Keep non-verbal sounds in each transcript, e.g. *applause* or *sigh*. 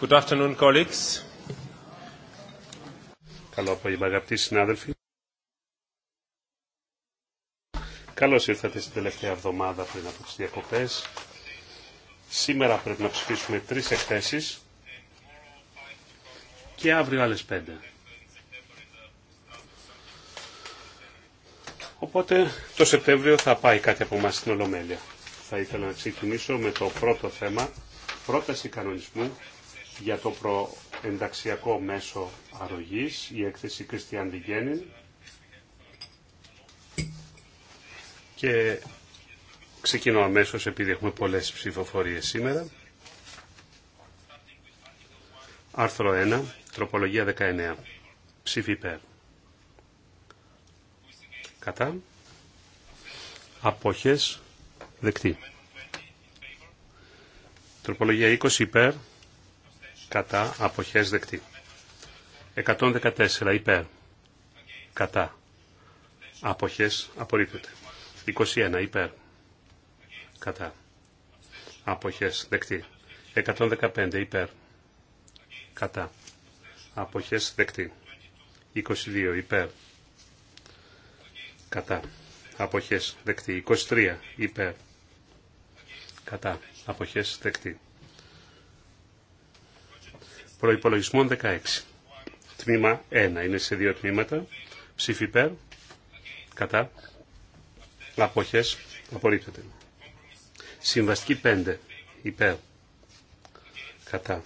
Good afternoon, colleagues. Καλό απόγευμα, αγαπητοί συνάδελφοι. Καλώς ήρθατε στην τελευταία εβδομάδα πριν από τι διακοπέ. Σήμερα πρέπει να ψηφίσουμε τρεις εκθέσει και αύριο άλλε πέντε. Οπότε το Σεπτέμβριο θα πάει κάτι από εμά στην Ολομέλεια θα ήθελα να ξεκινήσω με το πρώτο θέμα, πρόταση κανονισμού για το προενταξιακό μέσο αρρωγής, η έκθεση Κριστιαν Διγέννη. Και ξεκινώ αμέσως επειδή έχουμε πολλές ψηφοφορίες σήμερα. Άρθρο 1, τροπολογία 19. Ψήφι υπέρ. Κατά. Απόχες. Δεκτή. Τροπολογία 20 υπέρ. Κατά. Αποχές δεκτή. 114 υπέρ. Κατά. Αποχές απορρίπτεται. 21 υπέρ. Κατά. Αποχές δεκτή. 115 υπέρ. Κατά. Αποχές δεκτή. 22 υπέρ. Κατά. Αποχές δεκτή. 23 υπέρ κατά αποχές δεκτή. Προπολογισμό 16. Τμήμα 1. Είναι σε δύο τμήματα. Ψήφι υπέρ, κατά, αποχές, απορρίπτεται. Συμβαστική 5. Υπέρ, κατά,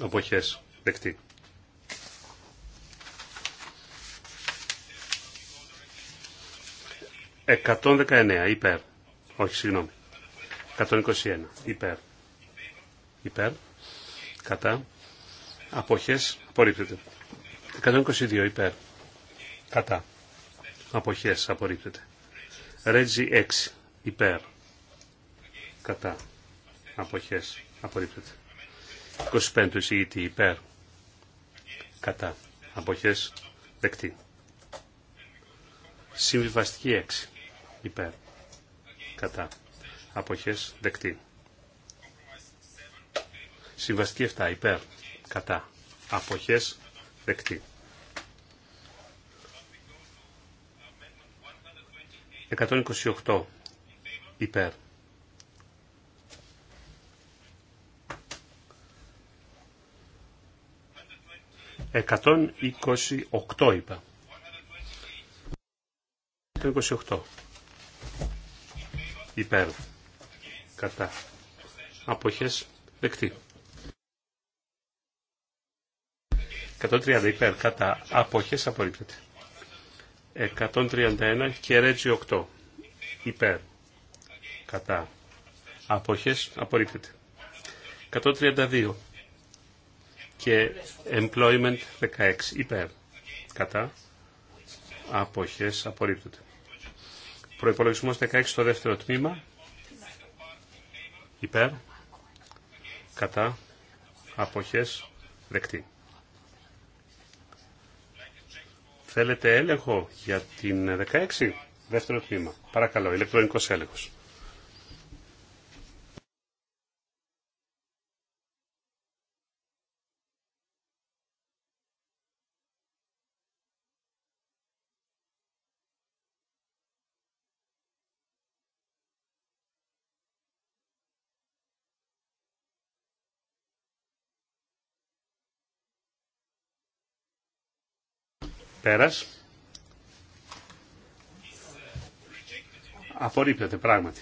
αποχές, δεκτή. «119 υπέρ». Όχι, συγγνώμη. 121. Υπέρ. Υπέρ. Κατά. Αποχές. Απορρίπτεται. 122. Υπέρ. Κατά. Αποχές. Απορρίπτεται. Ρέτζι 6. Υπέρ. Κατά. Αποχές. Απορρίπτεται. 25 του εισηγητή. Υπέρ. Κατά. Αποχές. Δεκτή. Συμβιβαστική 6. Υπέρ. Κατά αποχές δεκτή. Συμβαστική 7 υπέρ κατά αποχές δεκτή. 128 υπέρ. Εκατόν είκοσι 128. Υπέρ κατά αποχές δεκτή. 130 υπέρ κατά αποχές απορρίπτεται. 131 και ρέτζι 8 υπέρ κατά αποχές απορρίπτεται. 132 και employment 16 υπέρ κατά αποχές απορρίπτεται. Προϋπολογισμός 16 στο δεύτερο τμήμα υπέρ, κατά, αποχές, δεκτή. Θέλετε έλεγχο για την 16, δεύτερο τμήμα. Παρακαλώ, ηλεκτρονικός έλεγχος. Πέρας. Απορρίπτεται πράγματι.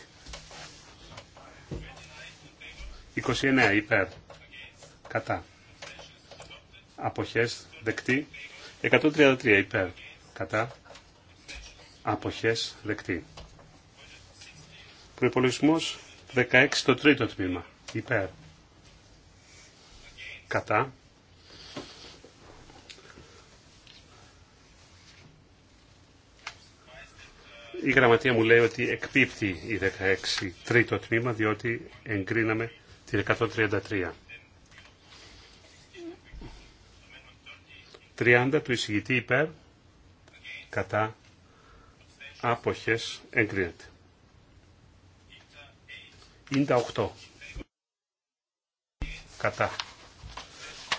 29 υπέρ. Κατά. Αποχές δεκτή. 133 υπέρ. Κατά. Αποχές δεκτή. Προϋπολογισμός 16 το τρίτο τμήμα. Υπέρ. Κατά. η γραμματεία μου λέει ότι εκπίπτει η 16 τρίτο τμήμα διότι εγκρίναμε τη 133. 30 του εισηγητή υπέρ κατά άποχες εγκρίνεται. τα 8 κατά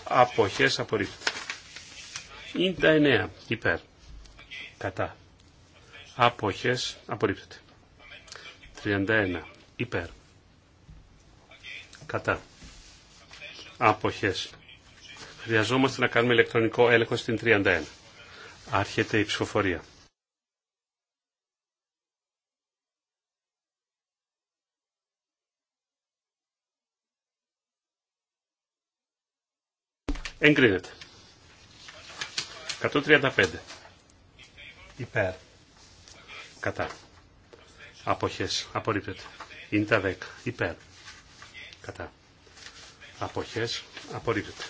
άποχες Είναι τα 9 υπέρ κατά αποχές απορρίπτεται. 31 υπέρ κατά αποχές. Χρειαζόμαστε να κάνουμε ηλεκτρονικό έλεγχο στην 31. Άρχεται η ψηφοφορία. Εγκρίνεται. 135. Υπέρ. Κατά. Αποχές. Απορρίπτεται. Είναι τα 10. Υπέρ. Κατά. Αποχές. Απορρίπτεται.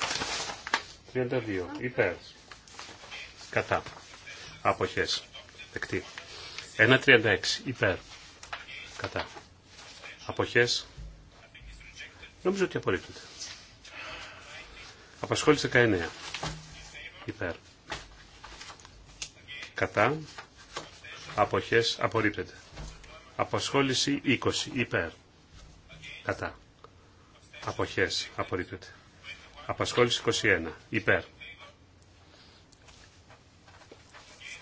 32. Υπέρ. Κατά. Αποχές. Δεκτή. 1.36. Υπέρ. Κατά. Αποχές. Νομίζω ότι απορρίπτεται. Απασχόληση 19. Υπέρ. Κατά αποχές απορρίπτεται. Αποσχόληση 20 υπέρ κατά αποχές απορρίπτεται. Απασχόληση 21 υπέρ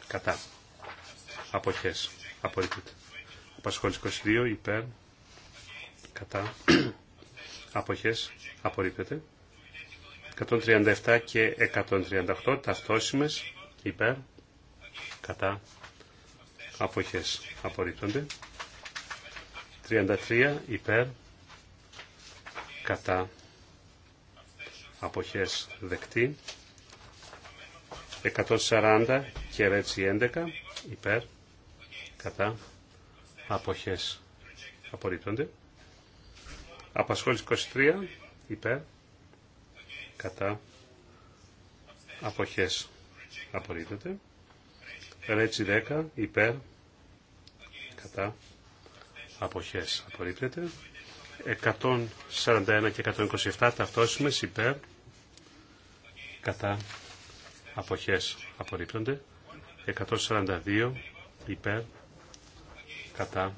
κατά αποχές απορρίπτεται. Απασχόληση 22 υπέρ κατά αποχές απορρίπτεται. 137 και 138 ταυτόσιμες υπέρ κατά αποχές απορρίπτονται. 33 υπέρ κατά αποχές δεκτή. 140 και έτσι 11 υπέρ κατά αποχές απορρίπτονται. Απασχόληση 23 υπέρ κατά αποχές απορρίπτονται. Ρέτσι 10 υπέρ κατά αποχές απορρίπτεται. 141 και 127 ταυτόσιμες υπέρ κατά αποχές απορρίπτονται. 142 υπέρ κατά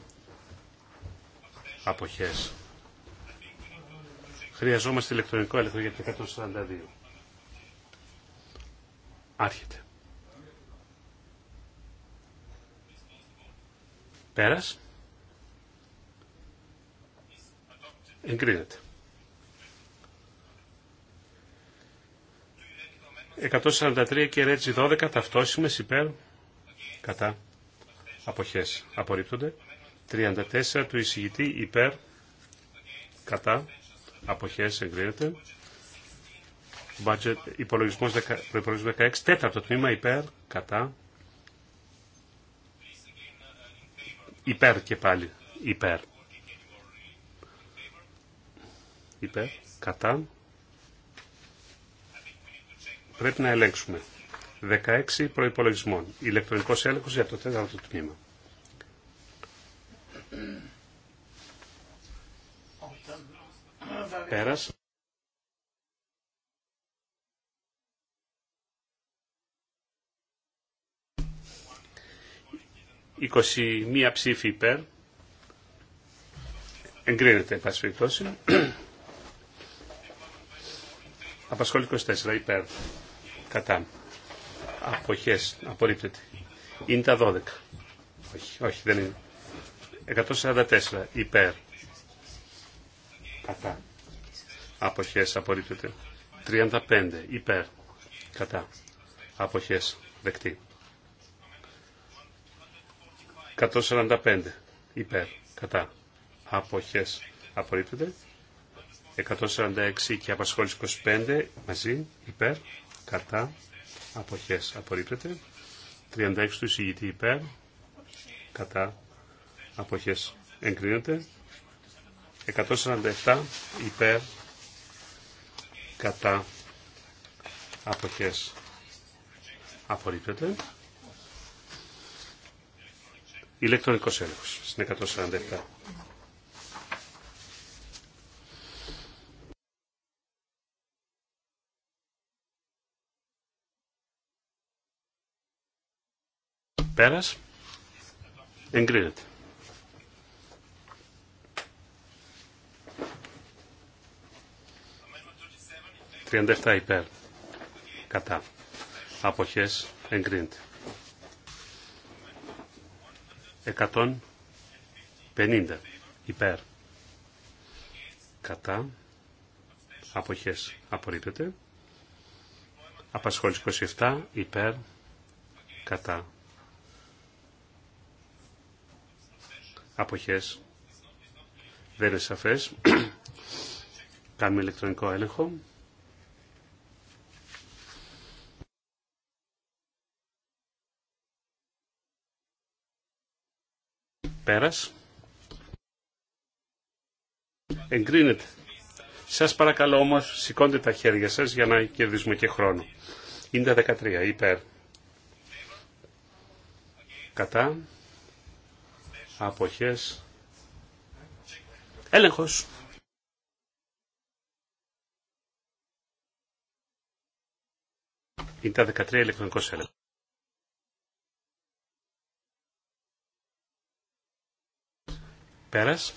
αποχές. Χρειαζόμαστε ηλεκτρονικό έλεγχο για το 142. Άρχεται. Πέρας. Εγκρίνεται. 143 και ρέτζι 12 ταυτόσιμες υπέρ κατά αποχές απορρίπτονται 34 του εισηγητή υπέρ κατά αποχές εγκρίνεται Budget, υπολογισμός, 16 τέταρτο τμήμα υπέρ κατά Υπέρ και πάλι. Υπέρ. Υπέρ. Κατά. Πρέπει να ελέγξουμε. 16 προϋπολογισμών. Ηλεκτρονικός έλεγχος για το τέταρτο τμήμα. Πέρασε. 21 ψήφοι υπέρ. Εγκρίνεται, πάση Απασχόλη 24 υπέρ. Κατά. Αποχές. Απορρίπτεται. Είναι τα 12. Όχι, όχι δεν είναι. 144 υπέρ. Κατά. Αποχές. Απορρίπτεται. 35 υπέρ. Κατά. Αποχές. Δεκτή. 145 υπέρ, κατά, αποχές απορρίπτεται. 146 και απασχόληση 25 μαζί, υπέρ, κατά, αποχές απορρίπτεται. 36 του εισηγητή υπέρ, κατά, αποχές εγκρίνεται. 147 υπέρ, κατά, αποχές απορρίπτεται. Ηλεκτρονικός έλεγχος στην 147. Πέρας. Εγκρίνεται. Τριάντα υπέρ. Κατά. Αποχές. Εγκρίνεται. 150 υπέρ κατά αποχές απορρίπτεται απασχόληση 27 υπέρ κατά αποχές δεν είναι σαφές *coughs* κάνουμε ηλεκτρονικό έλεγχο Πέρας. Εγκρίνεται. Σας παρακαλώ όμως σηκώντε τα χέρια σας για να κερδίσουμε και χρόνο. Είναι τα 13 υπέρ. Κατά. Αποχές. Έλεγχος. Είναι τα 13 ηλεκτρονικός έλεγχος. Πέρας.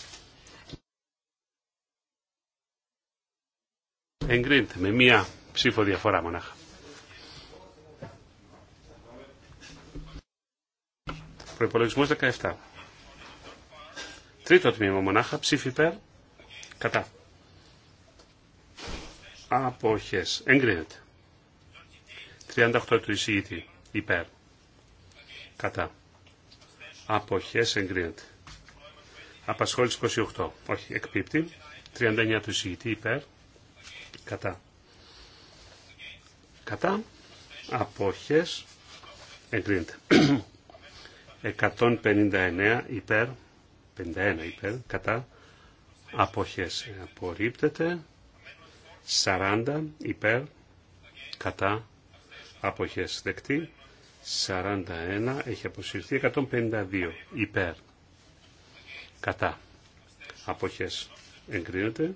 Εγκρίνεται με μία ψήφο διαφορά μονάχα. Προπολογισμό 17. Τρίτο τμήμα μονάχα, ψήφι υπέρ, κατά. Αποχέ. Εγκρίνεται. 38 του εισηγητή. Υπέρ. Κατά. Αποχέ εγκρίνεται. Απασχόληση 28. Όχι, εκπίπτει. 39 του εισηγητή υπέρ. Κατά. Κατά. Απόχες. Εγκρίνεται. 159 υπέρ. 51 υπέρ. Κατά. Απόχες. Απορρίπτεται. 40 υπέρ. Κατά. Απόχες. Δεκτή. 41 έχει αποσυρθεί. 152 υπέρ κατά αποχές εγκρίνεται.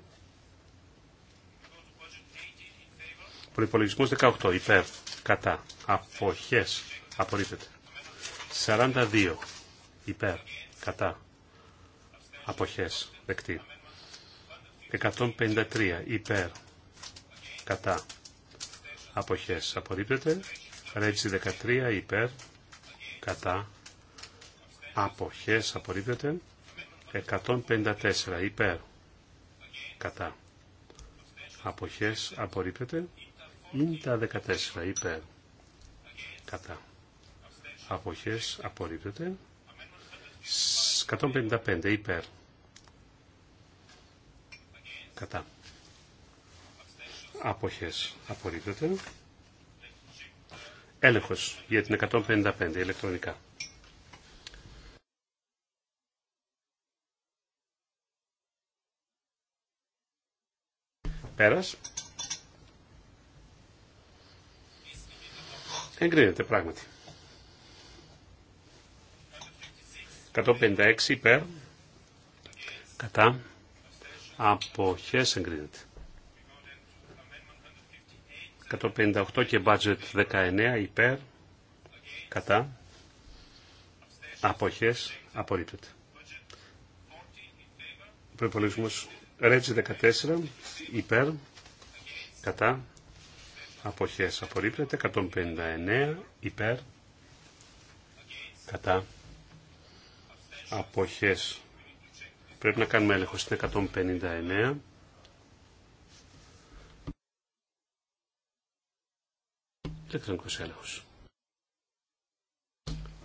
Προϋπολογισμός 18 υπέρ κατά αποχές απορρίπτεται. 42 υπέρ κατά αποχές δεκτή. 153 υπέρ κατά αποχές απορρίπτεται. Ρέτζι 13 υπέρ κατά αποχές απορρίπτεται. 154 υπέρ κατά αποχές απορρίπτεται μην τα 14 υπέρ κατά αποχές απορρίπτεται 155 υπέρ κατά αποχές απορρίπτεται έλεγχος για την 155 ηλεκτρονικά Πέρας. Εγκρίνεται πράγματι. 156 υπέρ. Κατά. Αποχές εγκρίνεται. 158 και budget 19 υπέρ. Κατά. Αποχές απορρίπτεται. Προπολογισμός Ρέτζι 14 υπέρ κατά αποχές απορρίπτεται 159 υπέρ κατά αποχές πρέπει να κάνουμε έλεγχο στην 159 ηλεκτρονικός έλεγχος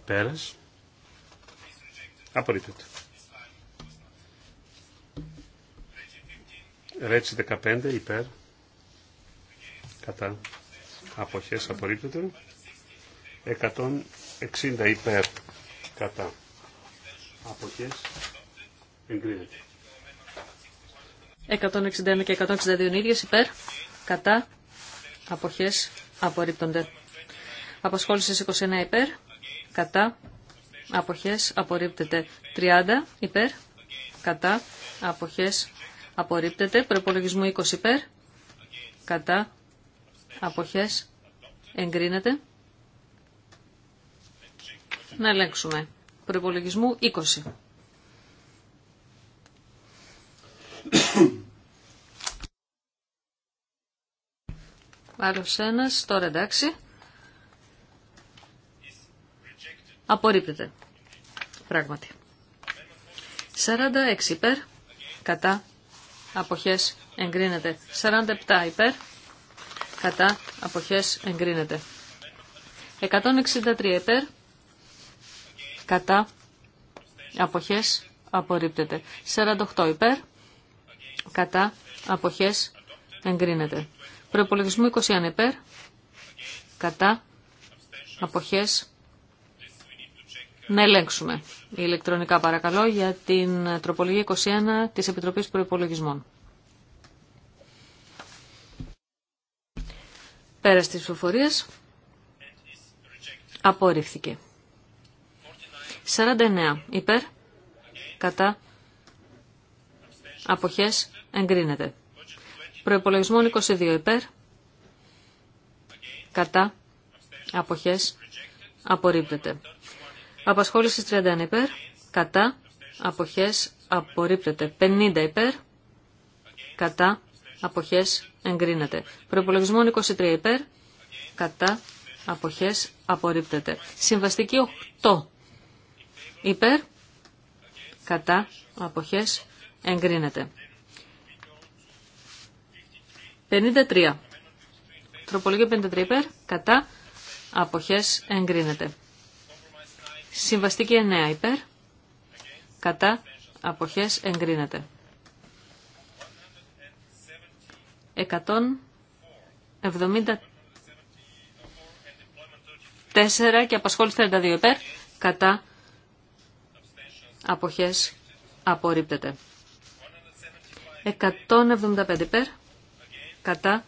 πέρας απορρίπτεται Ρέτσι 15 υπέρ κατά αποχές απορρίπτεται 160 υπέρ κατά αποχές εγκρίνεται 161 και 162 ίδιες υπέρ κατά αποχές απορρίπτονται απασχόλησης 21 υπέρ κατά αποχές απορρίπτεται 30 υπέρ κατά αποχές απορρίπτεται. Προπολογισμού 20 υπέρ, κατά, αποχές, εγκρίνεται. Να ελέγξουμε. Προπολογισμού 20. Άλλο ένα, τώρα εντάξει. Απορρίπτεται. Πράγματι. 46 υπέρ, κατά, αποχές εγκρίνεται. 47 υπέρ, κατά, αποχές εγκρίνεται. 163 υπέρ, κατά, αποχές απορρίπτεται. 48 υπέρ, κατά, αποχές εγκρίνεται. Προπολογισμού 21 υπέρ, κατά, αποχές να ελέγξουμε ηλεκτρονικά παρακαλώ για την τροπολογία 21 της Επιτροπής Προϋπολογισμών. Πέρα τις ψηφοφορίες απορρίφθηκε. 49 υπέρ, κατά, αποχές, εγκρίνεται. Προϋπολογισμών 22 υπέρ, κατά, αποχές, απορρίπτεται. Απασχόληση 30 υπέρ. Κατά. Αποχές απορρίπτεται. 50 υπέρ. Κατά. Αποχές εγκρίνεται. Προπολογισμό 23 υπέρ. Κατά. Αποχές απορρίπτεται. Συμβαστική 8 υπέρ. Κατά. Αποχές εγκρίνεται. 53. Τροπολογία 53 υπέρ. Κατά. Αποχές εγκρίνεται. Συμβαστική 9 υπέρ. Κατά αποχές εγκρίνεται. 174 και απασχόληση 32 υπέρ. Κατά αποχές απορρίπτεται. 175 υπέρ. Κατά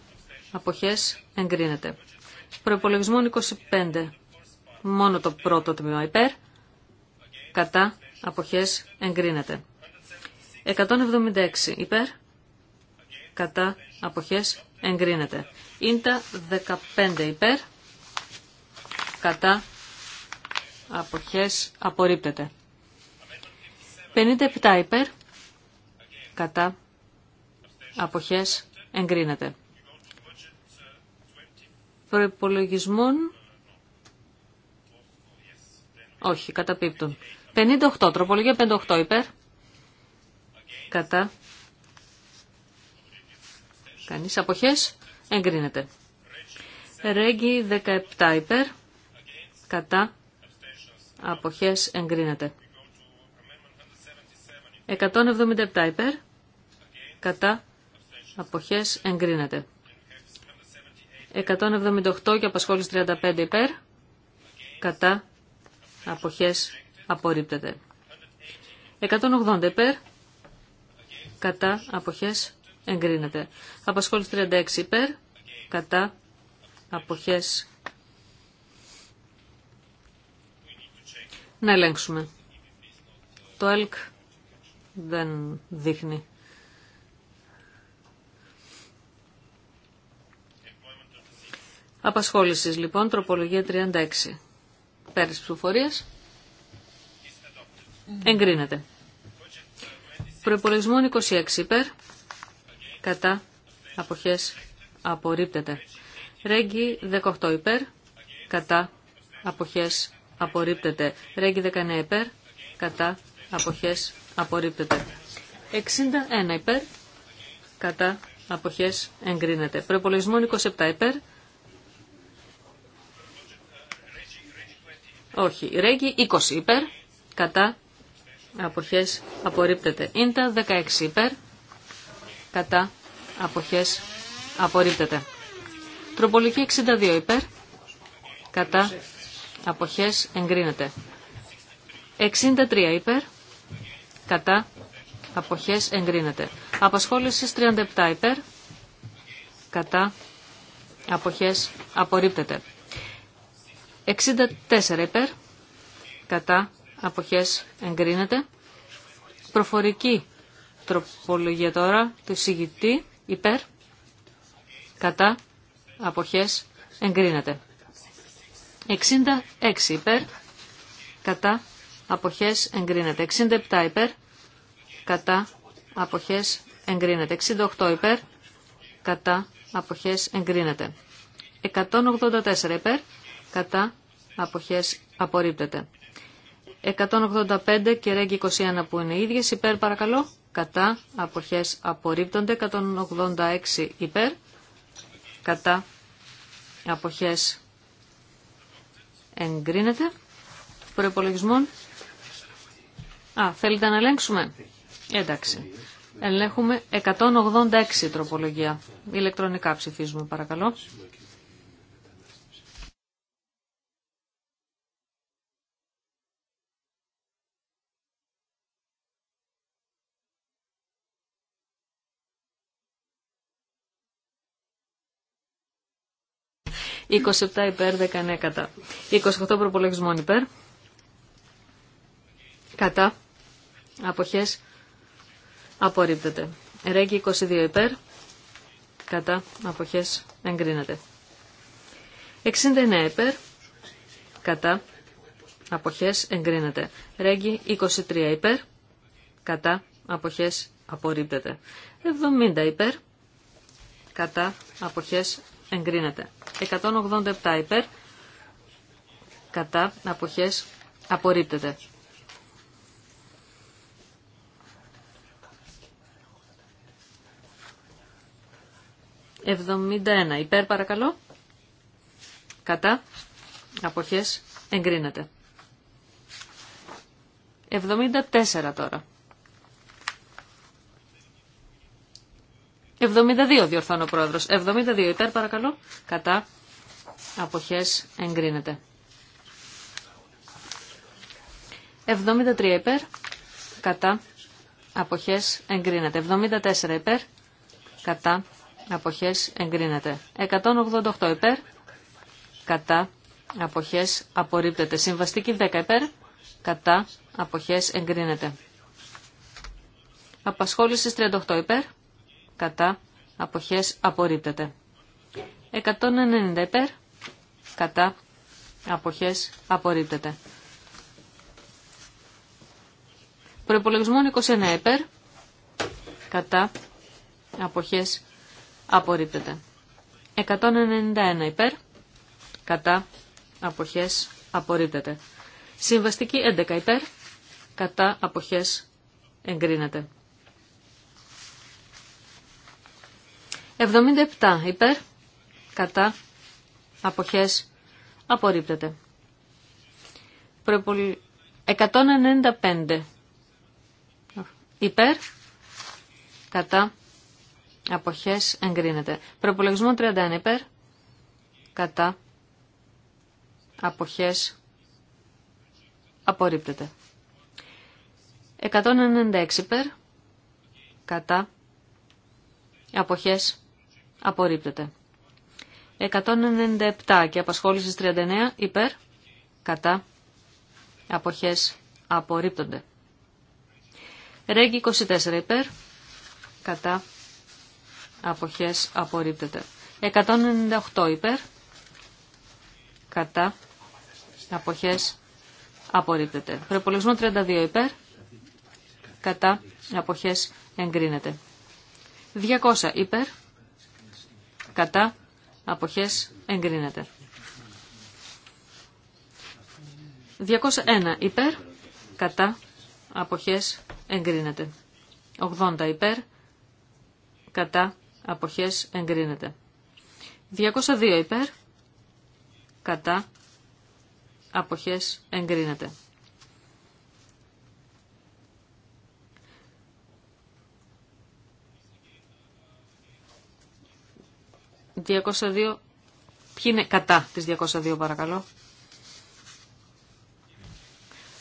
αποχές εγκρίνεται. Προπολογισμό 25. Μόνο το πρώτο τμήμα υπέρ κατά, αποχές, εγκρίνεται. 176 υπέρ, κατά, αποχές, εγκρίνεται. Ίντα 15 υπέρ, κατά, αποχές, απορρίπτεται. 57 υπέρ, κατά, αποχές, εγκρίνεται. Προϋπολογισμών, όχι, καταπίπτουν. 58, τροπολογία 58 υπέρ. Κατά. Κανείς αποχές. Εγκρίνεται. Ρέγγι 17 υπέρ. Κατά. Αποχές εγκρίνεται. 177 υπέρ. Κατά. Αποχές εγκρίνεται. 178 και απασχόληση 35 υπέρ. Κατά. Αποχές απορρίπτεται. 180 υπέρ, κατά αποχές εγκρίνεται. Απασχόληση 36 υπέρ, κατά αποχές να ελέγξουμε. Το ΕΛΚ δεν δείχνει. Απασχόλησης λοιπόν, τροπολογία 36. Πέρυσι ψηφοφορίας. Εγκρίνεται. Προπολογισμό 26 υπέρ. Κατά. Αποχές. Απορρίπτεται. Ρέγγι 18 υπέρ. Κατά. Αποχές. Απορρίπτεται. Ρέγγι 19 υπέρ. Κατά. Αποχές. Απορρίπτεται. 61 υπέρ. Κατά. Αποχές. Εγκρίνεται. Προπολογισμό 27 υπέρ. Όχι. Ρέγγι 20 υπέρ. Κατά αποχές απορρίπτεται. τα 16 υπέρ, κατά, αποχές απορρίπτεται. Τροπολογία 62 υπέρ, κατά, αποχές εγκρίνεται. 63 υπέρ, κατά, αποχές εγκρίνεται. Απασχόλησης 37 υπέρ, κατά, αποχές απορρίπτεται. 64 υπέρ, κατά, αποχές εγκρίνεται. Προφορική τροπολογία τώρα του εισηγητή υπέρ, κατά, αποχές εγκρίνεται. 66 υπέρ, κατά, αποχές εγκρίνεται. 67 υπέρ, κατά, αποχές εγκρίνεται. 68 υπέρ, κατά, αποχές εγκρίνεται. 184 υπέρ, κατά, αποχές απορρίπτεται. 185 και ρέγγι 21 που είναι ίδιες. Υπέρ παρακαλώ. Κατά. Αποχές απορρίπτονται. 186 υπέρ. Κατά. Αποχές εγκρίνεται. Προϋπολογισμών. Α, θέλετε να ελέγξουμε. Εντάξει. Ελέγχουμε 186 τροπολογία. Ηλεκτρονικά ψηφίζουμε παρακαλώ. 27 υπέρ, 19 κατά. 28 προπολογισμών υπέρ. Κατά. Αποχές. Απορρίπτεται. Ρέγγι 22 υπέρ. Κατά. Αποχές. Εγκρίνεται. 69 υπέρ. Κατά. Αποχές. Εγκρίνεται. Ρέγγι 23 υπέρ. Κατά. Αποχές. Απορρίπτεται. 70 υπέρ. Κατά. Αποχές εγκρίνεται. 187 υπέρ, κατά, αποχές, απορρίπτεται. 71 υπέρ παρακαλώ, κατά, αποχές, εγκρίνεται. 74 τώρα. 72 διορθώνω ο πρόεδρος. 72 υπέρ παρακαλώ. Κατά. Αποχές εγκρίνεται. 73 υπέρ. Κατά. Αποχές εγκρίνεται. 74 υπέρ. Κατά. Αποχές εγκρίνεται. 188 υπέρ. Κατά. Αποχές απορρίπτεται. Συμβαστική 10 υπέρ. Κατά. Αποχές εγκρίνεται. Απασχόλησης 38 υπέρ κατά, αποχές απορρίπτεται. 190 υπέρ, κατά, αποχές απορρίπτεται. Προπολογισμό 29 υπέρ, κατά, αποχές απορρίπτεται. 191 υπέρ, κατά, αποχές απορρίπτεται. Συμβαστική 11 υπέρ, κατά, αποχές εγκρίνεται. 77 υπέρ, κατά, αποχές, απορρίπτεται. Προπολ... 195 υπέρ, κατά, αποχές, εγκρίνεται. Προπολογισμό 31 υπέρ, κατά, αποχές, απορρίπτεται. 196 υπέρ, κατά, αποχές, Απορρίπτεται. 197 και απασχόληση 39 υπέρ. Κατά. Αποχές απορρίπτονται. Ρέγγι 24 υπέρ. Κατά. Αποχές απορρίπτεται. 198 υπέρ. Κατά. Αποχές απορρίπτεται. Προπολογισμό 32 υπέρ. Κατά. Αποχές εγκρίνεται. 200 υπέρ κατά, αποχές, εγκρίνεται. 201 υπέρ, κατά, αποχές, εγκρίνεται. 80 υπέρ, κατά, αποχές, εγκρίνεται. 202 υπέρ, κατά, αποχές, εγκρίνεται. 202. Ποιοι είναι κατά τις 202 παρακαλώ.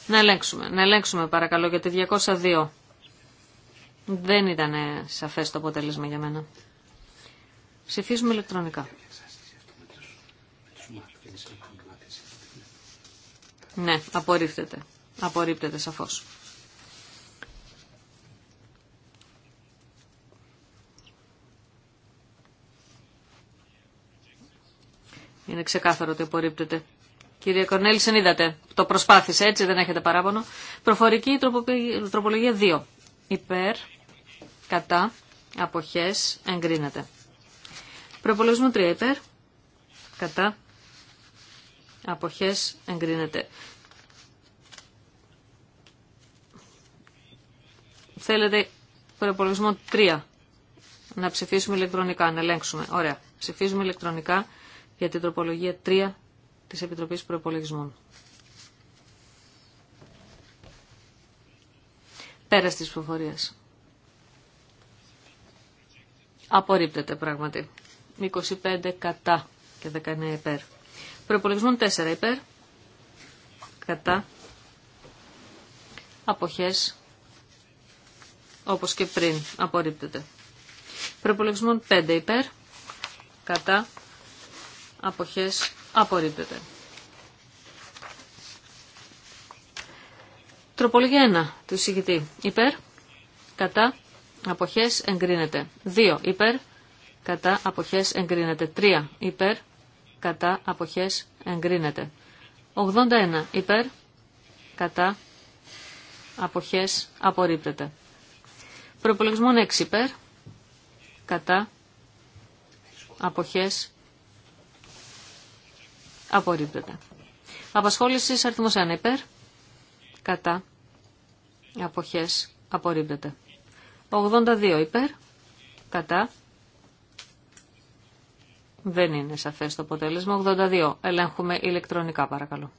Να ελέγξουμε. Να ελέγξουμε παρακαλώ για 202. Δεν ήταν σαφές το αποτέλεσμα για μένα. Ψηφίζουμε ηλεκτρονικά. Ναι, απορρίπτεται. Απορρίπτεται σαφώς. Είναι ξεκάθαρο ότι απορρίπτεται. Κύριε Κορνέλη, συνείδατε. Το προσπάθησε έτσι, δεν έχετε παράπονο. Προφορική τροπολογία 2. Υπέρ, κατά, αποχές, εγκρίνεται. Προπολογισμό 3. Υπέρ, κατά, αποχές, εγκρίνεται. Θέλετε προπολογισμό 3. Να ψηφίσουμε ηλεκτρονικά, να ελέγξουμε. Ωραία. Ψηφίζουμε ηλεκτρονικά για την τροπολογία 3 της Επιτροπής Προπολογισμών. Πέρα της προφορίας. Απορρίπτεται πράγματι. 25 κατά και 19 υπέρ. Προπολογισμών 4 υπέρ. Κατά. Αποχές. Όπως και πριν. Απορρίπτεται. Προπολογισμών 5 υπέρ. Κατά αποχές απορρίπτεται. Τροπολογία 1 του εισηγητή. Υπέρ, κατά, αποχές εγκρίνεται. 2. Υπέρ, κατά, αποχές εγκρίνεται. 3. Υπέρ, κατά, αποχές εγκρίνεται. 81. Υπέρ, κατά, αποχές απορρίπτεται. Προπολογισμό 6. Υπέρ, κατά, αποχές Απορρίπτεται. Απασχόληση αριθμό 1 υπέρ. Κατά. αποχέ, Απορρίπτεται. 82 υπέρ. Κατά. Δεν είναι σαφές το αποτέλεσμα. 82. Ελέγχουμε ηλεκτρονικά παρακαλώ.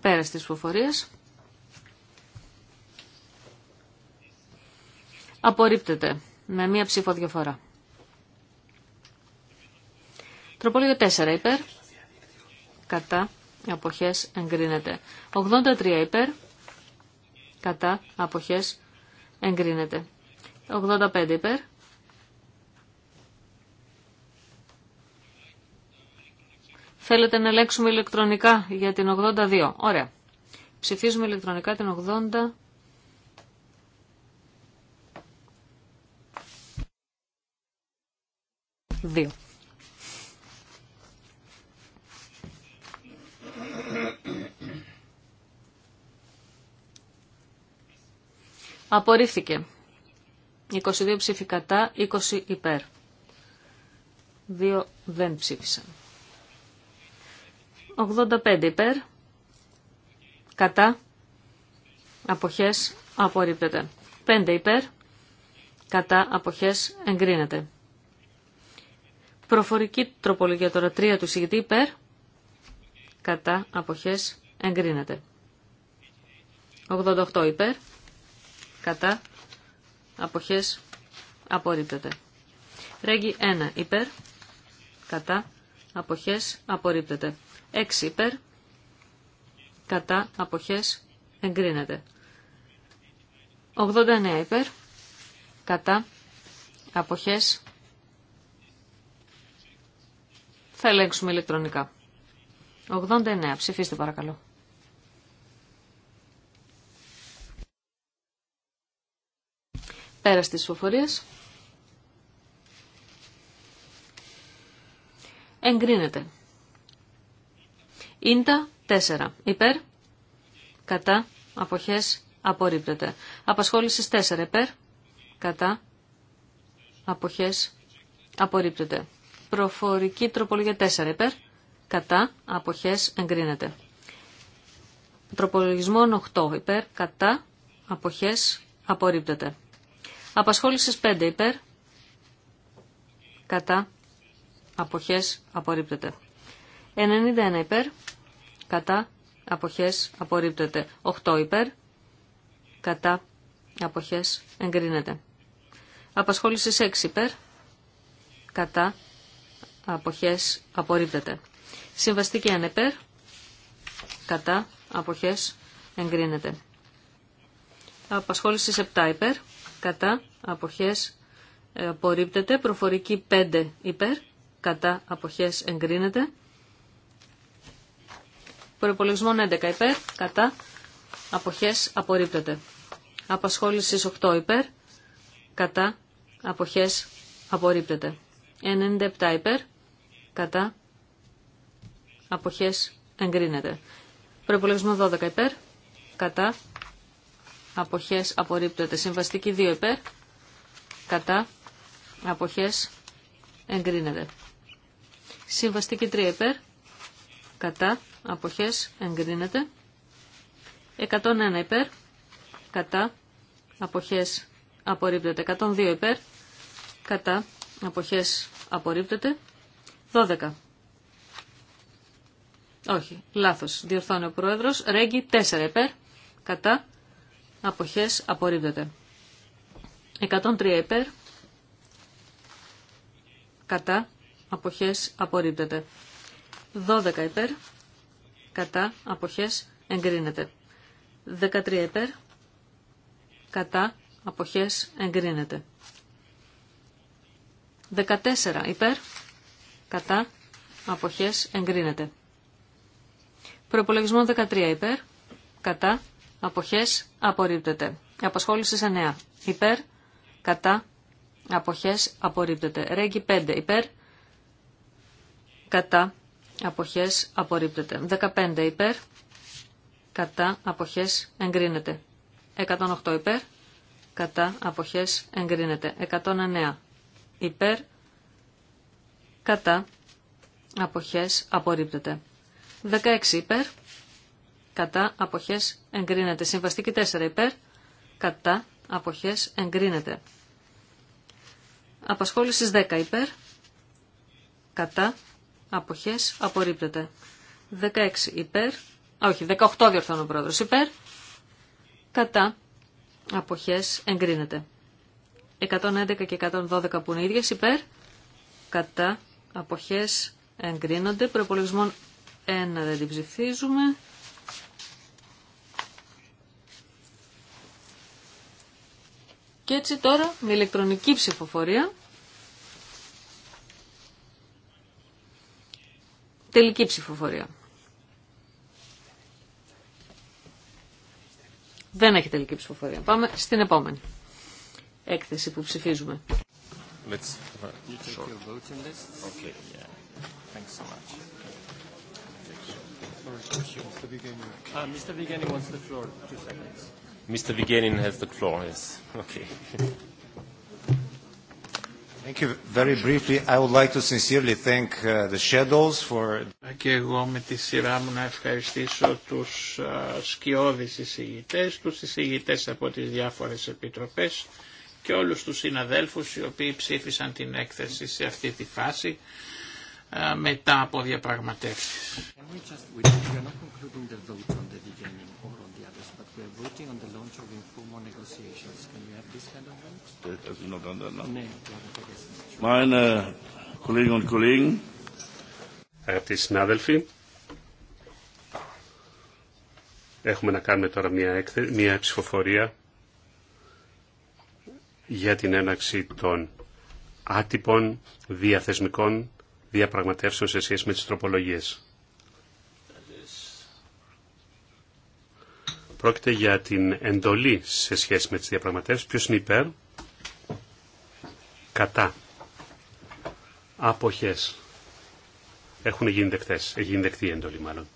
Πέρα στις ψηφοφορίες. Απορρίπτεται με μία ψήφο διαφορά. Τροπόλιο 4 υπέρ, κατά, αποχές εγκρίνεται. 83 υπέρ, κατά, αποχές εγκρίνεται. 85 υπέρ, Θέλετε να ελέγξουμε ηλεκτρονικά για την 82. Ωραία. Ψηφίζουμε ηλεκτρονικά την 80. 2. Απορρίφθηκε. 22 ψήφοι κατά, 20 υπέρ. 2 δεν ψήφισαν. 85 υπέρ. Κατά. Αποχές απορρίπτεται. 5 υπέρ. Κατά αποχές εγκρίνεται. Προφορική τροπολογία τώρα 3 του συγητή υπέρ. Κατά αποχές εγκρίνεται. 88 υπέρ. Κατά αποχές απορρίπτεται. Ρέγγι 1 υπέρ. Κατά αποχές απορρίπτεται. 6 υπέρ. Κατά αποχές εγκρίνεται. 89 υπέρ. Κατά αποχές Θα ελέγξουμε ηλεκτρονικά. 89. Ψηφίστε παρακαλώ. Πέρα στις ψηφοφορίες. Εγκρίνεται. Ίντα 4. Υπέρ. Κατά. Αποχές. Απορρίπτεται. Απασχόλησης 4. Υπέρ. Κατά. Αποχές. Απορρίπτεται. Προφορική τροπολογία 4 υπέρ. Κατά. Αποχές εγκρίνεται. Τροπολογισμών 8 υπέρ. Κατά. Αποχές απορρίπτεται. Απασχόλησης 5 υπέρ. Κατά. Αποχές απορρίπτεται. 91 υπέρ. Κατά. Αποχές απορρίπτεται. 8 υπέρ. Κατά. Αποχές εγκρίνεται. Απασχόληση 6 υπέρ. Κατά αποχές απορρίπτεται. Συμβαστική ανεπέρ, κατά, αποχές εγκρίνεται. Απασχόληση 7 υπέρ, κατά, αποχές απορρίπτεται. Προφορική 5 υπέρ, κατά, αποχές εγκρίνεται. Προπολογισμών 11 υπέρ, κατά, αποχές απορρίπτεται. Απασχόλησης 8 υπέρ, κατά, αποχές απορρίπτεται. 97 υπέρ, κατά, αποχές εγκρίνεται. Προπολογισμό 12 υπέρ, κατά, αποχές απορρίπτεται. Συμβαστική 2 υπέρ, κατά, αποχές εγκρίνεται. Συμβαστική 3 υπέρ, κατά, αποχές εγκρίνεται. 101 υπέρ, κατά, αποχές απορρίπτεται. 102 υπέρ, κατά, αποχές απορρίπτεται. 12. Όχι, λάθος. Διορθώνει ο πρόεδρος. Ρέγγι 4 υπέρ. Κατά. Αποχές απορρίπτεται. 103 υπέρ. Κατά. Αποχές απορρίπτεται. 12 υπέρ. Κατά. Αποχές εγκρίνεται. 13 υπέρ. Κατά. Αποχές εγκρίνεται. 14 υπέρ κατά, αποχές, εγκρίνεται. Προπολογισμό 13 υπέρ, κατά, αποχές, απορρίπτεται. Απασχόληση 9 υπέρ, κατά, αποχές, απορρίπτεται. Ρέγγι 5 υπέρ, κατά, αποχές, απορρίπτεται. 15 υπέρ, κατά, αποχές, εγκρίνεται. 108 υπέρ, κατά, αποχές, εγκρίνεται. 109 υπέρ, κατά αποχές απορρίπτεται. 16 υπέρ, κατά αποχές εγκρίνεται. Συμβαστική 4 υπέρ, κατά αποχές εγκρίνεται. Απασχόληση 10 υπέρ, κατά αποχές απορρίπτεται. 16 υπέρ, α, όχι 18 διορθώνω ο πρόεδρος υπέρ, κατά αποχές εγκρίνεται. 111 και 112 που είναι ίδιες υπέρ, κατά αποχές εγκρίνονται. Προπολογισμόν ένα δεν την ψηφίζουμε. Και έτσι τώρα με ηλεκτρονική ψηφοφορία. Τελική ψηφοφορία. Δεν έχει τελική ψηφοφορία. Πάμε στην επόμενη έκθεση που ψηφίζουμε let's. You take your voting list. Okay. Yeah. Thanks so much. Mr. Vigenin. Uh, Mr. Vigenin wants the floor. Two seconds. Mr. Vigenin has the floor. Yes. Okay. Thank you. Very briefly, I would like to sincerely thank the shadows for... Και εγώ με τη σειρά μου να ευχαριστήσω τους σκιώδεις εισηγητές, τους εισηγητές από τις διάφορες επιτροπές και όλους τους συναδέλφους οι οποίοι ψήφισαν την έκθεση σε αυτή τη φάση μετά από διαπραγματεύσεις. Αγαπητοί συνάδελφοι, έχουμε να κάνουμε τώρα μια, ψηφοφορία για την έναξη των άτυπων διαθεσμικών διαπραγματεύσεων σε σχέση με τις τροπολογίες. Πρόκειται για την εντολή σε σχέση με τις διαπραγματεύσεις. Ποιος είναι υπέρ? Κατά. Αποχές. Έχουν γίνει δεκτές. Έχει γίνει δεκτή η εντολή μάλλον.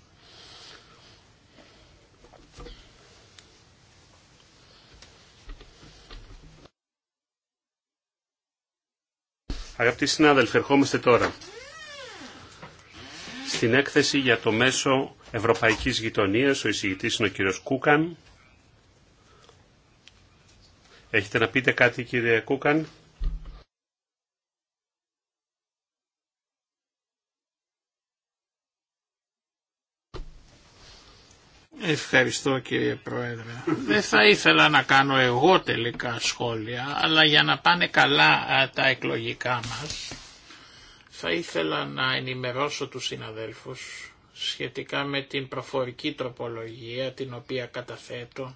Αγαπητοί συνάδελφοι, ερχόμαστε τώρα στην έκθεση για το μέσο Ευρωπαϊκής Γειτονίας. Ο εισηγητής είναι ο κύριος Κούκαν. Έχετε να πείτε κάτι κύριε Κούκαν. Ευχαριστώ κύριε Πρόεδρε. Δεν θα ήθελα να κάνω εγώ τελικά σχόλια, αλλά για να πάνε καλά τα εκλογικά μας, θα ήθελα να ενημερώσω τους συναδέλφους σχετικά με την προφορική τροπολογία την οποία καταθέτω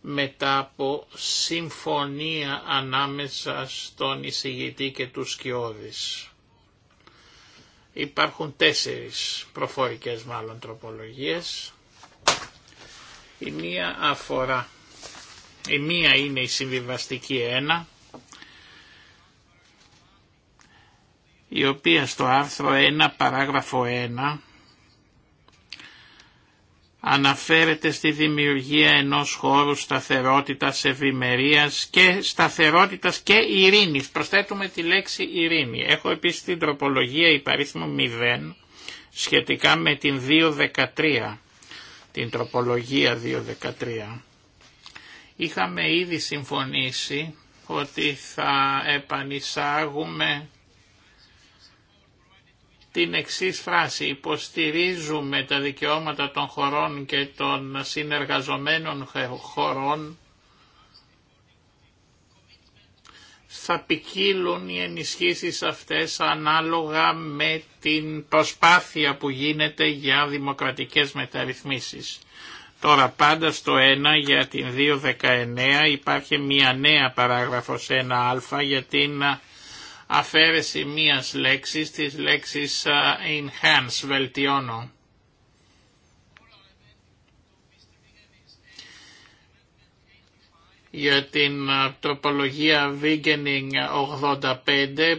μετά από συμφωνία ανάμεσα στον εισηγητή και του σκιώδης. Υπάρχουν τέσσερις προφορικές μάλλον τροπολογίες η μία αφορά, η μία είναι η συμβιβαστική 1, η οποία στο άρθρο 1 παράγραφο 1 αναφέρεται στη δημιουργία ενός χώρου σταθερότητας, ευημερίας και σταθερότητας και ειρήνης. Προσθέτουμε τη λέξη ειρήνη. Έχω επίσης την τροπολογία υπαρίθμου 0 σχετικά με την 2.13 την τροπολογία 2.13. Είχαμε ήδη συμφωνήσει ότι θα επανισάγουμε την εξή φράση «Υποστηρίζουμε τα δικαιώματα των χωρών και των συνεργαζομένων χωρών θα ποικίλουν οι ενισχύσεις αυτές ανάλογα με την προσπάθεια που γίνεται για δημοκρατικές μεταρρυθμίσεις. Τώρα πάντα στο 1 για την 2.19 υπάρχει μια νέα παράγραφος 1α για την αφαίρεση μίας λέξης, της λέξης enhance, βελτιώνω. για την τροπολογία Wiggening 85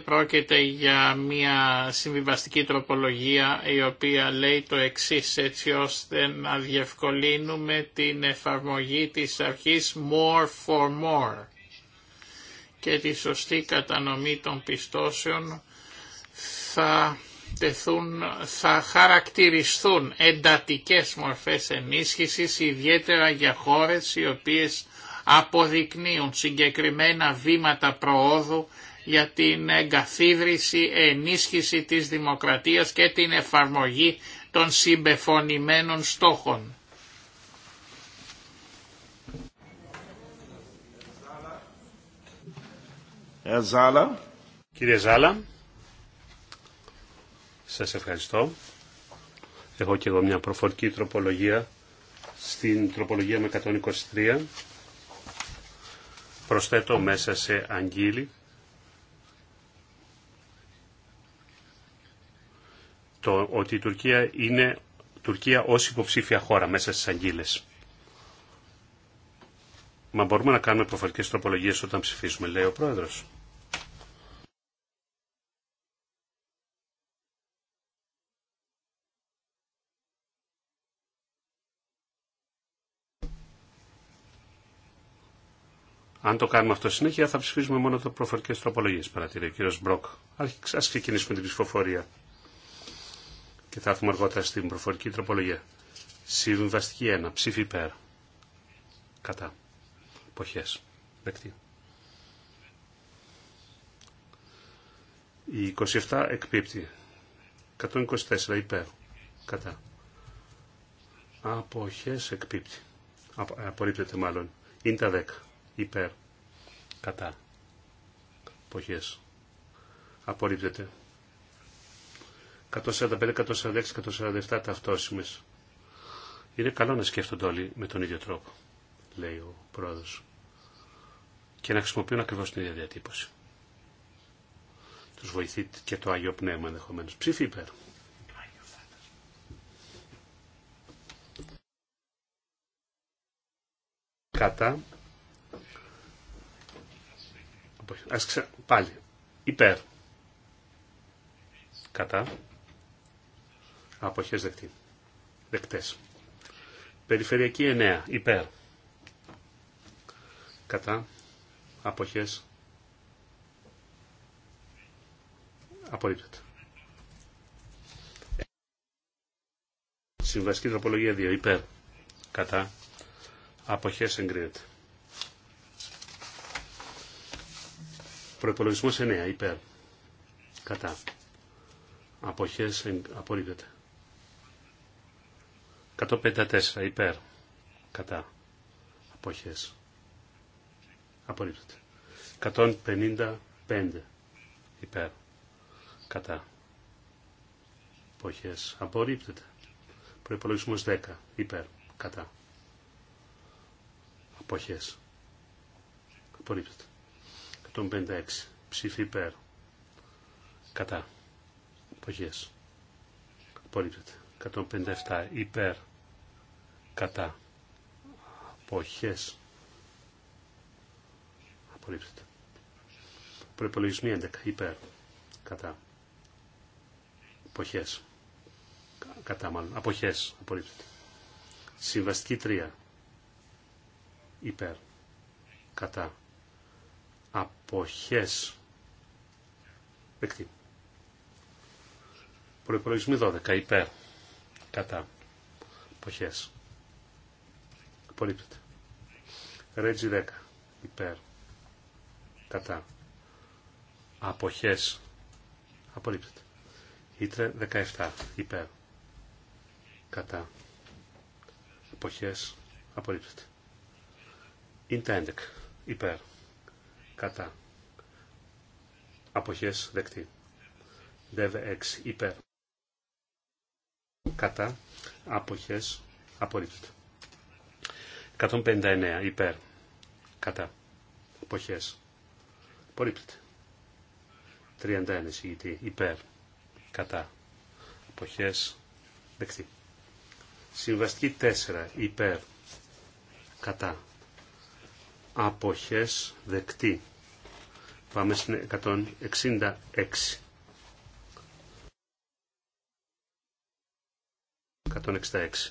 πρόκειται για μια συμβιβαστική τροπολογία η οποία λέει το εξής έτσι ώστε να διευκολύνουμε την εφαρμογή της αρχής more for more και τη σωστή κατανομή των πιστώσεων θα θα χαρακτηριστούν εντατικές μορφές ενίσχυσης ιδιαίτερα για χώρες οι οποίες αποδεικνύουν συγκεκριμένα βήματα προόδου για την εγκαθίδρυση, ενίσχυση της δημοκρατίας και την εφαρμογή των συμπεφωνημένων στόχων. Ε, Ζάλα. Κύριε Ζάλα, σας ευχαριστώ. Έχω και εγώ μια προφορική τροπολογία στην τροπολογία με 123 προσθέτω μέσα σε αγγείλη το ότι η Τουρκία είναι Τουρκία ως υποψήφια χώρα μέσα στις αγγίλες. Μα μπορούμε να κάνουμε προφορικές τροπολογίες όταν ψηφίσουμε, λέει ο Πρόεδρος. Αν το κάνουμε αυτό συνέχεια θα ψηφίζουμε μόνο το προφορικέ τροπολογίε. παρατηρεί ο κύριο Μπροκ. Α ξεκινήσουμε την ψηφοφορία και θα έρθουμε αργότερα στην προφορική τροπολογία. Συμβαστική 1. Ψήφι υπέρ. Κατά. Εποχέ. Δεκτή. Η 27 εκπίπτει. 124 υπέρ. Κατά. Αποχές εκπίπτει. Απορρίπτεται μάλλον. Είναι τα 10 υπέρ κατά εποχές απορρίπτεται 145, 146, 147 ταυτόσιμες είναι καλό να σκέφτονται όλοι με τον ίδιο τρόπο λέει ο πρόεδρος και να χρησιμοποιούν ακριβώς την ίδια διατύπωση τους βοηθεί και το Άγιο Πνεύμα ενδεχομένω. ψήφι υπέρ κατά Ας Πάλι. Υπέρ. Κατά. Αποχές δεκτή. Δεκτές. Περιφερειακή 9. Υπέρ. Κατά. Αποχές. Απορρίπτεται. Συμβασική τροπολογία 2. Υπέρ. Κατά. Αποχές εγκρίνεται. Προπολογισμό 9 υπέρ. Κατά. Αποχέ απορρίπτεται. 154 υπέρ. Κατά. Αποχέ. Απορρίπτεται. 155 υπέρ. Κατά. Αποχέ. Απορρίπτεται. Προπολογισμό 10 υπέρ. Κατά. Αποχέ. Απορρίπτεται. 156. Ψήφι υπέρ. Κατά. Εποχές. Απορρίπτεται. 157. Υπέρ. Κατά. Αποχές. Απορρίπτεται. Προπολογισμή 11. Υπέρ. Κατά. Εποχές. Κατά μάλλον. Αποχές. Απορρίπτεται. Συμβαστική 3. Υπέρ. Κατά αποχές δεκτή. Προϋπολογισμή 12 υπέρ κατά αποχές. Απορρίπτεται. Ρέτζι 10 υπέρ κατά αποχές. Απορρίπτεται. Ήτρε 17 υπέρ κατά αποχές. Απορρίπτεται. Ίντα 11 υπέρ κατά αποχές δεκτή. Dev 6 υπέρ κατά αποχές απορρίπτεται. 159 υπέρ κατά αποχές απορρίπτεται. 31 εισηγητή υπέρ κατά αποχές δεκτή. Συμβαστική 4 υπέρ κατά αποχές δεκτή. Πάμε στην 166.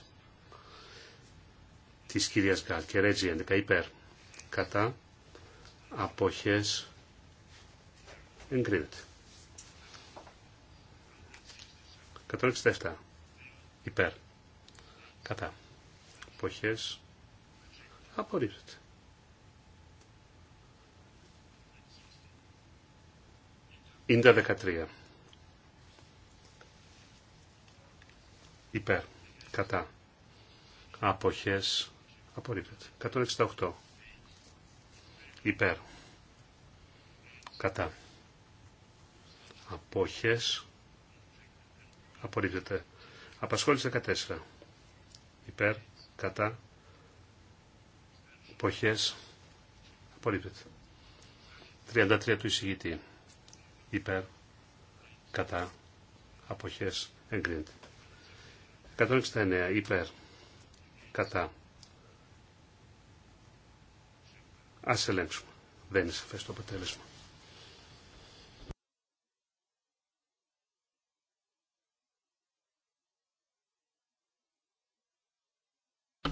Τη κυρία Γκάλ και Ρέτζι 11 υπέρ. Κατά αποχές εγκρίνεται. 167 υπέρ. Κατά αποχές απορρίπτεται. Ίντα 13. Υπέρ. Κατά. Αποχές. Απορρίπτεται. 168. Υπέρ. Κατά. Αποχές. Απορρίπτεται. Απασχόληση 14. Υπέρ. Κατά. Αποχές. Απορρίπτεται. 33 του εισηγητή υπέρ κατά αποχές εγκρίνεται. 169 υπέρ κατά Ας ελέγξουμε. Δεν είναι σαφές το αποτέλεσμα.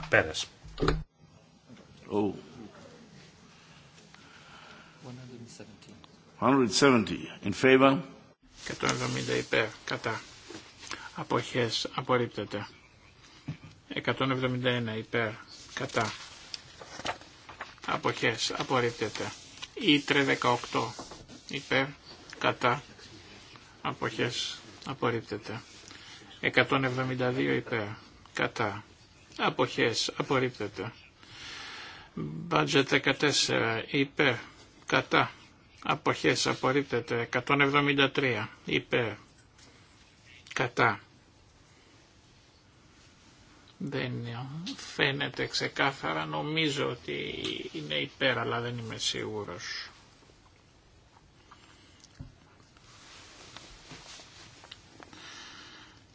Πέρασε. Oh. 170 in favor. υπέρ, κατά. Αποχές, απορρίπτεται. 171 υπέρ, κατά. Αποχές, απορρίπτεται. Ήτρε 18 υπέρ, κατά. Αποχές, απορρίπτεται. 172 υπέρ, κατά. Αποχές, απορρίπτεται. Budget 14 υπέρ, κατά Αποχές απορρίπτεται 173 υπέρ κατά. Δεν φαίνεται ξεκάθαρα, νομίζω ότι είναι υπέρ αλλά δεν είμαι σίγουρος.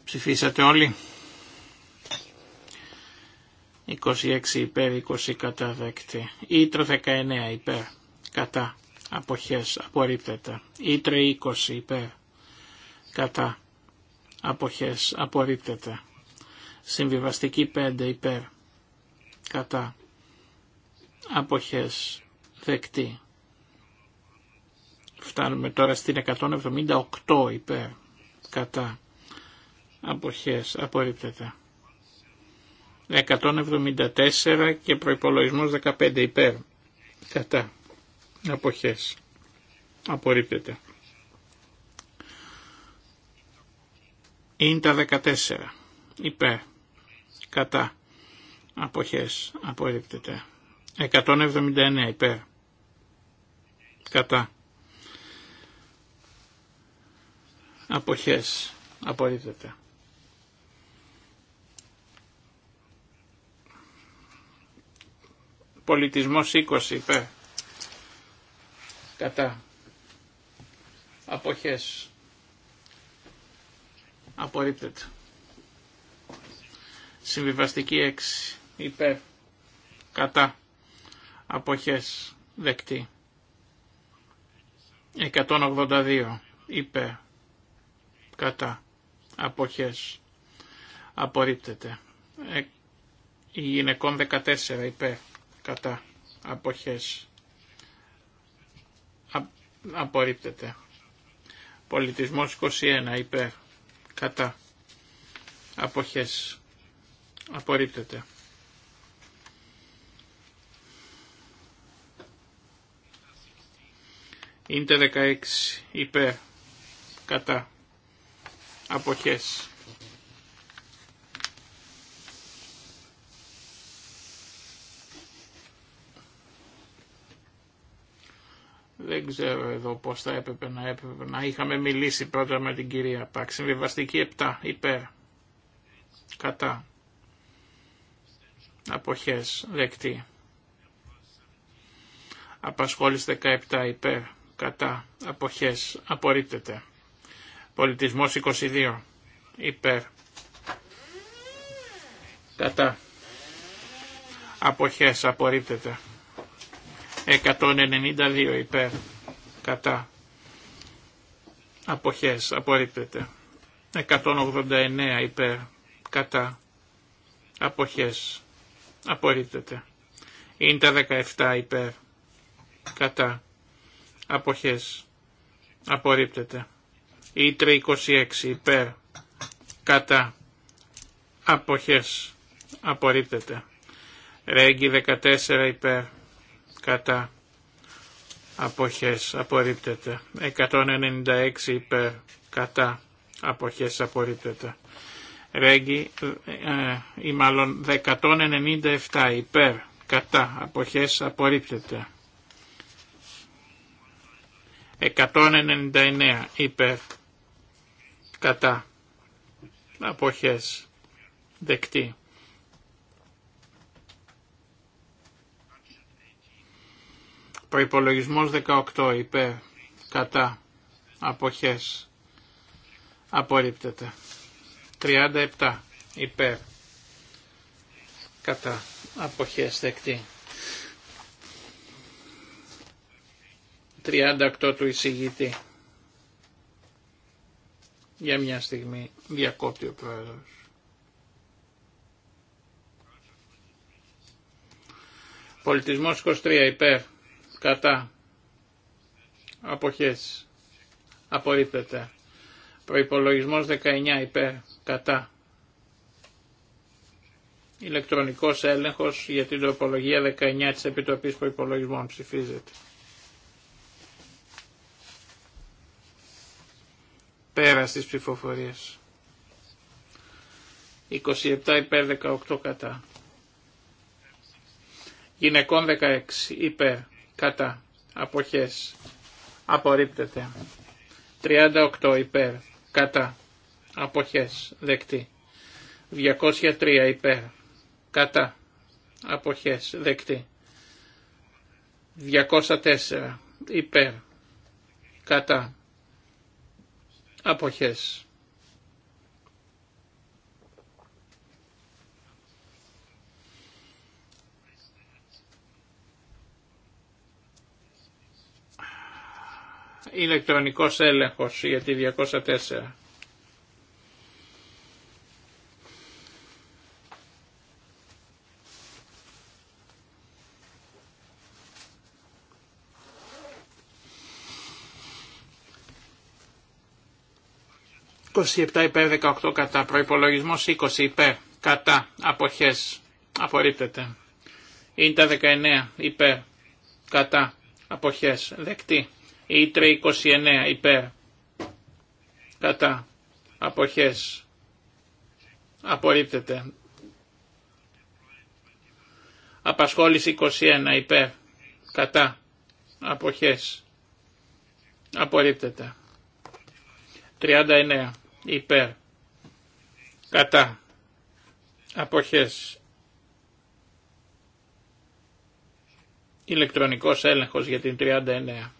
Ψηφίσατε όλοι. 26 υπέρ, 20 κατά δεκτή. Ήτρο 19 υπέρ, κατά αποχές απορρίπτεται. Ήτρε 20 υπέρ κατά αποχές απορρίπτεται. Συμβιβαστική 5 υπέρ κατά αποχές δεκτή. Φτάνουμε τώρα στην 178 υπέρ κατά αποχές απορρίπτεται. 174 και προϋπολογισμός 15 υπέρ κατά αποχές απορρίπτεται. Είναι τα 14 υπέρ κατά αποχές απορρίπτεται. 179 υπέρ κατά αποχές απορρίπτεται. Πολιτισμός 20 υπέρ κατά αποχές απορρίπτεται συμβιβαστική 6 υπέρ κατά αποχές δεκτή 182 υπέρ κατά αποχές απορρίπτεται ε, η γυναικών 14 υπέρ κατά αποχές απορρίπτεται. Πολιτισμός 21 υπέρ κατά αποχές απορρίπτεται. Ίντε 16 υπέρ κατά αποχές Δεν ξέρω εδώ πώς θα έπρεπε να, έπρεπε να είχαμε μιλήσει πρώτα με την κυρία Πακ. Συμβιβαστική 7 υπέρ. Κατά. Αποχές. Δεκτή. Απασχόληση 17 υπέρ. Κατά. Αποχές. Απορρίπτεται. Πολιτισμός 22 υπέρ. Κατά. Αποχές. Απορρίπτεται. 192 υπέρ κατά αποχές απορρίπτεται 189 υπέρ κατά αποχές απορρίπτεται είναι 17 υπέρ κατά αποχές απορρίπτεται Ήτρε 26 υπέρ κατά αποχές απορρίπτεται Ρέγγι 14 υπέρ κατά αποχές απορρίπτεται. 196 υπέρ κατά αποχές απορρίπτεται. Ρέγγι ε, ε, ή μάλλον 197 υπέρ κατά αποχές απορρίπτεται. 199 υπέρ κατά αποχές δεκτή. Προϋπολογισμός 18 υπέρ κατά αποχές απορρίπτεται. 37 υπέρ κατά αποχές δεκτή. 38 του εισηγητή. Για μια στιγμή διακόπτει ο πρόεδρος. Πολιτισμός 23 υπέρ κατά αποχές απορρίπτεται προϋπολογισμός 19 υπέρ κατά ηλεκτρονικός έλεγχος για την τροπολογία 19 της Επιτροπής Προϋπολογισμών ψηφίζεται πέρα στις ψηφοφορίες 27 υπέρ 18 κατά γυναικών 16 υπέρ κατά αποχές απορρίπτεται 38 υπέρ κατά αποχές δεκτή 203 υπέρ κατά αποχές δεκτή 204 υπέρ κατά αποχές ηλεκτρονικός έλεγχος για τη 204. «27 υπέρ 18 κατά, προϋπολογισμός 20 υπέρ, κατά, αποχές, απορρίπτεται». Είναι τα 19 υπέρ, κατά, αποχές, δεκτή. Ήτρε 29 υπέρ. Κατά. Αποχές. Απορρίπτεται. Απασχόληση 21 υπέρ. Κατά. Αποχές. Απορρίπτεται. 39 υπέρ. Κατά. Αποχές. Ηλεκτρονικός έλεγχος για την 39.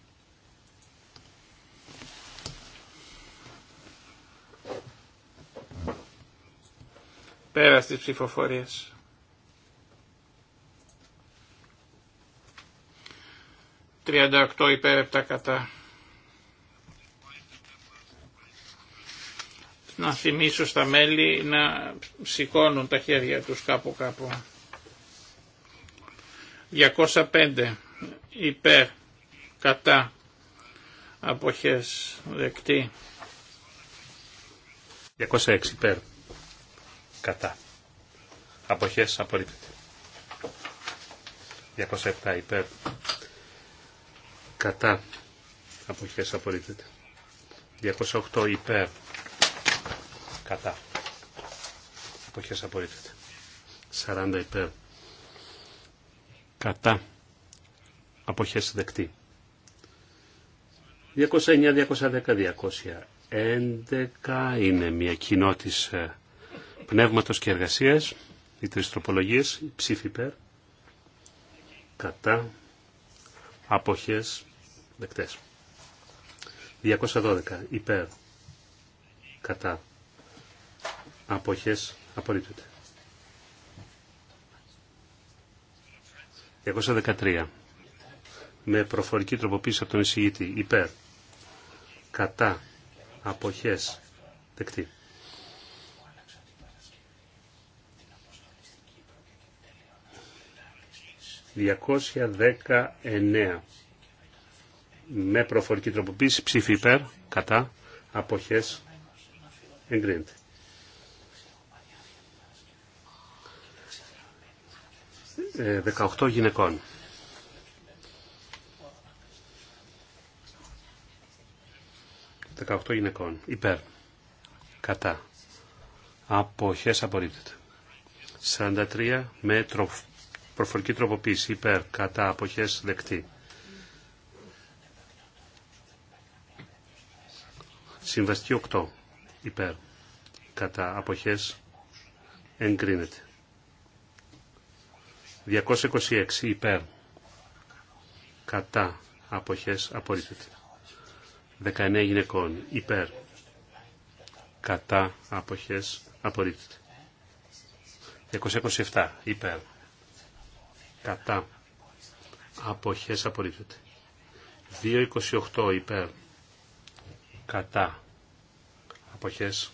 Πέρα της ψηφοφορίας. 38 οκτώ κατά. Να θυμίσω στα μέλη να σηκώνουν τα χέρια τους κάπου κάπου. 205 υπέρ κατά αποχές δεκτή. 206 υπέρ κατά. Αποχές απορρίπτεται. 207 υπέρ. Κατά. Αποχές απορρίπτεται. 208 υπέρ. Κατά. Αποχές απορρίπτεται. 40 υπέρ. Κατά. Αποχές δεκτή. 209, 210, 11. είναι μια κοινότηση ε, πνεύματος και εργασίας, οι τρεις η ψήφι υπέρ, κατά, αποχές, δεκτές. 212 υπέρ, κατά, αποχές, απορρίπτεται. 213 με προφορική τροποποίηση από τον εισηγητή υπέρ, κατά, αποχές, δεκτή. 219 με προφορική τροποποίηση ψήφι υπέρ, κατά, αποχές, εγκρίνεται. 18 ε, γυναικών. ...18 γυναικών. Υπέρ. Κατά. Αποχές απορρίπτεται. 43 με προφορική τροποποίηση υπέρ κατά αποχές δεκτή. Συμβαστική 8 υπέρ κατά αποχές εγκρίνεται. 226 υπέρ κατά αποχές απορρίπτεται. 19 γυναικών υπέρ κατά αποχές απορρίπτεται. 227 υπέρ κατά αποχές απορρίπτεται 2.28 υπέρ κατά αποχές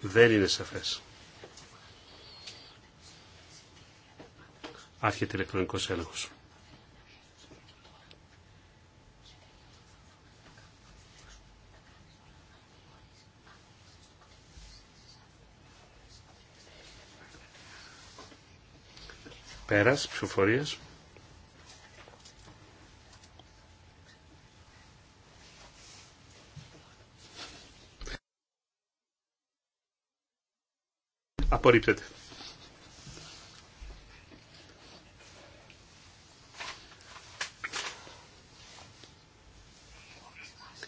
δεν είναι σαφές άρχεται ηλεκτρονικός έλεγχος Πέρας ψηφοφορίας. Απορρίπτεται.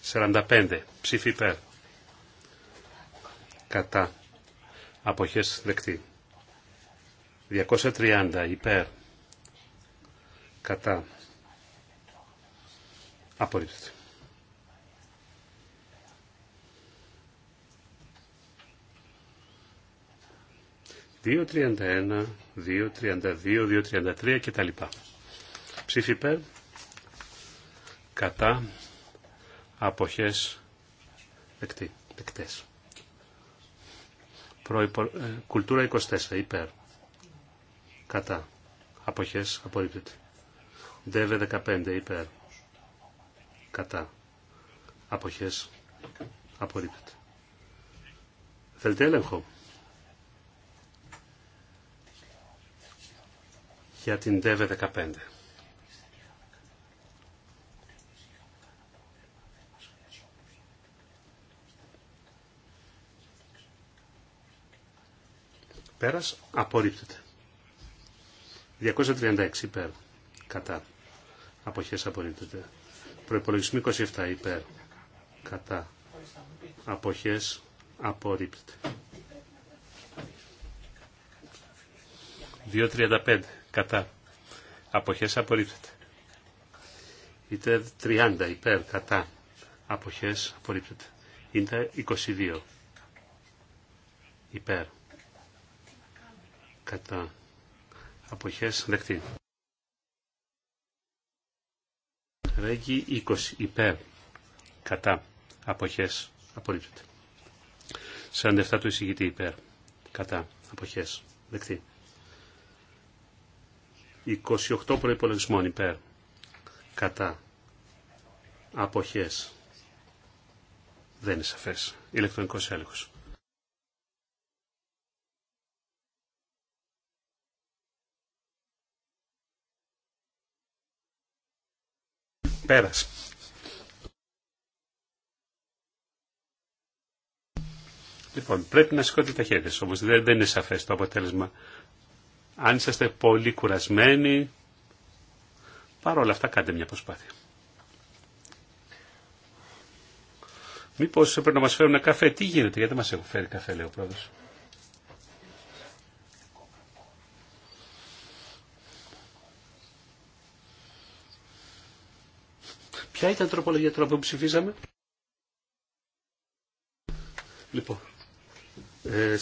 Σαράντα πέντε. Ψήφι υπέρ. Κατά. Αποχές δεκτή. 230 υπέρ κατά απορρίπτεται. Δύο τριάντα ένα, δύο τριάντα δύο, δύο τριάντα τρία και τα λοιπά. Ψήφι υπέρ, κατά, αποχές, δεκτές. Προϋπο, ε, κουλτούρα 24, υπέρ κατά αποχές απορρίπτεται. Δεύε 15 υπέρ κατά αποχές απορρίπτεται. Θέλετε έλεγχο. Για την ΔΕΒΕ 15. Πέρας απορρίπτεται. 236 υπέρ. Κατά. Αποχές απορρίπτεται. Προϋπολογισμό 27 υπέρ. Κατά. Αποχές απορρίπτεται. 2.35 κατά. Αποχές απορρίπτεται. Είτε 30 υπέρ κατά. Αποχές απορρίπτεται. Είτε 22 υπέρ κατά αποχές δεκτή. Ρέγγι 20 υπέρ κατά αποχές απορρίπτεται. 47 του εισηγητή υπέρ κατά αποχές δεκτή. 28 προϋπολογισμών υπέρ κατά αποχές δεν είναι σαφές ηλεκτρονικός έλεγχος. Πέρας. Λοιπόν, πρέπει να σηκώνετε τα χέρια σας, όμως δεν, δεν είναι σαφές το αποτέλεσμα. Αν είσαστε πολύ κουρασμένοι, παρόλα αυτά κάντε μια προσπάθεια. Μήπως πρέπει να μας φέρουν καφέ. Τι γίνεται, γιατί δεν μας έχουν φέρει καφέ, λέει ο πρόεδρος. Ποια ήταν η τροπολογία τώρα που ψηφίσαμε. Λοιπόν,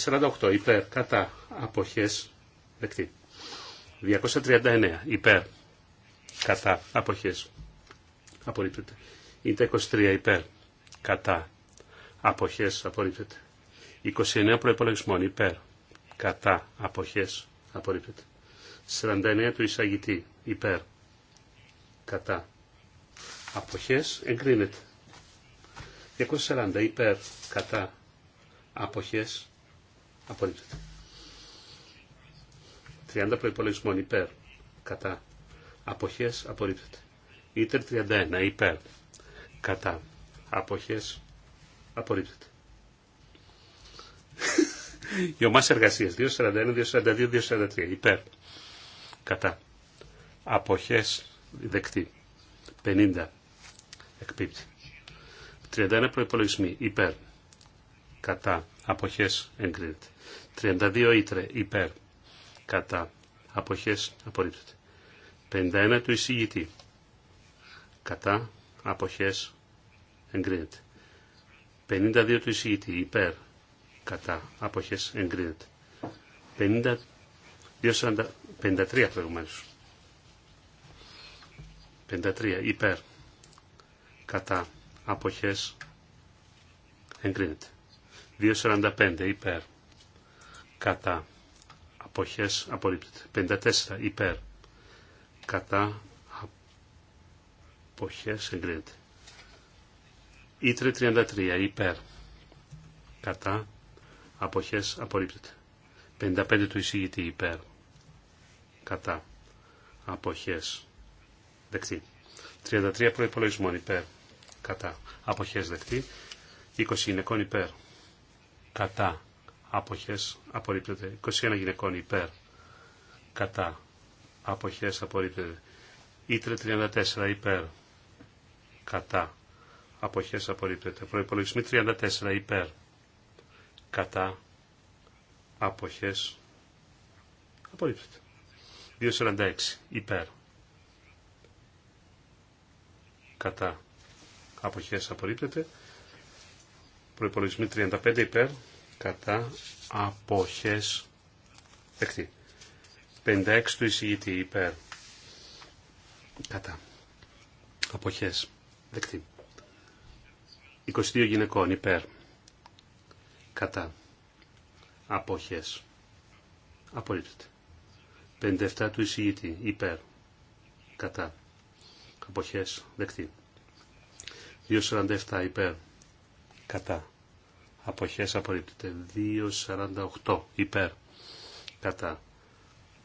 48 ε, υπέρ, κατά, αποχές, δεκτή. 239 υπέρ, κατά, αποχές, απορρίπτεται. Είναι 23 υπέρ, κατά, αποχές, απορρίπτεται. 29 προϋπολογισμών υπέρ, κατά, αποχές, απορρίπτεται. 49 του εισαγητή υπέρ, κατά, αποχές εγκρίνεται. 240 υπέρ κατά αποχές απορρίπτεται. 30 προϋπολογισμών υπέρ κατά αποχές απορρίπτεται. Ήτερ 31 υπέρ κατά αποχές απορρίπτεται. Οι ομάδες εργασίες 241, 242, 243 υπέρ κατά αποχές δεκτή. 50 εκπίπτει. 31 προϋπολογισμοί υπέρ κατά αποχές εγκρίνεται. 32 ήτρε υπέρ κατά αποχές απορρίπτεται. 51 του εισηγητή κατά αποχές εγκρίνεται. 52 του εισηγητή υπέρ κατά αποχές εγκρίνεται. 50, 53 προηγουμένως. 53 υπέρ κατά αποχές εγκρίνεται. 2.45 υπέρ κατά αποχές απορρίπτεται. 54 υπέρ κατά αποχές εγκρίνεται. Ήτρε 33 υπέρ κατά αποχές απορρίπτεται. 55 του εισηγητή υπέρ κατά αποχές δεκτή. 33 προϋπολογισμών υπέρ κατά αποχές δεκτή, 20 γυναικών υπέρ κατά αποχές απορρίπτεται, 21 γυναικών υπέρ κατά αποχές απορρίπτεται, ήτρε 34 υπέρ κατά αποχές απορρίπτεται, προϋπολογισμή 34 υπέρ κατά αποχές απορρίπτεται. 2.46 υπέρ κατά αποχές απορρίπτεται. Προϋπολογισμοί 35 υπέρ, κατά αποχές δεκτή. 56 του εισηγητή υπέρ, κατά αποχές δεκτή. 22 γυναικών υπέρ, κατά αποχές απορρίπτεται. 57 του εισηγητή υπέρ, κατά αποχές δεκτή. 2.47 υπέρ κατά αποχές απορρίπτεται 2.48 υπέρ κατά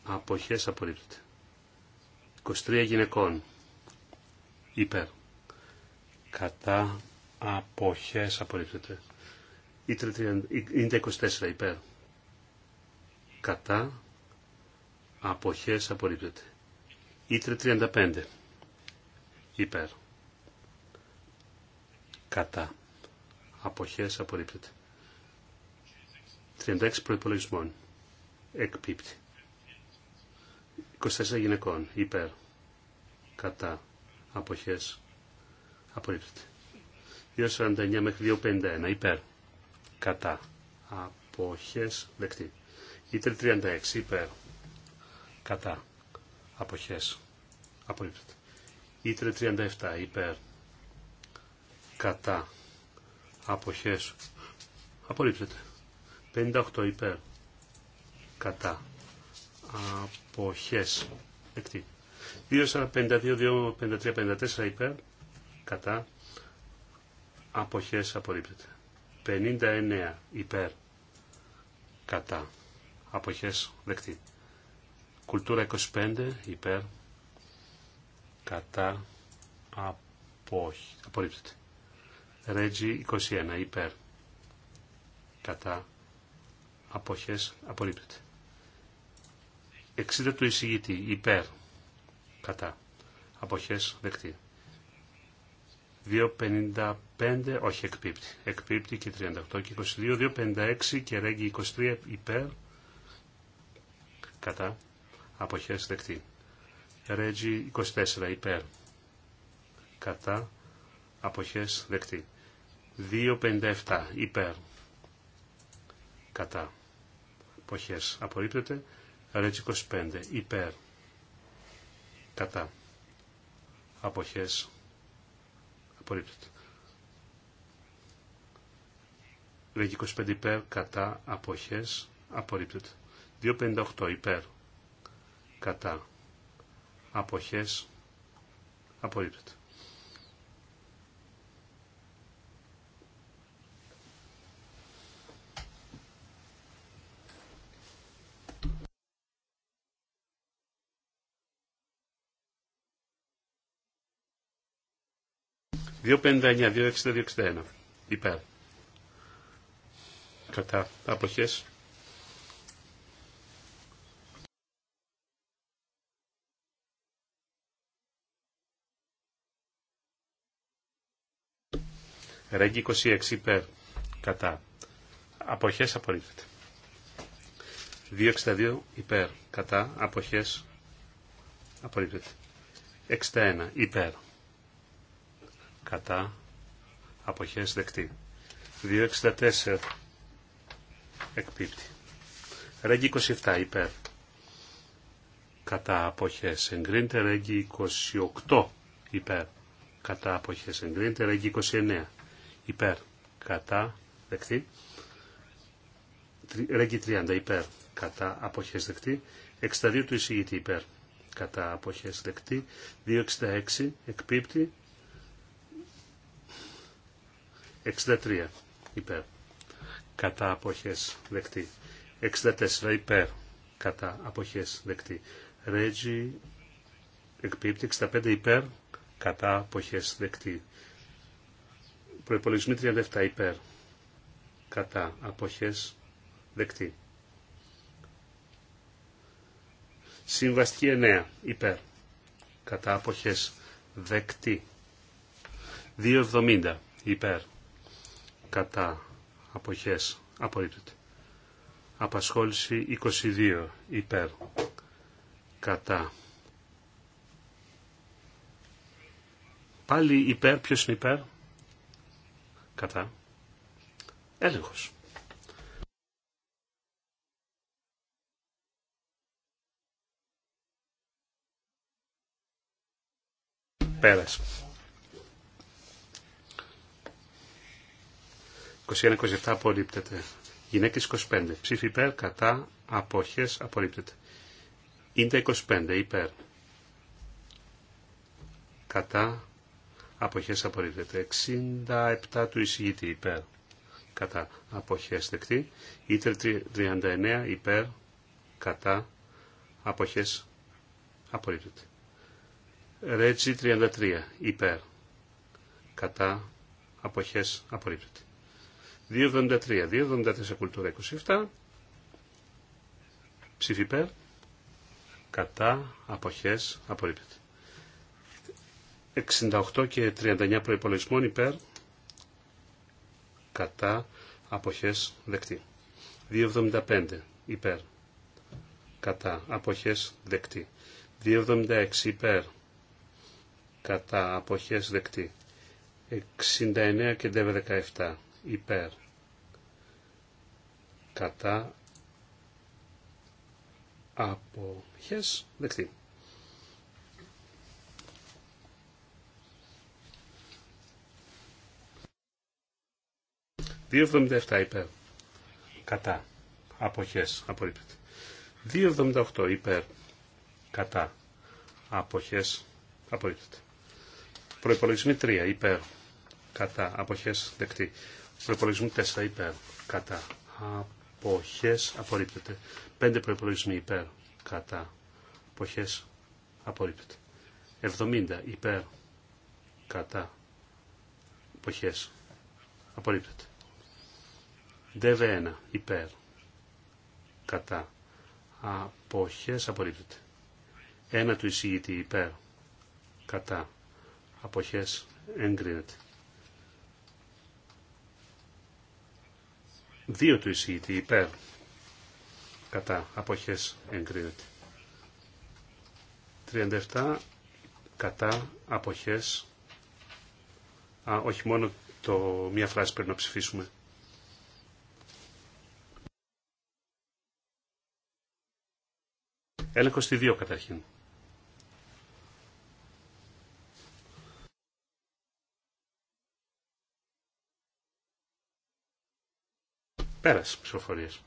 αποχές απορρίπτεται 23 γυναικών υπέρ κατά αποχές απορρίπτεται είναι 24 υπέρ κατά αποχές απορρίπτεται Ήτρε 35 υπέρ κατά αποχές απορρίπτεται. 36 προϋπολογισμών εκπίπτει. 24 γυναικών υπέρ κατά αποχές απορρίπτεται. 2.49 μέχρι 2.51 υπέρ κατά αποχές δεκτή. Ήτρε 36 υπέρ κατά αποχές απορρίπτεται. Ήτρε 37 υπέρ κατά αποχές απορρίπτεται 58 υπέρ κατά αποχές δεκτή 2, 53 54 υπέρ κατά αποχές απορρίπτεται 59 υπέρ κατά αποχές δεκτή κουλτούρα 25 υπέρ κατά απο, απορρίπτεται Ρέτζι 21 υπέρ κατά αποχές απορρίπτεται. 60 του εισηγητή υπέρ κατά αποχές δεκτή. 2.55 όχι εκπίπτει. Εκπίπτει και 38 και 22. 2.56 και ρέγγι 23 υπέρ κατά αποχές δεκτή. Ρέτζι 24 υπέρ κατά αποχές δεκτή. 2.57 υπέρ κατά αποχές απορρίπτεται ρέτζι 25 υπέρ κατά αποχές απορρίπτεται ρέτζι 25 υπέρ κατά αποχές απορρίπτεται 2.58 υπέρ κατά αποχές απορρίπτεται 259, 260, 261. Υπέρ. Κατά αποχές. Ρέγγι 26 υπέρ. Κατά. Αποχές απορρίφεται 262 υπέρ. Κατά. Αποχές απορρίφεται 61 υπέρ κατά αποχές δεκτή. 2.64 εκπίπτει. Ρέγγι 27 υπέρ. Κατά αποχές εγκρίνεται. Ρέγγι 28 υπέρ. Κατά αποχές εγκρίνεται. Ρέγγι 29 υπέρ. Κατά δεκτή. Ρέγγι 30 υπέρ. Κατά αποχές δεκτή. 62 του εισηγητή υπέρ. Κατά αποχές δεκτή. 2.66 εκπίπτει. 63 υπέρ. Κατά αποχές δεκτή. 64 υπέρ. Κατά αποχές δεκτή. Ρέτζι εκπίπτει 65 υπέρ. Κατά αποχές δεκτή. Προϋπολογισμή 37 υπέρ. Κατά αποχές δεκτή. Συμβαστική 9 υπέρ. Κατά αποχές δεκτή. 2,70 υπέρ κατά αποχές απορρίπτεται. Απασχόληση 22 υπέρ κατά. Πάλι υπέρ, ποιος είναι υπέρ, κατά. Έλεγχος. Πέρασε. 21-27 απορρίπτεται. Γυναίκε 25. Ψήφι υπέρ, κατά, απόχέ απορρίπτεται. Ίντα 25, υπέρ. Κατά, αποχές, απορρίπτεται. 67 του εισηγητή, υπέρ. Κατά, αποχές, δεκτή. Ήτρε 39, υπέρ. Κατά, αποχές, απορρίπτεται. Ρέτζι 33, υπέρ. Κατά, αποχές, απορρίπτεται. 273, 274 κουλτούρα 27, ψήφι υπέρ, κατά, αποχές, απορρίπτεται. 68 και 39 προϋπολογισμών υπέρ, κατά, αποχές, δεκτή. 275 υπέρ, κατά, αποχές, δεκτή. 276 υπέρ, κατά, αποχές, δεκτή. 69 και 17 υπέρ κατά αποχές δεκτή. 277 υπέρ κατά αποχές απορρίπτεται. 2.78 υπέρ κατά αποχές απορρίπτεται. Προϋπολογισμή 3 υπέρ κατά αποχές δεκτή. Προπολογισμού 4 υπέρ. Κατά. Αποχές απορρίπτεται. 5 προπολογισμοί υπέρ. Κατά. Αποχές απορρίπτεται. 70 υπέρ. Κατά. Αποχές απορρίπτεται. ΔΒ1 υπέρ. Κατά. Αποχές απορρίπτεται. 1 του εισηγητή υπέρ. Κατά. Αποχές εγκρίνεται. Δύο του εισηγητή υπέρ κατά αποχές εγκρίνεται. 37 κατά αποχές Α, όχι μόνο το μία φράση πρέπει να ψηφίσουμε. Έλεγχο στη δύο καταρχήν. Πέρας ψηφοφορίες.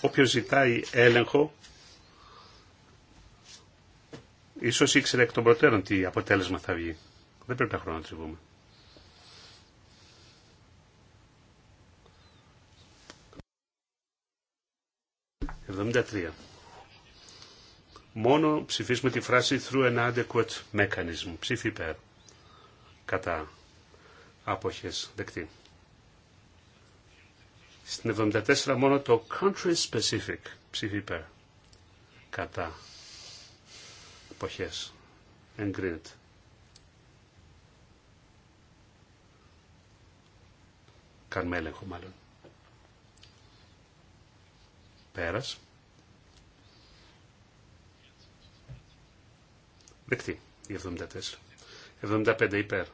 Όποιος ζητάει έλεγχο, ίσως ήξερε εκ των προτέρων τι αποτέλεσμα θα βγει. Δεν πρέπει να χρονοτριβούμε. Εβδομήντα τρία μόνο ψηφίσουμε τη φράση through an adequate mechanism. Ψήφι υπέρ. Κατά. Άποχες. Δεκτή. Στην 74 μόνο το country specific. Ψήφι υπέρ. Κατά. Αποχές. Εγκρίνεται. Κάνουμε έλεγχο μάλλον. Πέρας. Δεκτή η 74. 75 υπέρ.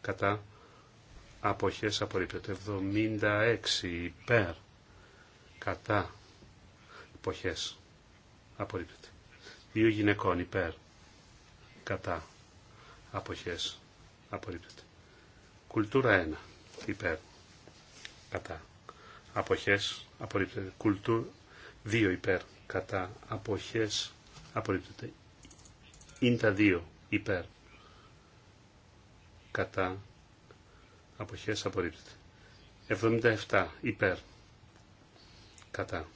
Κατά αποχές απορρίπτεται. 76 υπέρ. Κατά αποχές απορρίπτεται. Δύο γυναικών υπέρ. Κατά αποχές απορρίπτεται. Κουλτούρα 1 υπέρ. Κατά αποχές απορρίπτεται. Κουλτούρα 2 υπέρ. Κατά αποχές απορρίπτεται τα 2 υπέρ κατά αποχές απορρίπτεται. 77 υπέρ κατά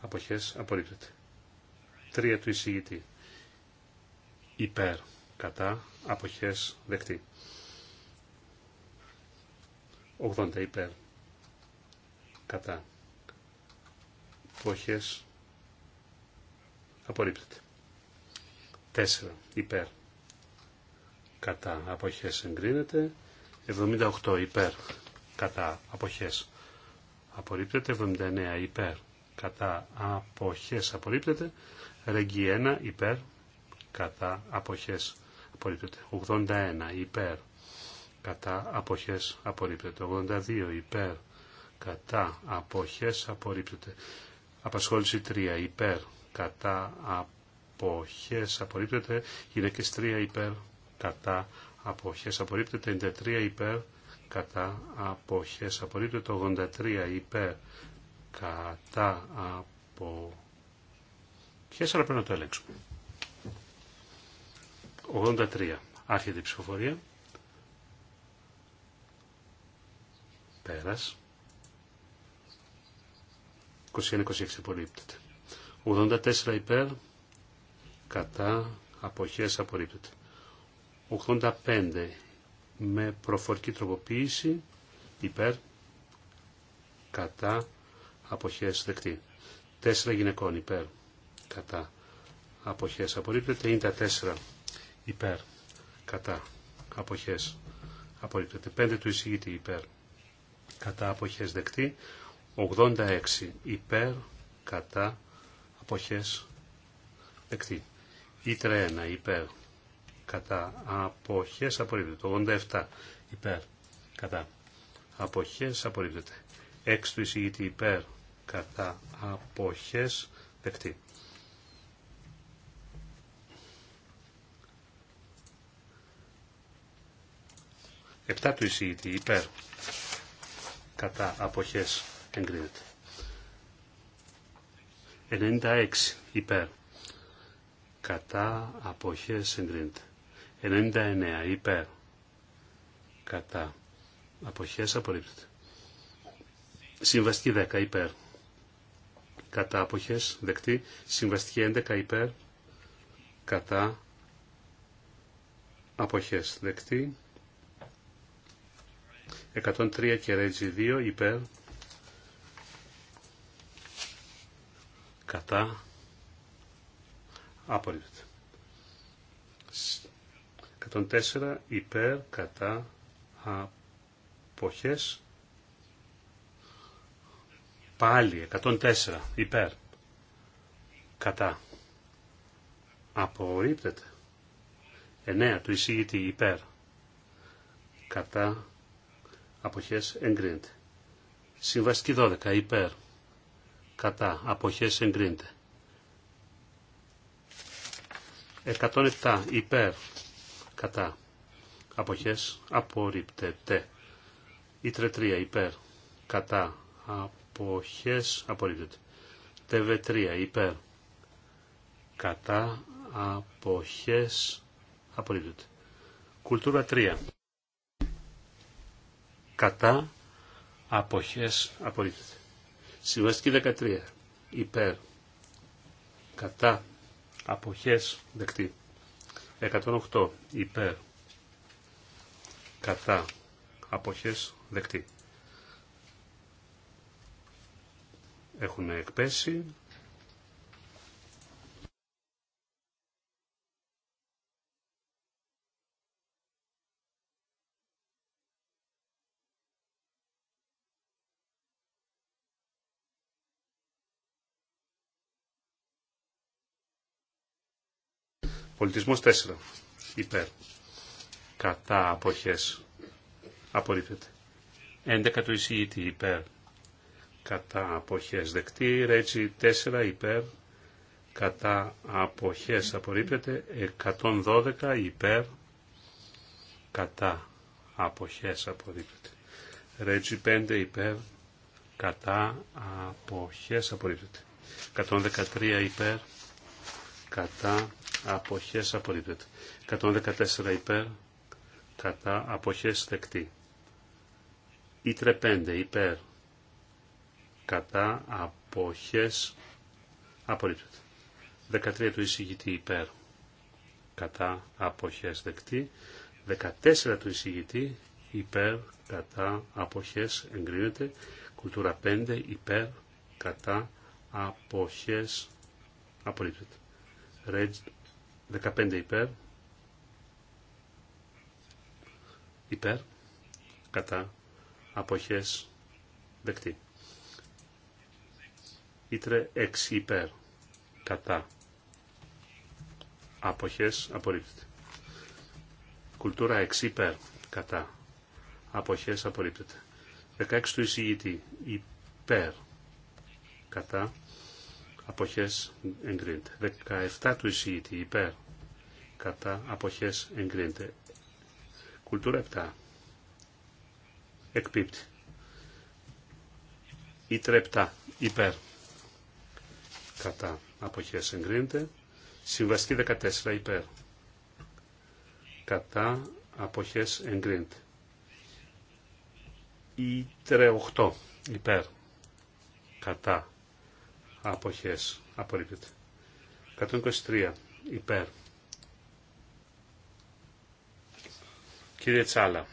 αποχές απορρίπτεται. 3 του εισηγητή υπέρ κατά αποχές δεκτή. 80 υπέρ κατά αποχές απορρίπτεται. 4 υπέρ. Κατά αποχές εγκρίνεται. 78 υπέρ. Κατά αποχές απορρίπτεται. 79 υπέρ. Κατά αποχές απορρίπτεται. Ρεγγι 1 υπέρ. Κατά αποχές απορρίπτεται. 81 υπέρ. Κατά αποχές απορρίπτεται. 82 υπέρ. Κατά αποχές απορρίπτεται. Απασχόληση 3 υπέρ. Κατά αποχές αποχές απορρίπτεται, γυναίκες 3 υπέρ κατά αποχές απορρίπτεται, 93 υπέρ κατά αποχές απορρίπτεται, 83 υπέρ κατά αποχές, αλλά πρέπει να το ελέγξουμε. 83. Άρχεται η ψηφοφορία. Πέρας. 21-26 απορρίπτεται. 84 υπέρ κατά αποχές απορρίπτεται. 85 με προφορική τροποποίηση υπέρ κατά αποχές δεκτή. 4 γυναικών υπέρ κατά αποχές απορρίπτεται. 4 υπέρ κατά αποχές απορρίπτεται. 5 του εισηγητή υπέρ κατά αποχές δεκτή. 86 υπέρ κατά αποχές δεκτή. Ήτρε 1 υπέρ κατά αποχές απορρίπτεται. 87 υπέρ κατά αποχές απορρίπτεται. 6 του εισηγητή υπέρ κατά αποχές δεκτή. Επτά του εισηγητή υπέρ κατά αποχές εγκρίνεται. 96 υπέρ κατά αποχές εγκρίνεται. 99 υπέρ κατά αποχέ απορρίπτεται. Συμβαστική 10 υπέρ κατά απόχε, δεκτή. Συμβαστική 11 υπέρ κατά αποχές δεκτή. 103 και ρέτζι 2 υπέρ κατά Απορρίπτεται. 104 υπέρ κατά αποχές. Πάλι 104 υπέρ κατά απορρίπτεται. 9 του εισηγητή υπέρ κατά αποχές εγκρίνεται. Συμβαστική 12 υπέρ κατά αποχές εγκρίνεται. 107 υπέρ κατά αποχές απορρίπτεται. Ήτρε 3 υπέρ κατά αποχές απορρίπτεται. Τεβε 3 υπέρ κατά αποχές απορρίπτεται. Κουλτούρα 3 κατά αποχές απορρίπτεται. Συμβαστική 13 υπέρ κατά αποχές δεκτή. 108 υπέρ κατά αποχές δεκτή. Έχουν εκπέσει Πολιτισμός 4. Υπέρ. Κατά αποχές. Απορρίπτεται. 11 του εισηγητή. Υπέρ. Κατά αποχές. Δεκτή. ρέτσι 4. Υπέρ. Κατά αποχές. Απορρίπτεται. 112. Υπέρ. Κατά αποχές. Απορρίπτεται. Ρέτζι 5. Υπέρ. Κατά αποχές. Απορρίπτεται. 113 υπέρ κατά αποχές απορρίπτεται. 114 υπέρ, κατά αποχές δεκτή. Ή 5 υπέρ, κατά αποχές απορρίπτεται. 13 του εισηγητή υπέρ, κατά αποχές δεκτή. 14 του εισηγητή υπέρ, κατά αποχές εγκρίνεται. Κουλτούρα 5 υπέρ, κατά αποχές απορρίπτεται. 15 υπέρ. Υπέρ. Κατά. Αποχές. Δεκτή. Ήτρε 6 υπέρ. Κατά. Αποχές. Απορρίπτεται. Κουλτούρα 6 υπέρ. Κατά. Αποχές. Απορρίπτεται. 16 του εισηγητή. Υπέρ. Κατά αποχές εγκρίνεται. 17 του εισηγητή υπέρ κατά αποχές εγκρίνεται. Κουλτούρα 7. Εκπίπτει. Ή 7 υπέρ κατά αποχές εγκρίνεται. Συμβαστή 14 υπέρ κατά αποχές εγκρίνεται. Ή 8 υπέρ κατά αποχές απορρίπτεται. 123 υπέρ. Κύριε Τσάλα,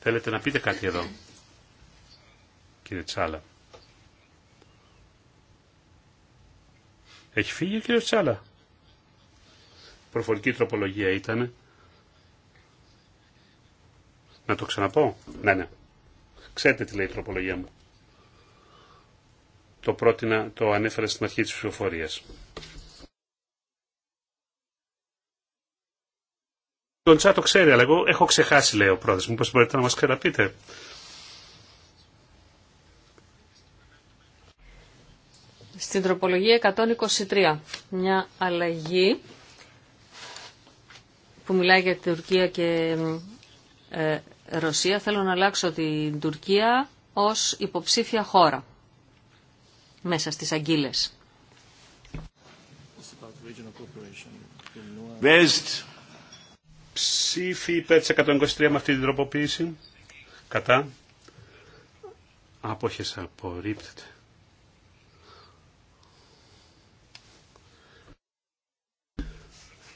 θέλετε να πείτε κάτι εδώ. Κύριε Τσάλα. Έχει φύγει ο κύριος Τσάλα. Προφορική τροπολογία ήταν. Να το ξαναπώ. Ναι, ναι. Ξέρετε τι λέει η τροπολογία μου το πρότεινα, το ανέφερα στην αρχή της ψηφοφορίας. Τον Τσά το ξέρει, αλλά εγώ έχω ξεχάσει, λέει ο πρόεδρος. πως μπορείτε να μας καταπείτε. Στην τροπολογία 123, μια αλλαγή που μιλάει για Τουρκία και ε, Ρωσία. Θέλω να αλλάξω την Τουρκία ως υποψήφια χώρα μέσα στις αγκύλες. West. Ψήφι υπέρ της 123 με αυτή την τροποποίηση. Κατά. Απόχες απορρίπτεται.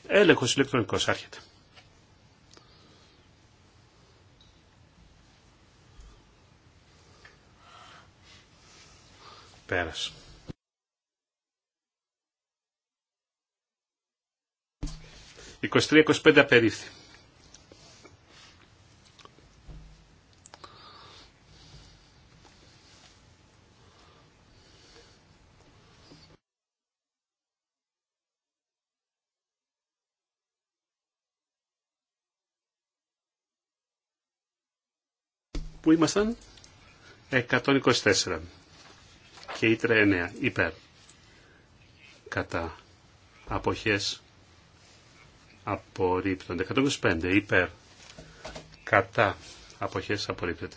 Έλεγχος ηλεκτρονικός άρχεται. Πέρας. «23-25 απερίφθη». Πού ήμασταν? 124 και ήτρε 9 υπέρ κατά αποχές απορρίπτονται 125 υπέρ κατά αποχές απορρίπτεται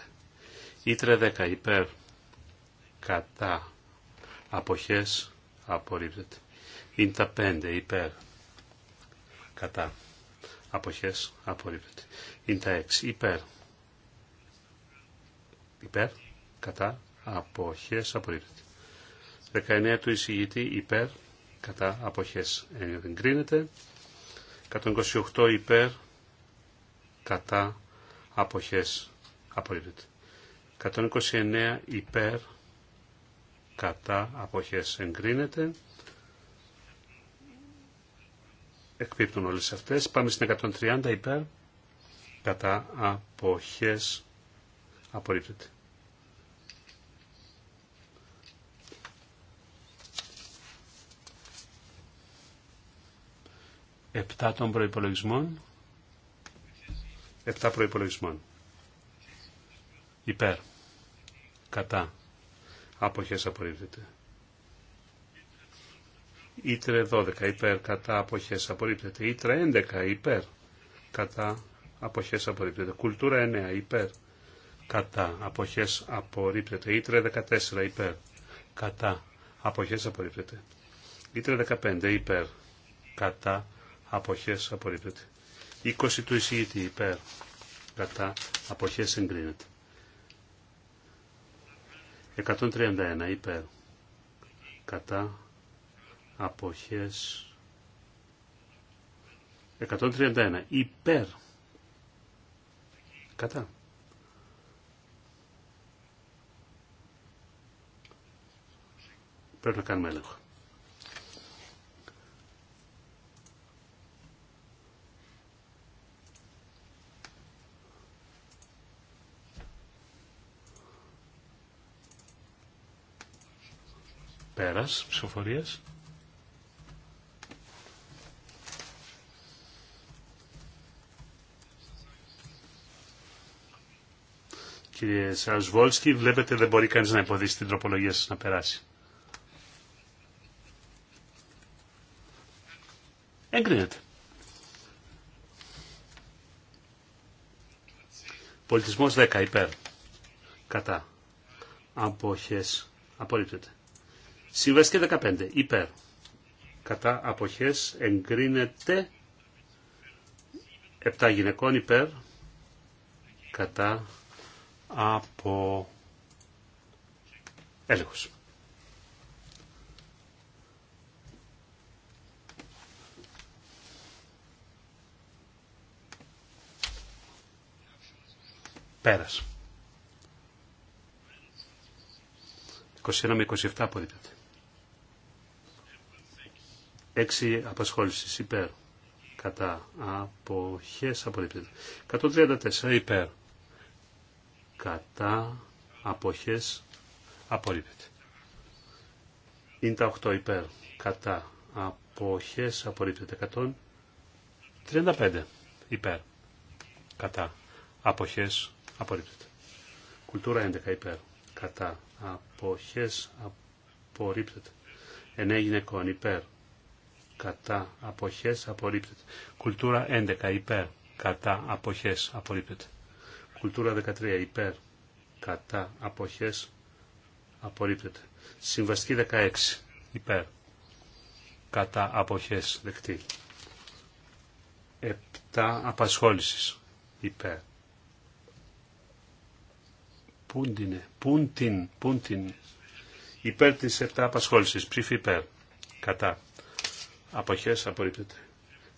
ήτρε 10 υπέρ κατά αποχές απορρίπτεται είναι τα 5 υπέρ κατά αποχές απορρίπτεται είναι τα 6 υπέρ υπέρ κατά αποχές απορρίπτεται 19 του εισηγητή υπέρ, κατά αποχές ε, εγκρίνεται. 128 υπέρ, κατά αποχές απορρίπτεται. 129 υπέρ, κατά αποχές εγκρίνεται. Εκπίπτουν όλες αυτές. Πάμε στην 130 υπέρ, κατά αποχές απορρίπτεται. Επτά των προϋπολογισμών. Επτά προϋπολογισμών. Υπέρ. Κατά. Αποχές απορρίπτεται. Ήτρε 12 υπέρ κατά αποχές απορρίπτεται. Ήτρε 11 υπέρ κατά αποχές απορρίπτεται. Κουλτούρα 9 υπέρ κατά αποχές απορρίπτεται. Ήτρε 14 υπέρ κατά αποχές απορρίπτεται. Ήτρε 15 υπέρ κατά αποχές απορρίπτεται. 20 του εισηγητή υπέρ κατά αποχές εγκρίνεται. 131 υπέρ κατά αποχές 131 υπέρ κατά πρέπει να κάνουμε έλεγχο πέρας ψηφοφορίας. Κύριε Σαρσβόλσκι, βλέπετε δεν μπορεί κανείς να υποδείσει την τροπολογία σας να περάσει. Εγκρίνεται. Πολιτισμός 10 υπέρ. Κατά. Αποχές. Απορρίπτεται. Συμβέστη 15. Υπέρ. Κατά αποχές εγκρίνεται 7 γυναικών υπέρ. Κατά από έλεγχος. Πέρας. 21 με 27 αποδείπτω. 6 απασχόλησης υπέρ κατά αποχές απορρίπτεται. 134 υπέρ κατά αποχές απορρίπτεται. Είναι τα 8 υπέρ κατά αποχές απορρίπτεται. 135 υπέρ κατά αποχές απορρίπτεται. Κουλτούρα 11 υπέρ κατά αποχές απορρίπτεται. 9 γυναικών υπέρ κατά αποχές απορρίπτεται. Κουλτούρα 11 υπέρ κατά αποχές απορρίπτεται. Κουλτούρα 13 υπέρ κατά αποχές απορρίπτεται. Συμβαστική 16 υπέρ κατά αποχές δεκτή. 7 απασχόλησης υπέρ. Πούντινε, πούντιν, πούντιν. Υπέρ της 7 απασχόλησης, ψήφι υπέρ. Κατά αποχές απορρίπτεται.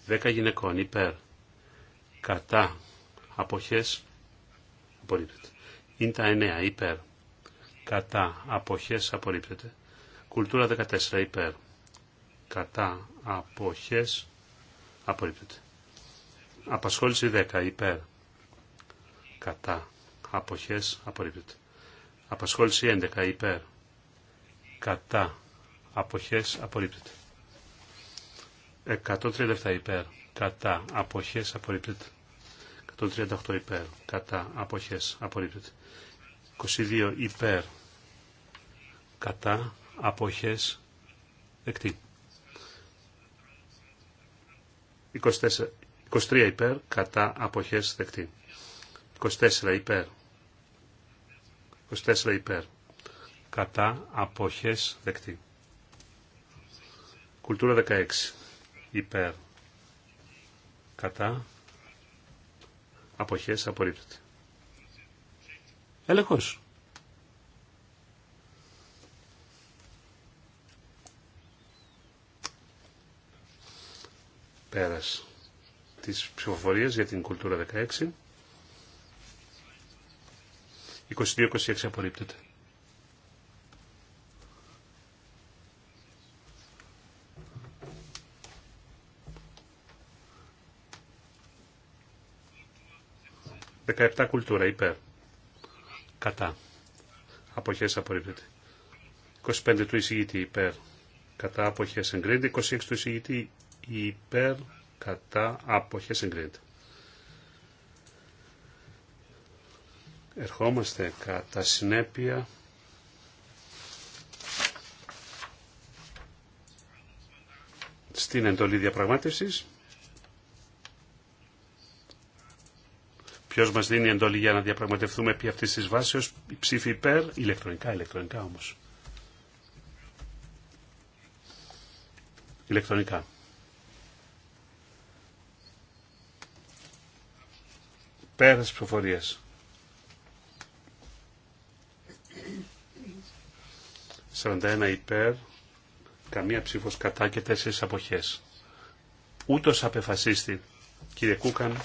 10 γυναικών υπέρ κατά αποχές απορρίπτεται. Είναι τα 9 υπέρ κατά αποχές απορρίπτεται. Κουλτούρα 14 υπέρ κατά αποχές απορρίπτεται. Απασχόληση 10 υπέρ κατά αποχές απορρίπτεται. Απασχόληση 11 υπέρ κατά αποχές απορρίπτεται. 137 υπέρ κατά αποχές απορρίπτεται. 138 υπέρ κατά αποχές απορρίπτεται. 22 υπέρ κατά αποχές δεκτή. 24, 23 υπέρ κατά αποχές δεκτή. 24 υπέρ. 24 υπέρ. Κατά αποχές δεκτή. Κουλτούρα 16 υπέρ κατά αποχές απορρίπτεται. Έλεγχος. Πέρας της ψηφοφορίας για την κουλτούρα 16. 22-26 απορρίπτεται. 17 κουλτούρα υπέρ. Κατά. Αποχές απορρίπτεται. 25 του εισηγητή υπέρ. Κατά αποχές εγκρίνεται. 26 του εισηγητή υπέρ. Κατά αποχές εγκρίνεται. Ερχόμαστε κατά συνέπεια στην εντολή διαπραγμάτευσης. Ποιο μα δίνει εντολή για να διαπραγματευτούμε επί αυτή τη βάση η ψήφι υπέρ, ηλεκτρονικά, ηλεκτρονικά όμω. Ηλεκτρονικά. Πέρα τη προφορία. υπέρ, καμία ψηφο κατά και τέσσερι αποχέ. Ούτω απεφασίστη. Κύριε Κούκαν,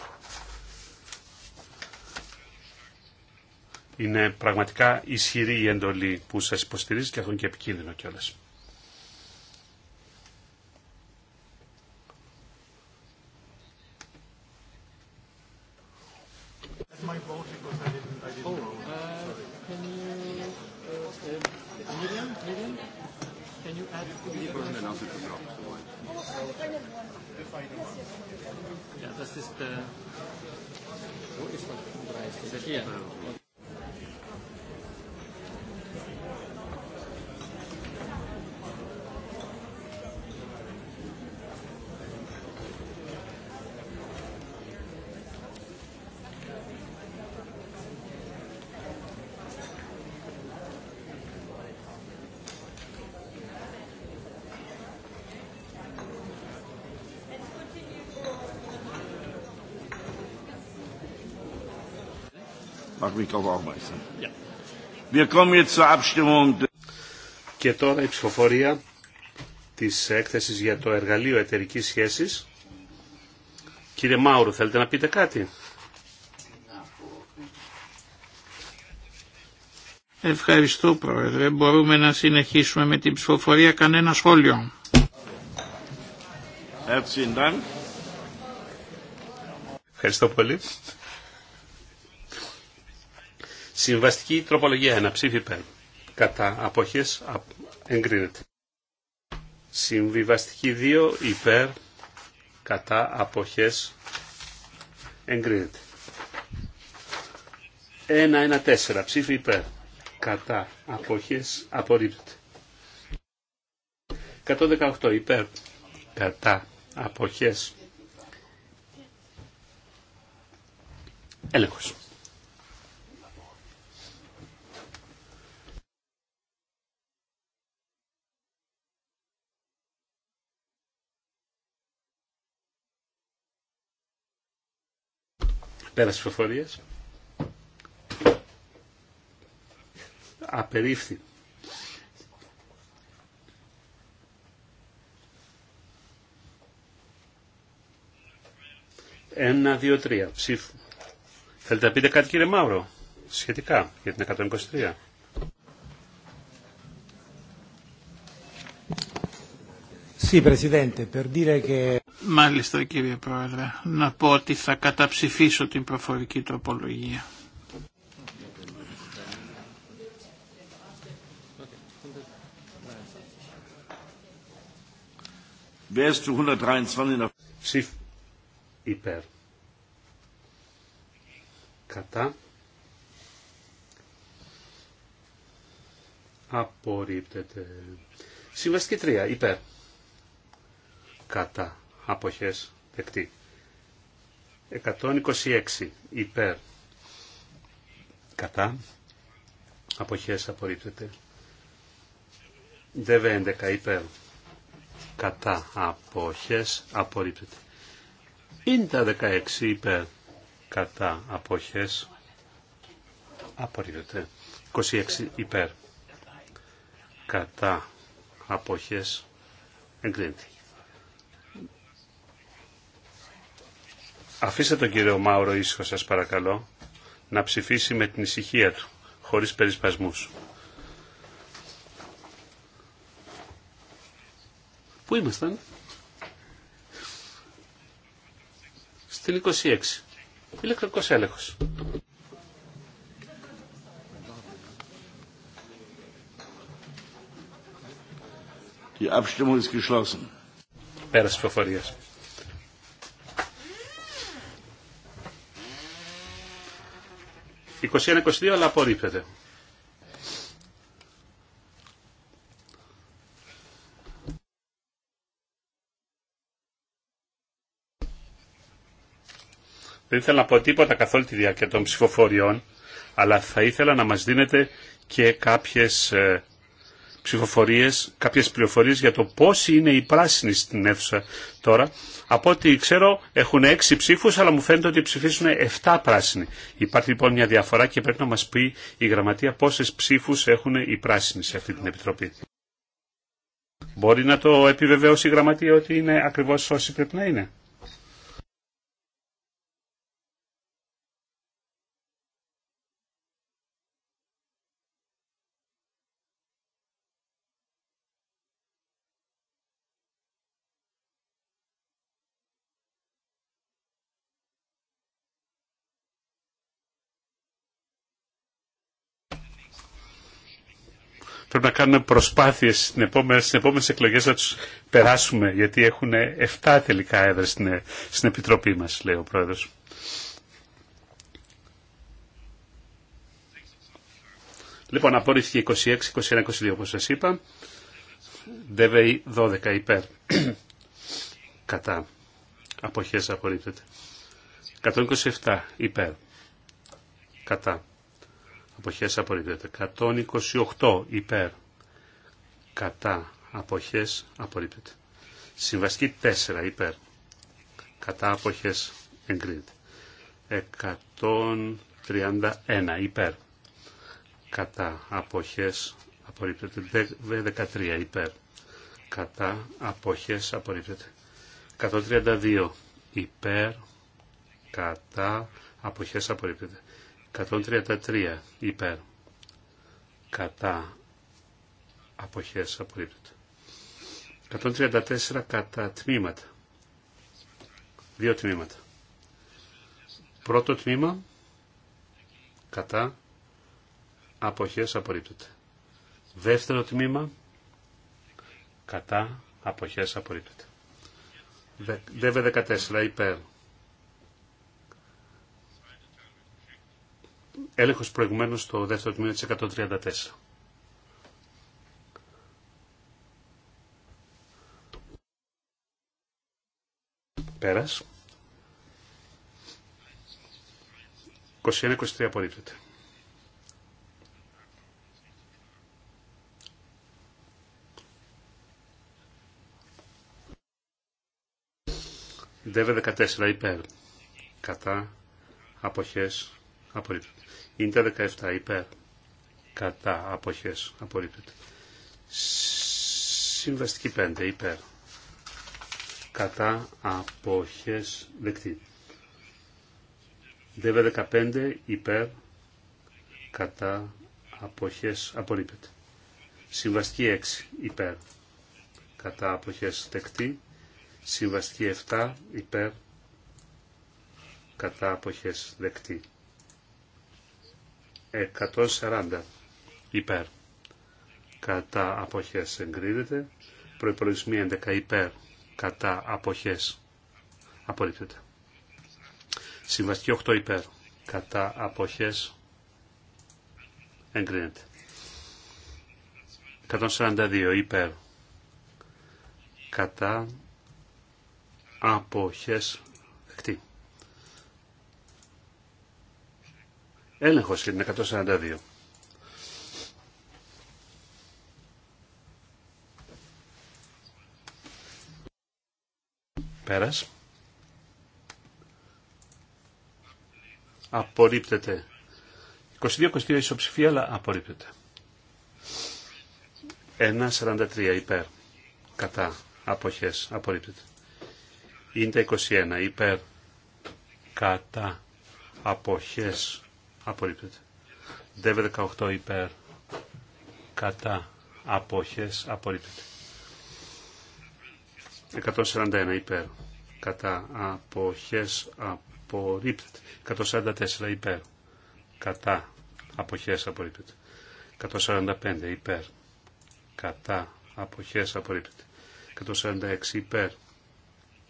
Είναι πραγματικά ισχυρή η εντολή που σας υποστηρίζει και αυτό είναι και επικίνδυνο κιόλας. Και τώρα η ψηφοφορία της έκθεσης για το εργαλείο εταιρικής σχέσης. Κύριε Μάουρου, θέλετε να πείτε κάτι. Ευχαριστώ Πρόεδρε. Μπορούμε να συνεχίσουμε με την ψηφοφορία. Κανένα σχόλιο. Ευχαριστώ πολύ. Συμβαστική τροπολογία 1. Ψήφι υπέρ. Κατά αποχές εγκρίνεται. Συμβιβαστική 2. Υπέρ. Κατά αποχές εγκρίνεται. 1-1-4. Ψήφι υπέρ. Κατά αποχές απορρίπτεται. 118. Υπέρ. Κατά αποχές. Έλεγχος. στις ψηφοφορίας. Απερίφθη. Ένα, δύο, τρία. Ψήφου. Θέλετε να πείτε κάτι κύριε Μαύρο σχετικά για την 123. Μάλιστα κύριε Πρόεδρε, να πω ότι θα καταψηφίσω την προφορική τροπολογία. Ψήφ υπέρ. Κατά. Απορρίπτεται. Συμβαστική τρία, Υπέρ κατά αποχές δεκτή. 126 υπέρ κατά αποχές απορρίπτεται. ΔΕΒΕ 11 υπέρ κατά αποχές απορρίπτεται. τα 16 υπέρ κατά αποχές απορρίπτεται. 26 υπέρ κατά αποχές εγκρίνεται. Αφήστε τον κύριο Μάουρο ήσυχο σας παρακαλώ να ψηφίσει με την ησυχία του, χωρίς περισπασμούς. Πού ήμασταν? Στην 26. Ηλεκτρικός έλεγχος. Die Abstimmung ist geschlossen. Πέρασε 21-22 αλλά απορρίπτεται. Δεν ήθελα να πω τίποτα καθ' όλη τη διάρκεια των ψηφοφοριών, αλλά θα ήθελα να μας δίνετε και κάποιες ε, ψηφοφορίες, κάποιες πληροφορίες για το πόσοι είναι οι πράσινοι στην αίθουσα τώρα. Από ό,τι ξέρω έχουν έξι ψήφους, αλλά μου φαίνεται ότι ψηφίσουν 7 πράσινοι. Υπάρχει λοιπόν μια διαφορά και πρέπει να μας πει η γραμματεία πόσες ψήφους έχουν οι πράσινοι σε αυτή την επιτροπή. Μπορεί να το επιβεβαιώσει η γραμματεία ότι είναι ακριβώς όσοι πρέπει να είναι. πρέπει να κάνουμε προσπάθειε στι επόμενε εκλογέ εκλογές να τους περάσουμε, γιατί έχουν 7 τελικά έδρες στην, στην Επιτροπή μας, λέει ο Πρόεδρος. Λοιπόν, απορρίφθηκε 26, 21, 22 όπω σα είπα. ΔΒΗ 12 υπέρ. *clears throat* Κατά. Αποχές απορρίπτεται. 127 υπέρ. Κατά αποχές απορριπτεύεται. 128 υπέρ κατά αποχές απορρίπτεται. Συμβαστική 4 υπέρ κατά αποχές εγκρίνεται. 131 υπέρ κατά αποχές απορρίπτεται. 13 υπέρ κατά αποχές απορρίπτεται. 132 υπέρ κατά αποχές απορρίπτεται. 133 υπέρ κατά αποχές απορρίπτωται. 134 κατά τμήματα. Δύο τμήματα. Πρώτο τμήμα κατά αποχές απορρίπτωται. Δεύτερο τμήμα κατά αποχές απορρίπτωται. ΔΕΒΕ 14 υπέρ έλεγχος προηγουμένως στο δεύτερο τμήμα της 134. Πέρας. 21-23 απορρίπτεται. ΔΕΒΕ 14 υπέρ. Κατά αποχές απορρίπτεται. Είναι τα 17 υπέρ κατά αποχές απορρίπτεται. Συμβαστική 5 υπέρ κατά αποχές δεκτή. ΔΕΒΕ 15 υπέρ κατά αποχές απορρίπτεται. Συμβαστική 6 υπέρ κατά αποχές δεκτή. Συμβαστική 7 υπέρ κατά αποχές δεκτή. 140 υπέρ. Κατά αποχές εγκρίνεται. Προϋπολογισμοί 11 υπέρ. Κατά αποχές απορρίπτεται. Συμβαστική 8 υπέρ. Κατά αποχές εγκρίνεται. 142 υπέρ. Κατά αποχές Έλεγχος για την 142. Πέρας. Απορρίπτεται. 22-22 ισοψηφία, αλλά απορρίπτεται. 1-43 υπέρ. Κατά. Αποχές. Απορρίπτεται. Είναι 21 υπέρ. Κατά. Αποχές απορρίπτεται. Δεύε 18 υπέρ κατά απόχες απορρίπτεται. 141 υπέρ κατά απόχες απορρίπτεται. 144 υπέρ κατά αποχές απορρίπτεται. 145 υπέρ κατά αποχές απορρίπτεται. 146 υπέρ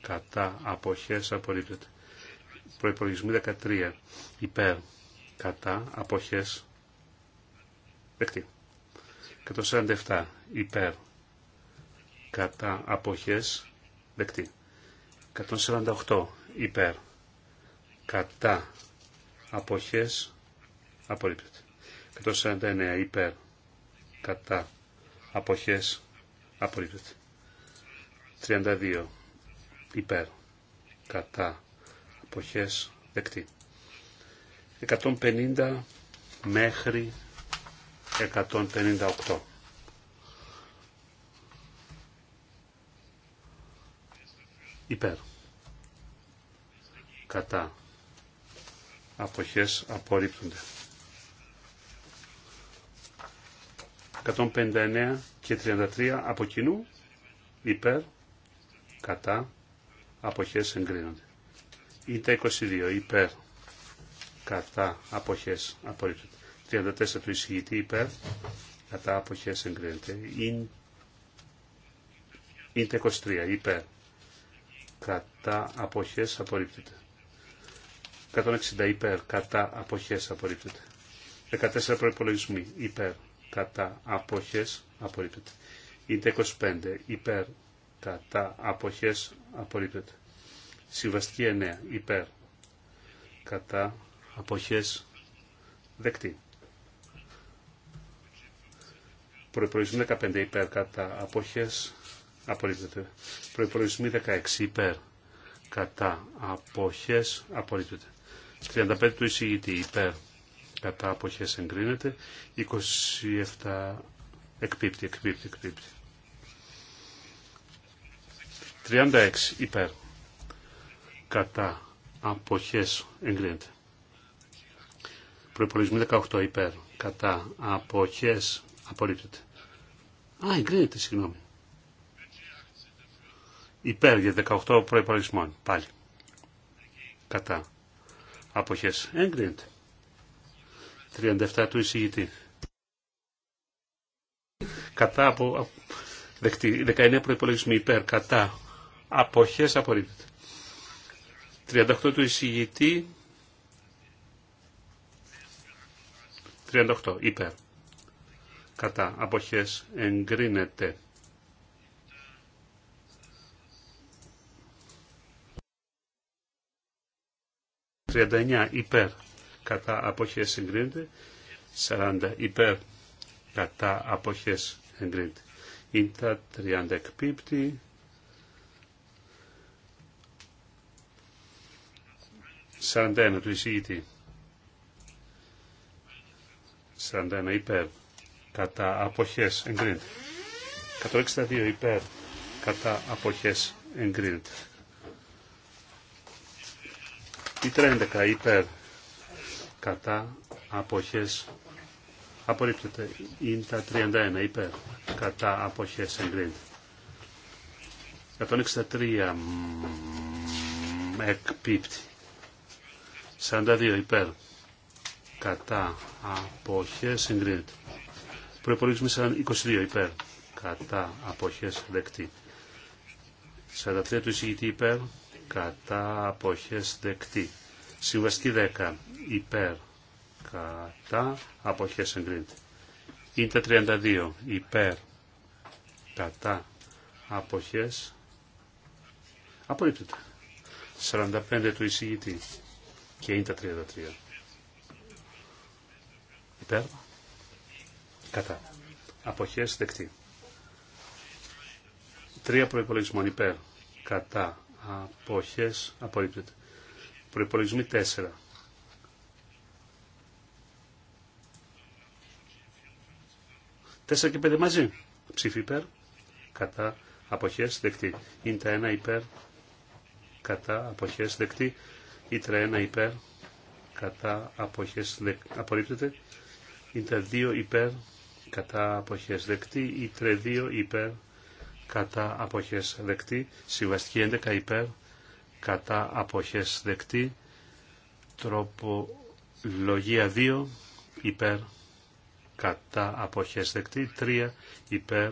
κατά αποχές απορρίπτεται. Προϋπολογισμοί 13 υπέρ κατά αποχές δεκτή. 147 υπέρ κατά αποχές δεκτή. 148 υπέρ κατά αποχές απορρίπτεται. 149 υπέρ κατά αποχές απορρίπτεται. 32 υπέρ κατά αποχές δεκτή. 150 μέχρι 158. Υπέρ. Κατά. Αποχές απορρίπτονται. 159 και 33 από κοινού. Υπέρ. Κατά. Αποχές εγκρίνονται. Ή τα 22. Υπέρ κατά αποχές απορρίπτεται. 34 του εισηγητή υπέρ κατά αποχές εγκρίνεται. Είναι, 23 υπέρ κατά αποχές απορρίπτεται. 160 υπέρ κατά αποχές απορρίπτεται. 14 προϋπολογισμοί υπέρ κατά αποχές απορρίπτεται. Είναι 25 υπέρ κατά αποχές απορρίπτεται. Συμβαστική 9 υπέρ κατά αποχές δεκτή. Προϋπολογισμή 15 υπέρ κατά αποχές απορρίπτεται. Προϋπολογισμή 16 υπέρ κατά αποχές απορρίπτεται. 35 του εισηγητή υπέρ κατά αποχές εγκρίνεται. 27 εκπίπτει, εκπίπτει, εκπίπτει. 36 υπέρ κατά αποχές εγκρίνεται. Προπολογισμού 18 υπέρ. Κατά. Αποχές. Απορρίπτεται. Α, εγκρίνεται, συγγνώμη. Υπέρ για 18 προπολογισμών. Πάλι. Κατά. Αποχές. Εγκρίνεται. 37 του εισηγητή. Κατά από... Δεκτή, 19 προπολογισμοί υπέρ. Κατά. Αποχές απορρίπτεται. 38 του εισηγητή 38 υπέρ. Κατά αποχές εγκρίνεται. ...39 υπέρ κατά αποχές εγκρίνεται, 40 υπέρ κατά αποχές εγκρίνεται. Είναι 30 εκπίπτει, 41 του εισηγητή 41 υπέρ κατά αποχές εγκρίνεται. 162 υπέρ κατά αποχές εγκρίνεται. Η 30 υπέρ κατά αποχές απορρίπτεται. Είναι τα 31 υπέρ κατά αποχές εγκρίνεται. 163 εκπίπτει. 42 υπέρ κατά αποχές εγκρίνεται. Προπολογισμό 22 υπέρ κατά απόχέ δεκτή. 43 του εισηγητή υπέρ κατά απόχέ δεκτή. Συμβαστική 10 υπέρ κατά αποχές εγκρίνεται. Ήντα 32 υπέρ κατά απόχέ. απορρίπτεται. 45 του εισηγητή και τα 33 Υπέρ. Κατά. Αποχές δεκτή. Τρία προϋπολογισμών υπέρ. Κατά. Αποχές απορρίπτεται. Προϋπολογισμή τέσσερα. Τέσσερα και πέντε μαζί. Ψήφι υπέρ. Κατά. Αποχές δεκτή. Είναι τα ένα υπέρ. Κατά. Αποχές δεκτή. Ήτρα ένα υπέρ. Κατά. Αποχές δεκ... απορρίπτεται. Είτε 2 υπέρ κατά αποχές δεκτή, η 3-2 υπέρ κατά αποχές δεκτή, συμβαστική 11 υπέρ κατά αποχές δεκτή, τροπολογία 2 υπέρ κατά αποχές δεκτή, υπέρ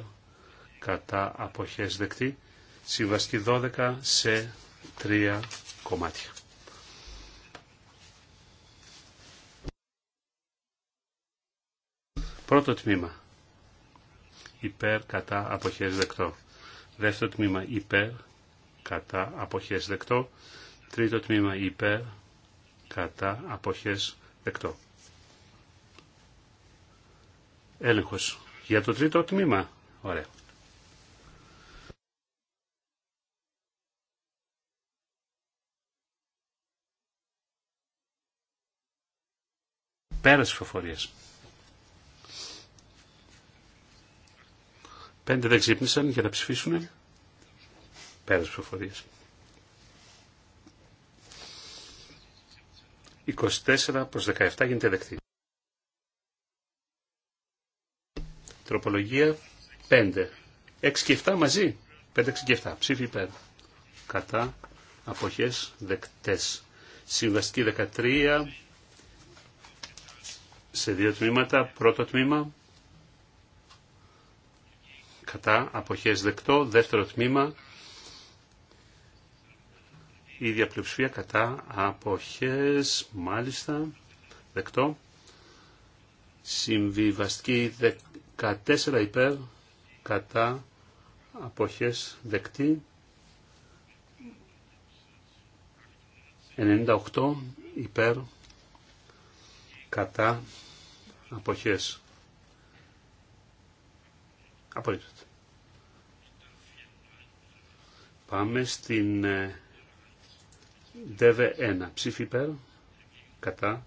κατά αποχές δεκτή, συμβαστική 12 σε 3 κομμάτια. Πρώτο τμήμα. Υπέρ κατά αποχές δεκτό. Δεύτερο τμήμα υπέρ κατά αποχές δεκτό. Τρίτο τμήμα υπέρ κατά αποχές δεκτό. Έλεγχος. Για το τρίτο τμήμα. Ωραία. Πέρας φοφορίας. Πέντε δεν ξύπνησαν για να ψηφίσουν. Πέρα ψηφοφορίας. 24 προς 17 γίνεται δεκτή. Τροπολογία 5. 6 και 7 μαζί. 5, 6 και 7. Ψήφι υπέρ. Κατά. Αποχές δεκτές. Συμβαστική 13 σε δύο τμήματα. Πρώτο τμήμα κατά αποχές δεκτό. Δεύτερο τμήμα η ίδια κατά αποχές μάλιστα δεκτό. Συμβιβαστική 14 υπέρ κατά αποχές δεκτή. 98 υπέρ κατά αποχές Απορρίπτεται. Πάμε στην ε, ΔΕΒΕ1. Ψήφι υπέρ. Κατά.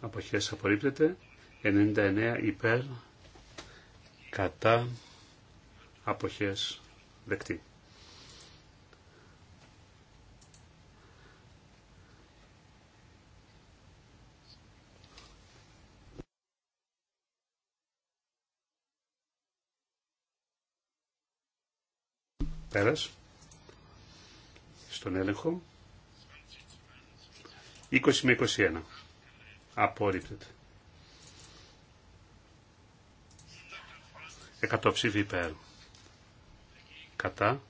Αποχές απορρίπτεται. 99 υπέρ. Κατά. Αποχές δεκτή. Καλησπέρας Στον έλεγχο. 20 με 21. Απορρίπτεται. 100 ψήφι υπέρ. Κατά.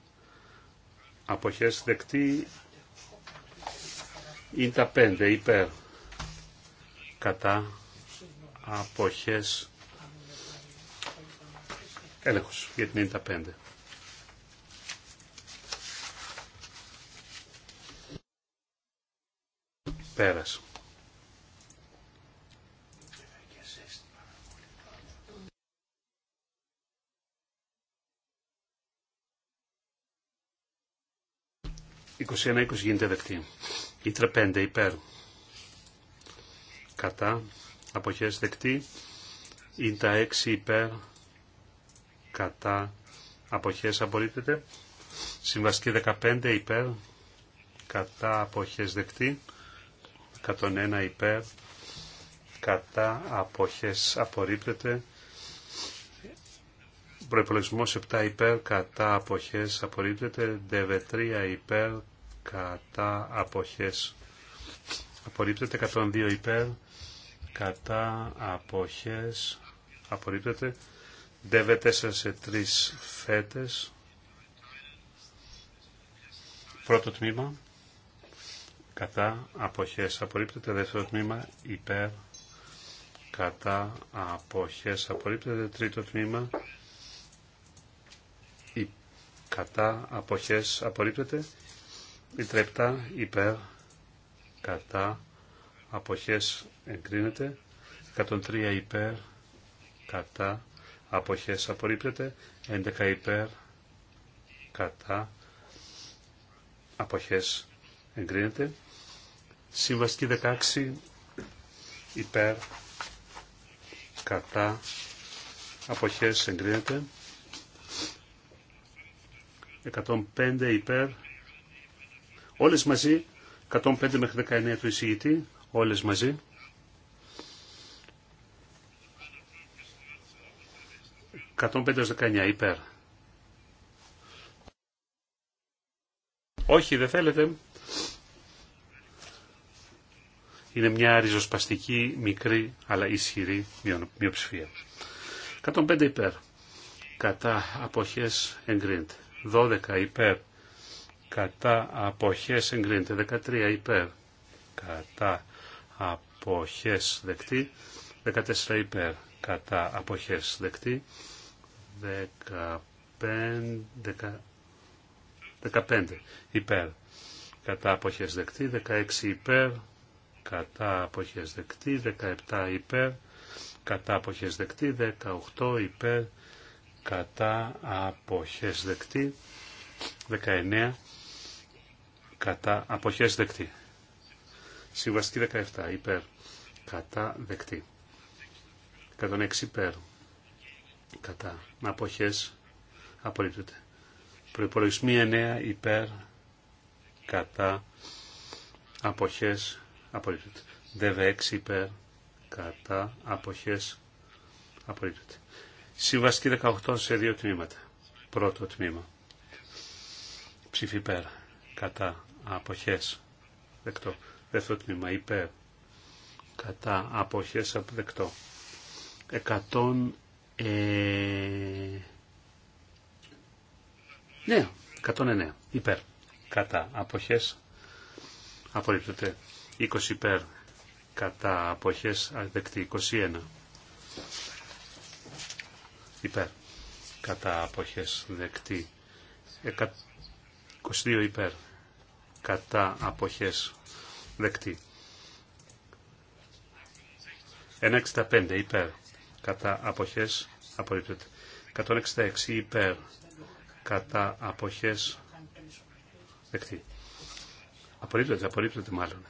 Αποχές δεκτή. Είναι τα 5 υπέρ. Κατά. Αποχές. Έλεγχος για την 5 Πέρας. «21-20 γίνεται δεκτή. Ήτρε 5 υπέρ. Κατά. Αποχές δεκτή. τα 6 υπέρ. Κατά. Αποχές απορρίπτεται. Συμβαστική 15 υπέρ. Κατά. Αποχές δεκτή. 101 υπέρ κατά αποχές απορρίπτεται προϋπολογισμός 7 υπέρ κατά αποχές απορρίπτεται ΔΕΒΕ3 υπέρ κατά αποχές απορρίπτεται 102 υπέρ κατά αποχές απορρίπτεται ΔΕΒΕ4 σε 3 φέτες πρώτο τμήμα κατά αποχές απορρίπτεται δεύτερο τμήμα υπέρ κατά αποχές απορρίπτεται τρίτο τμήμα υπέρ κατά αποχές απορρίπτεται η τρεπτά υπέρ κατά αποχές εγκρίνεται 103 υπέρ κατά αποχές απορρίπτεται 11 υπέρ κατά αποχές εγκρίνεται Συμβαστική 16 υπέρ κατά αποχές εγκρίνεται 105 υπέρ όλες μαζί 105 μέχρι 19 του εισηγητή όλες μαζί «105-19 υπέρ». Όχι, δεν θέλετε. είναι μια ριζοσπαστική, μικρή αλλά ισχυρή μειοψηφία. 105 υπέρ. Κατά αποχές εγκρίνεται. 12 υπέρ. Κατά αποχές εγκρίνεται. 13 υπέρ. Κατά αποχές δεκτή. 14 υπέρ. Κατά αποχές δεκτή. 15, 15 υπέρ. Κατά αποχές δεκτή. 16 υπέρ κατά αποχές δεκτή, 17 υπέρ, κατά αποχές δεκτή, 18 υπέρ, κατά αποχές δεκτή, 19 κατά αποχές δεκτή. Συμβαστική 17 υπέρ, κατά δεκτή. 106 υπέρ, κατά αποχές απολύτωται Προϋπολογισμή 9 υπέρ, κατά αποχές απορρίπτεται. ΔΕΒΕ 6 υπέρ κατά αποχές απορρίπτεται. Συμβαστική 18 σε δύο τμήματα. Πρώτο τμήμα. Ψήφι υπέρ κατά αποχές δεκτό. Δεύτερο τμήμα υπέρ κατά αποχές Δεκτό. 100 ε... Ναι, 109. Υπέρ. Κατά. Αποχές. Απορρίπτεται. 20 υπέρ κατά αποχές δεκτή 21 υπέρ κατά αποχές δεκτή 22 υπέρ κατά αποχές δεκτή 1,65 υπέρ κατά αποχές απορρίπτεται 166 υπέρ κατά αποχές δεκτή απορρίπτεται, απορρίπτεται μάλλον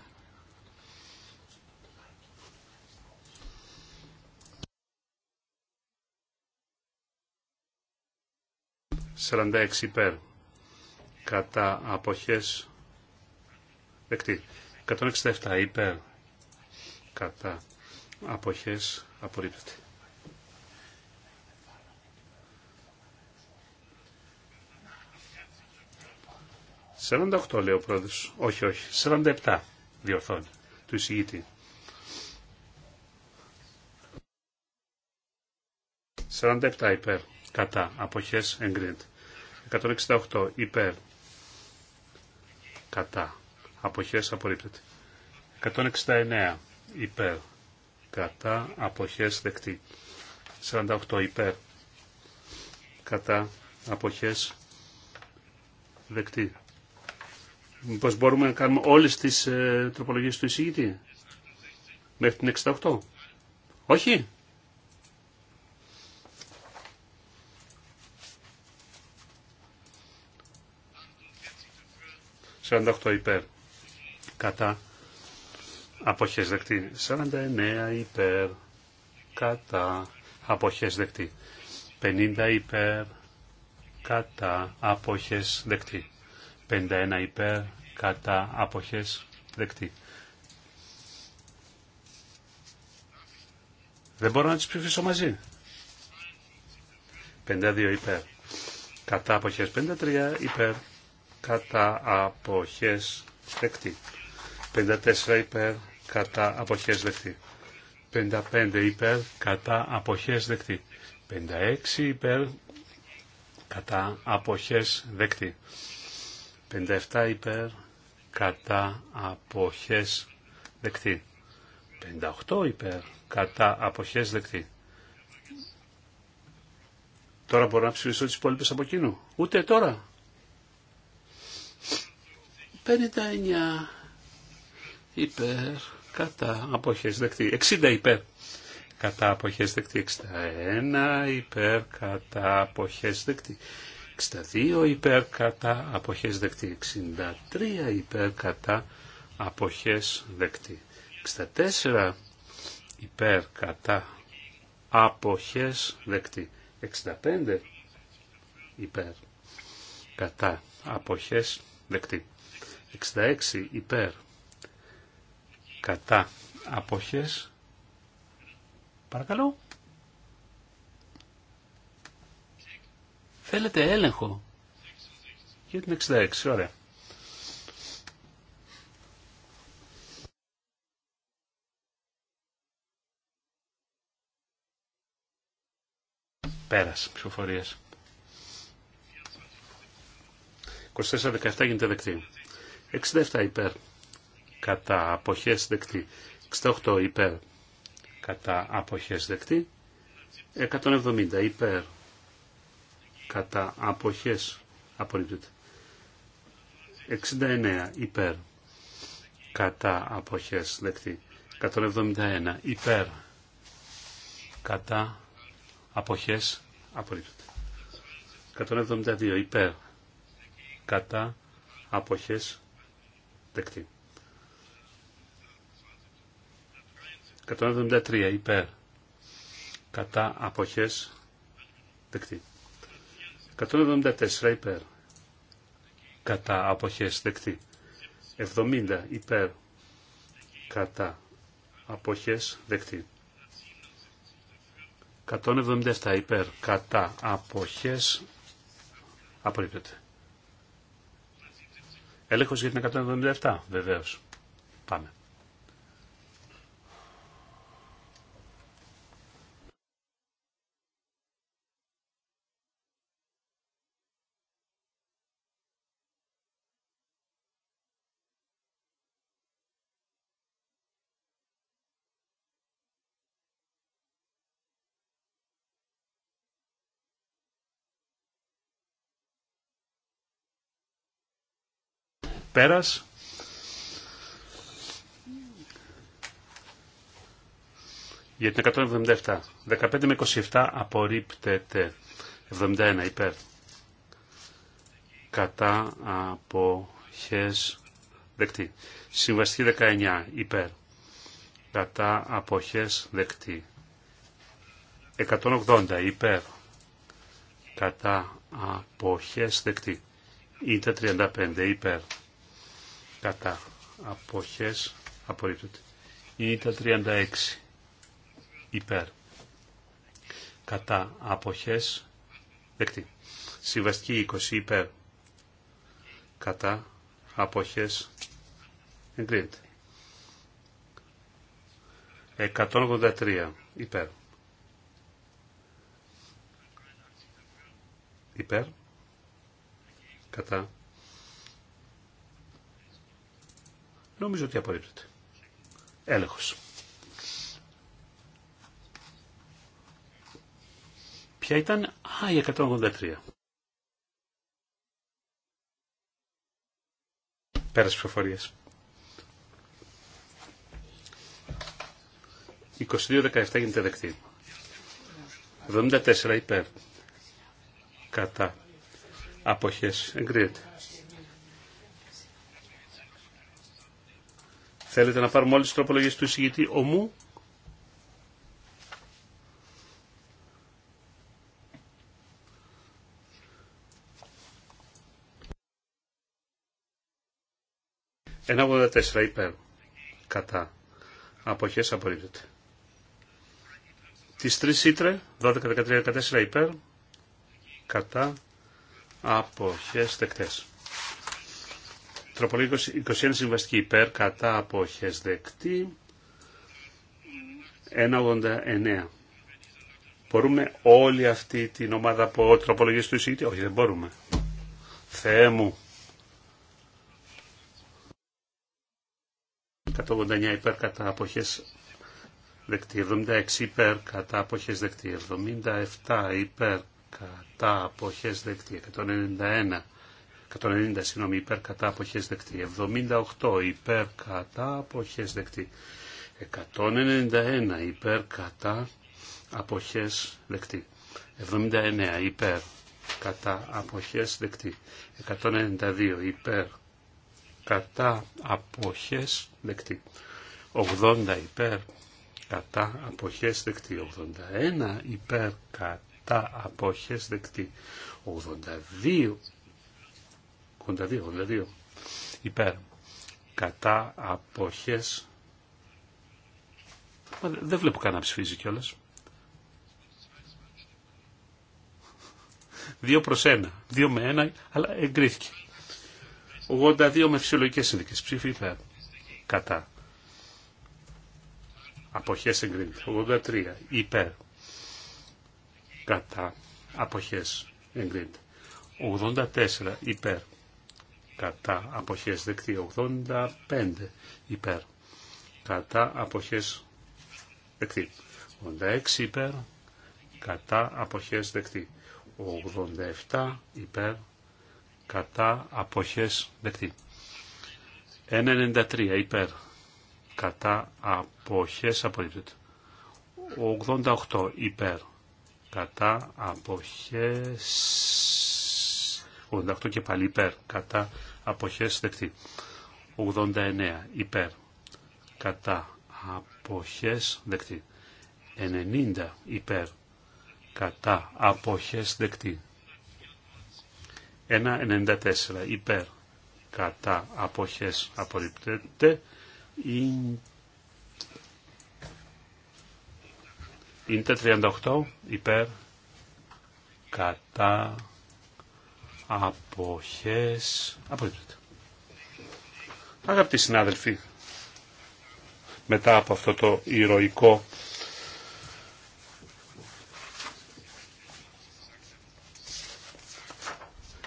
46 υπέρ κατά αποχές δεκτή 167 υπέρ κατά αποχές απορρίπτεται 48 λέει ο πρόεδρος. Όχι, όχι. 47 διορθώνει του εισηγητή. 47 υπέρ κατά αποχές εγκρίνεται. 168 υπέρ κατά αποχές απορρίπτεται 169 υπέρ κατά αποχές δεκτή 48 υπέρ κατά αποχές δεκτή Μήπως μπορούμε να κάνουμε όλες τις ε, τροπολογίες του εισηγητή μέχρι την 68 όχι 48 υπέρ. Κατά. Αποχές δεκτή. 49 υπέρ. Κατά. Αποχές δεκτή. 50 υπέρ. Κατά. Αποχές δεκτή. 51 υπέρ. Κατά. Αποχές δεκτή. Δεν μπορώ να τις ψηφίσω μαζί. 52 υπέρ. Κατά αποχές 53 υπέρ κατά αποχές δεκτή. 54 υπέρ κατά αποχές δεκτή. 55 υπέρ κατά αποχές δεκτή. 56 υπέρ κατά αποχές δεκτή. 57 υπέρ κατά αποχές δεκτή. 58 υπέρ κατά αποχές δεκτή. Τώρα μπορώ να ψηφίσω τις υπόλοιπες από κοινού. Ούτε τώρα. 59 υπέρ κατά αποχές δεκτή. 60 υπέρ κατά αποχές δεκτή. 61 υπέρ κατά αποχές δεκτή. 62 υπέρ κατά αποχές δεκτή. 63 υπέρ κατά αποχές δεκτή. 64 υπέρ κατά αποχές δεκτή. 65 υπέρ κατά αποχές δεκτή. 66 υπέρ κατά αποχές παρακαλώ θέλετε έλεγχο για την 66 ωραία πέρας ψηφοφορίας 24-17 γίνεται δεκτή 67 υπέρ κατά αποχές δεκτή. 68 υπέρ κατά αποχές δεκτή. 170 υπέρ κατά αποχές απορρίπτεται. 69 υπέρ κατά αποχές δεκτή. 171 υπέρ κατά αποχές απορρίπτεται. 172 υπέρ κατά αποχές 173 υπέρ κατά αποχές δεκτή. 174 υπέρ κατά αποχές δεκτή. 70 υπέρ κατά αποχές δεκτή. 177 υπέρ κατά αποχές απορρίπτεται. Έλεγχος για την 177, βεβαίως. Πάμε. πέρας. Για την 177. 15 με 27 απορρίπτεται. 71 υπέρ. Κατά αποχές δεκτή. Συμβαστή 19 υπέρ. Κατά αποχές δεκτή. 180 υπέρ. Κατά αποχές δεκτή. Είτε 35 υπέρ κατά αποχές απορρίπτεται. Ή τα 36 υπέρ κατά αποχές δεκτή. Συμβαστική 20 υπέρ κατά αποχές εγκρίνεται. 183 υπέρ. Υπέρ. Κατά Νομίζω ότι απορρίπτεται. Έλεγχος. Ποια ήταν, α, η 183. Πέρας ψηφοφορίας. 22-17 γίνεται δεκτή. 74 υπέρ. Κατά. Αποχές. Εγκρίνεται. Θέλετε να πάρουμε όλες τις τροπολογίες του εισηγητή ομού. Ένα τέσσερα υπέρ. Κατά. Αποχές απορρίπτεται. Τις 3 ήτρε, 12, 13, 14 υπέρ. Κατά. Αποχές τεκτές. Τροπολογία 21 συμβαστική υπέρ κατά αποχές δεκτή. 1.89. Μπορούμε όλη αυτή την ομάδα από τροπολογίες του εισηγητή. Όχι, δεν μπορούμε. Θεέ μου. 189 υπέρ κατά αποχές δεκτή. 76 υπέρ κατά αποχές δεκτή. 77 υπέρ κατά αποχές δεκτή. 191 190 συγγνώμη, υπέρ κατά αποχές δεκτή. 78 υπέρ κατά αποχές δεκτή. 191 υπέρ κατά αποχές δεκτή. 79 υπέρ κατά αποχές δεκτή. 192 υπέρ κατά αποχές δεκτή. 80 υπέρ κατά αποχές δεκτή. 81 υπέρ κατά αποχές δεκτή. 82 82, 82 υπέρ κατά αποχέ. δεν βλέπω κανένα ψηφίζει κιόλα. Δύο προ ένα, δύο με ένα, αλλά εγκρίθηκε. 82 με φυσιολογικές συνδικές ψήφι υπέρ κατά Αποχέ εγκρίνεται. 83 υπέρ κατά Αποχέ εγκρίνεται. 84 υπέρ κατά αποχές δεκτή 85 υπέρ κατά αποχές δεκτή 86 υπέρ κατά αποχές δεκτή 87 υπέρ κατά αποχές δεκτή 93. υπέρ κατά αποχές απορρίπτωτο 88 υπέρ κατά αποχές 88 και πάλι υπέρ κατά αποχές δεκτή. 89 υπέρ κατά αποχές δεκτή. 90 υπέρ κατά αποχές δεκτή. 1.94 υπέρ κατά αποχές απορριπτέται. Είναι 38 υπέρ κατά Αποχές. Απορρίπτεται. Αγαπητοί συνάδελφοι, μετά από αυτό το ηρωικό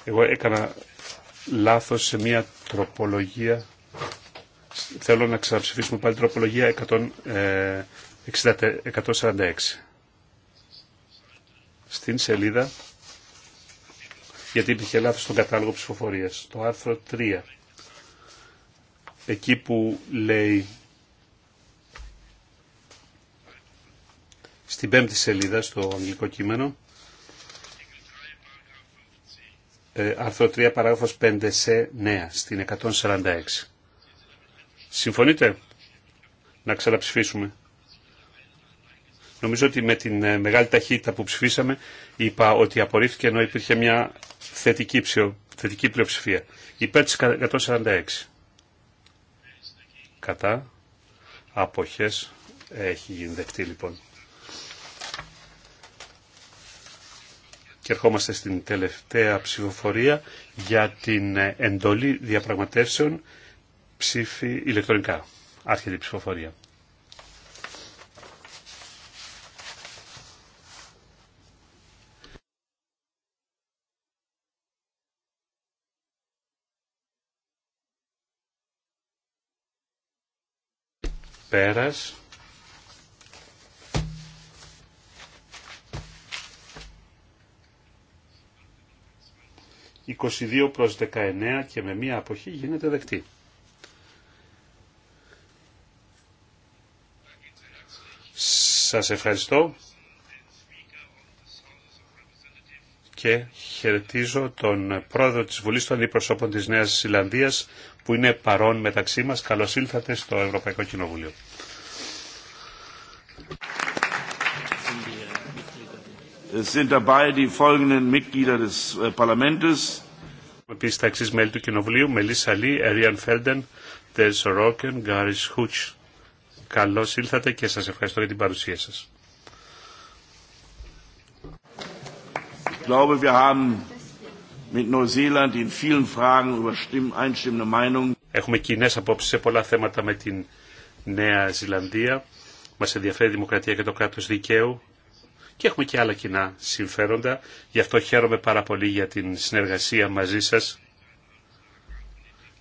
εγώ έκανα λάθος σε μια τροπολογία θέλω να ξαναψηφίσουμε πάλι τροπολογία 146 ε, στην σελίδα γιατί υπήρχε λάθος στον κατάλογο ψηφοφορίας. Το άρθρο 3, εκεί που λέει στην πέμπτη σελίδα στο αγγλικό κείμενο, ε, άρθρο 3 παράγραφος 5 σε νέα στην 146. Συμφωνείτε να ξαναψηφίσουμε. Νομίζω ότι με την ε, μεγάλη ταχύτητα που ψηφίσαμε είπα ότι απορρίφθηκε ενώ υπήρχε μια θετική, θετική πλειοψηφία. Υπέρ της 146. Κατά. Αποχές. Έχει γίνει δεκτή λοιπόν. Και ερχόμαστε στην τελευταία ψηφοφορία για την ε, εντολή διαπραγματεύσεων ψήφι ηλεκτρονικά. Άρχεται η ψηφοφορία. Πέρας. «22 προς 19 και με μία αποχή γίνεται δεκτή». Σας ευχαριστώ. και χαιρετίζω τον πρόεδρο της Βουλής των Αντιπροσώπων της Νέας Ζηλανδίας που είναι παρόν μεταξύ μας. Καλώς ήλθατε στο Ευρωπαϊκό Κοινοβούλιο. Es sind dabei die folgenden Mitglieder des äh, Parlaments. Επίση τα εξή μέλη του Κοινοβουλίου, Μελίσσα Λί, Ερίαν Φέλντεν, Τέλσο Ρόκεν, Γκάρι Χούτ. Καλώς ήλθατε και σας ευχαριστώ για την παρουσία σας. glaube, wir haben mit Neuseeland in vielen Fragen Έχουμε κοινέ απόψει σε πολλά θέματα με την Νέα Ζηλανδία. Μα ενδιαφέρει η δημοκρατία και το κράτο δικαίου. Και έχουμε και άλλα κοινά συμφέροντα. Γι' αυτό χαίρομαι πάρα πολύ για την συνεργασία μαζί σα.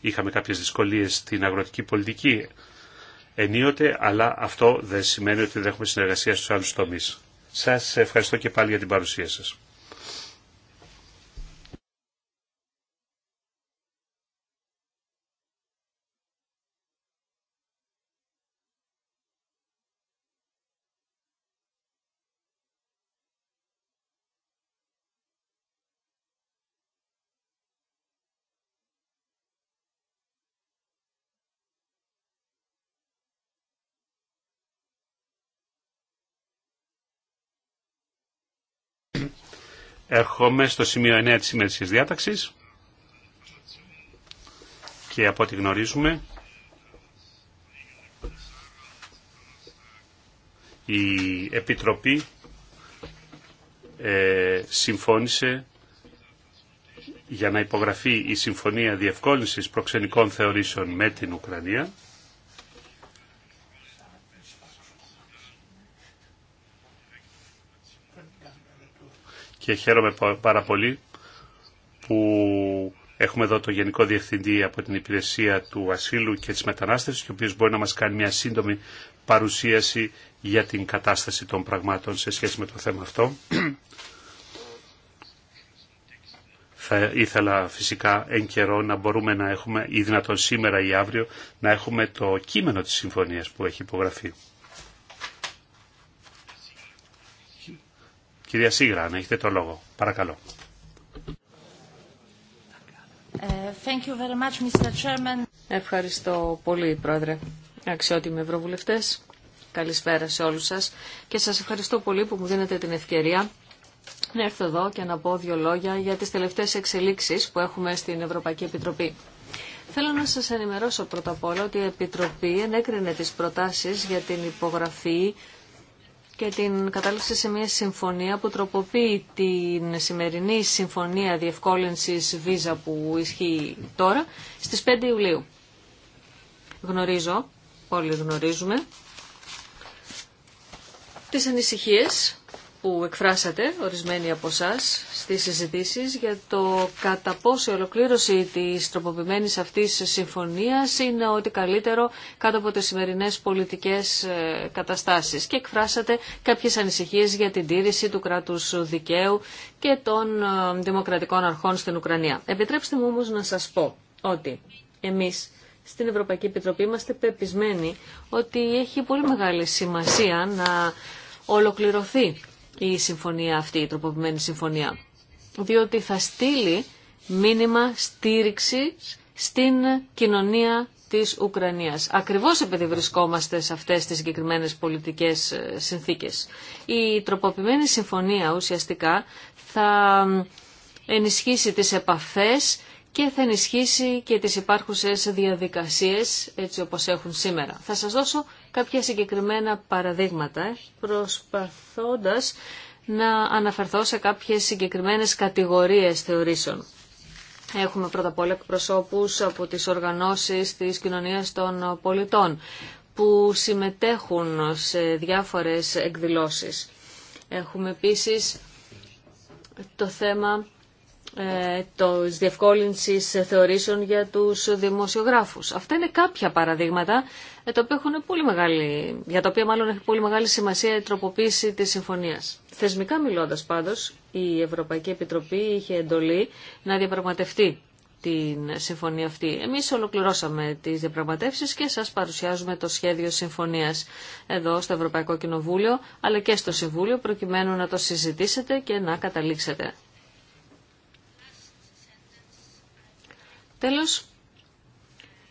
Είχαμε κάποιε δυσκολίε στην αγροτική πολιτική ενίοτε, αλλά αυτό δεν σημαίνει ότι δεν έχουμε συνεργασία στου άλλου τομεί. Σα ευχαριστώ και πάλι για την παρουσία σα. Έρχομαι στο σημείο 9 της ημερησίας διάταξης και από ό,τι γνωρίζουμε η Επιτροπή ε, συμφώνησε για να υπογραφεί η Συμφωνία Διευκόλυνσης Προξενικών Θεωρήσεων με την Ουκρανία και χαίρομαι πάρα πολύ που έχουμε εδώ το Γενικό Διευθυντή από την Υπηρεσία του Ασύλου και της Μετανάστευσης, ο οποίος μπορεί να μας κάνει μια σύντομη παρουσίαση για την κατάσταση των πραγμάτων σε σχέση με το θέμα αυτό. Θα ήθελα φυσικά εν καιρό να μπορούμε να έχουμε, ή δυνατόν σήμερα ή αύριο, να έχουμε το κείμενο της συμφωνίας που έχει υπογραφεί. Κυρία Σίγρα, αν έχετε το λόγο. Παρακαλώ. Ε, ευχαριστώ πολύ, Πρόεδρε. Αξιότιμοι Ευρωβουλευτές, καλησπέρα σε όλους σας και σας ευχαριστώ πολύ που μου δίνετε την ευκαιρία να έρθω εδώ και να πω δύο λόγια για τις τελευταίες εξελίξεις που έχουμε στην Ευρωπαϊκή Επιτροπή. Θέλω να σας ενημερώσω πρώτα απ' όλα ότι η Επιτροπή ενέκρινε τις προτάσεις για την υπογραφή και την κατάληξη σε μια συμφωνία που τροποποιεί την σημερινή συμφωνία διευκόλυνσης βίζα που ισχύει τώρα στις 5 Ιουλίου. Γνωρίζω, όλοι γνωρίζουμε, τις ανησυχίες που εκφράσατε ορισμένοι από εσά στις συζητήσεις για το κατά πόσο η ολοκλήρωση της τροποποιημένης αυτής συμφωνίας είναι ότι καλύτερο κάτω από τις σημερινές πολιτικές ε, καταστάσεις και εκφράσατε κάποιες ανησυχίες για την τήρηση του κράτους δικαίου και των ε, δημοκρατικών αρχών στην Ουκρανία. Επιτρέψτε μου όμως να σας πω ότι εμείς στην Ευρωπαϊκή Επιτροπή είμαστε πεπισμένοι ότι έχει πολύ μεγάλη σημασία να ολοκληρωθεί η συμφωνία αυτή, η τροποποιημένη συμφωνία. Διότι θα στείλει μήνυμα στήριξη στην κοινωνία της Ουκρανίας. Ακριβώς επειδή βρισκόμαστε σε αυτές τις συγκεκριμένε πολιτικές ε, συνθήκες. Η τροποποιημένη συμφωνία ουσιαστικά θα ενισχύσει τις επαφές και θα ενισχύσει και τις υπάρχουσες διαδικασίες έτσι όπως έχουν σήμερα. Θα σας δώσω κάποια συγκεκριμένα παραδείγματα ε, προσπαθώντας να αναφερθώ σε κάποιες συγκεκριμένες κατηγορίες θεωρήσεων. Έχουμε πρώτα απ' όλα από τις οργανώσεις της κοινωνίας των πολιτών που συμμετέχουν σε διάφορες εκδηλώσεις. Έχουμε επίσης το θέμα ε, της διευκόλυνσης θεωρήσεων για τους δημοσιογράφους. Αυτά είναι κάποια παραδείγματα ε, πολύ μεγάλη, για τα οποία μάλλον έχει πολύ μεγάλη σημασία η τροποποίηση της συμφωνίας. Θεσμικά μιλώντας πάντως, η Ευρωπαϊκή Επιτροπή είχε εντολή να διαπραγματευτεί την συμφωνία αυτή. Εμείς ολοκληρώσαμε τις διαπραγματεύσεις και σας παρουσιάζουμε το σχέδιο συμφωνίας εδώ στο Ευρωπαϊκό Κοινοβούλιο αλλά και στο Συμβούλιο προκειμένου να το συζητήσετε και να καταλήξετε. Τέλος,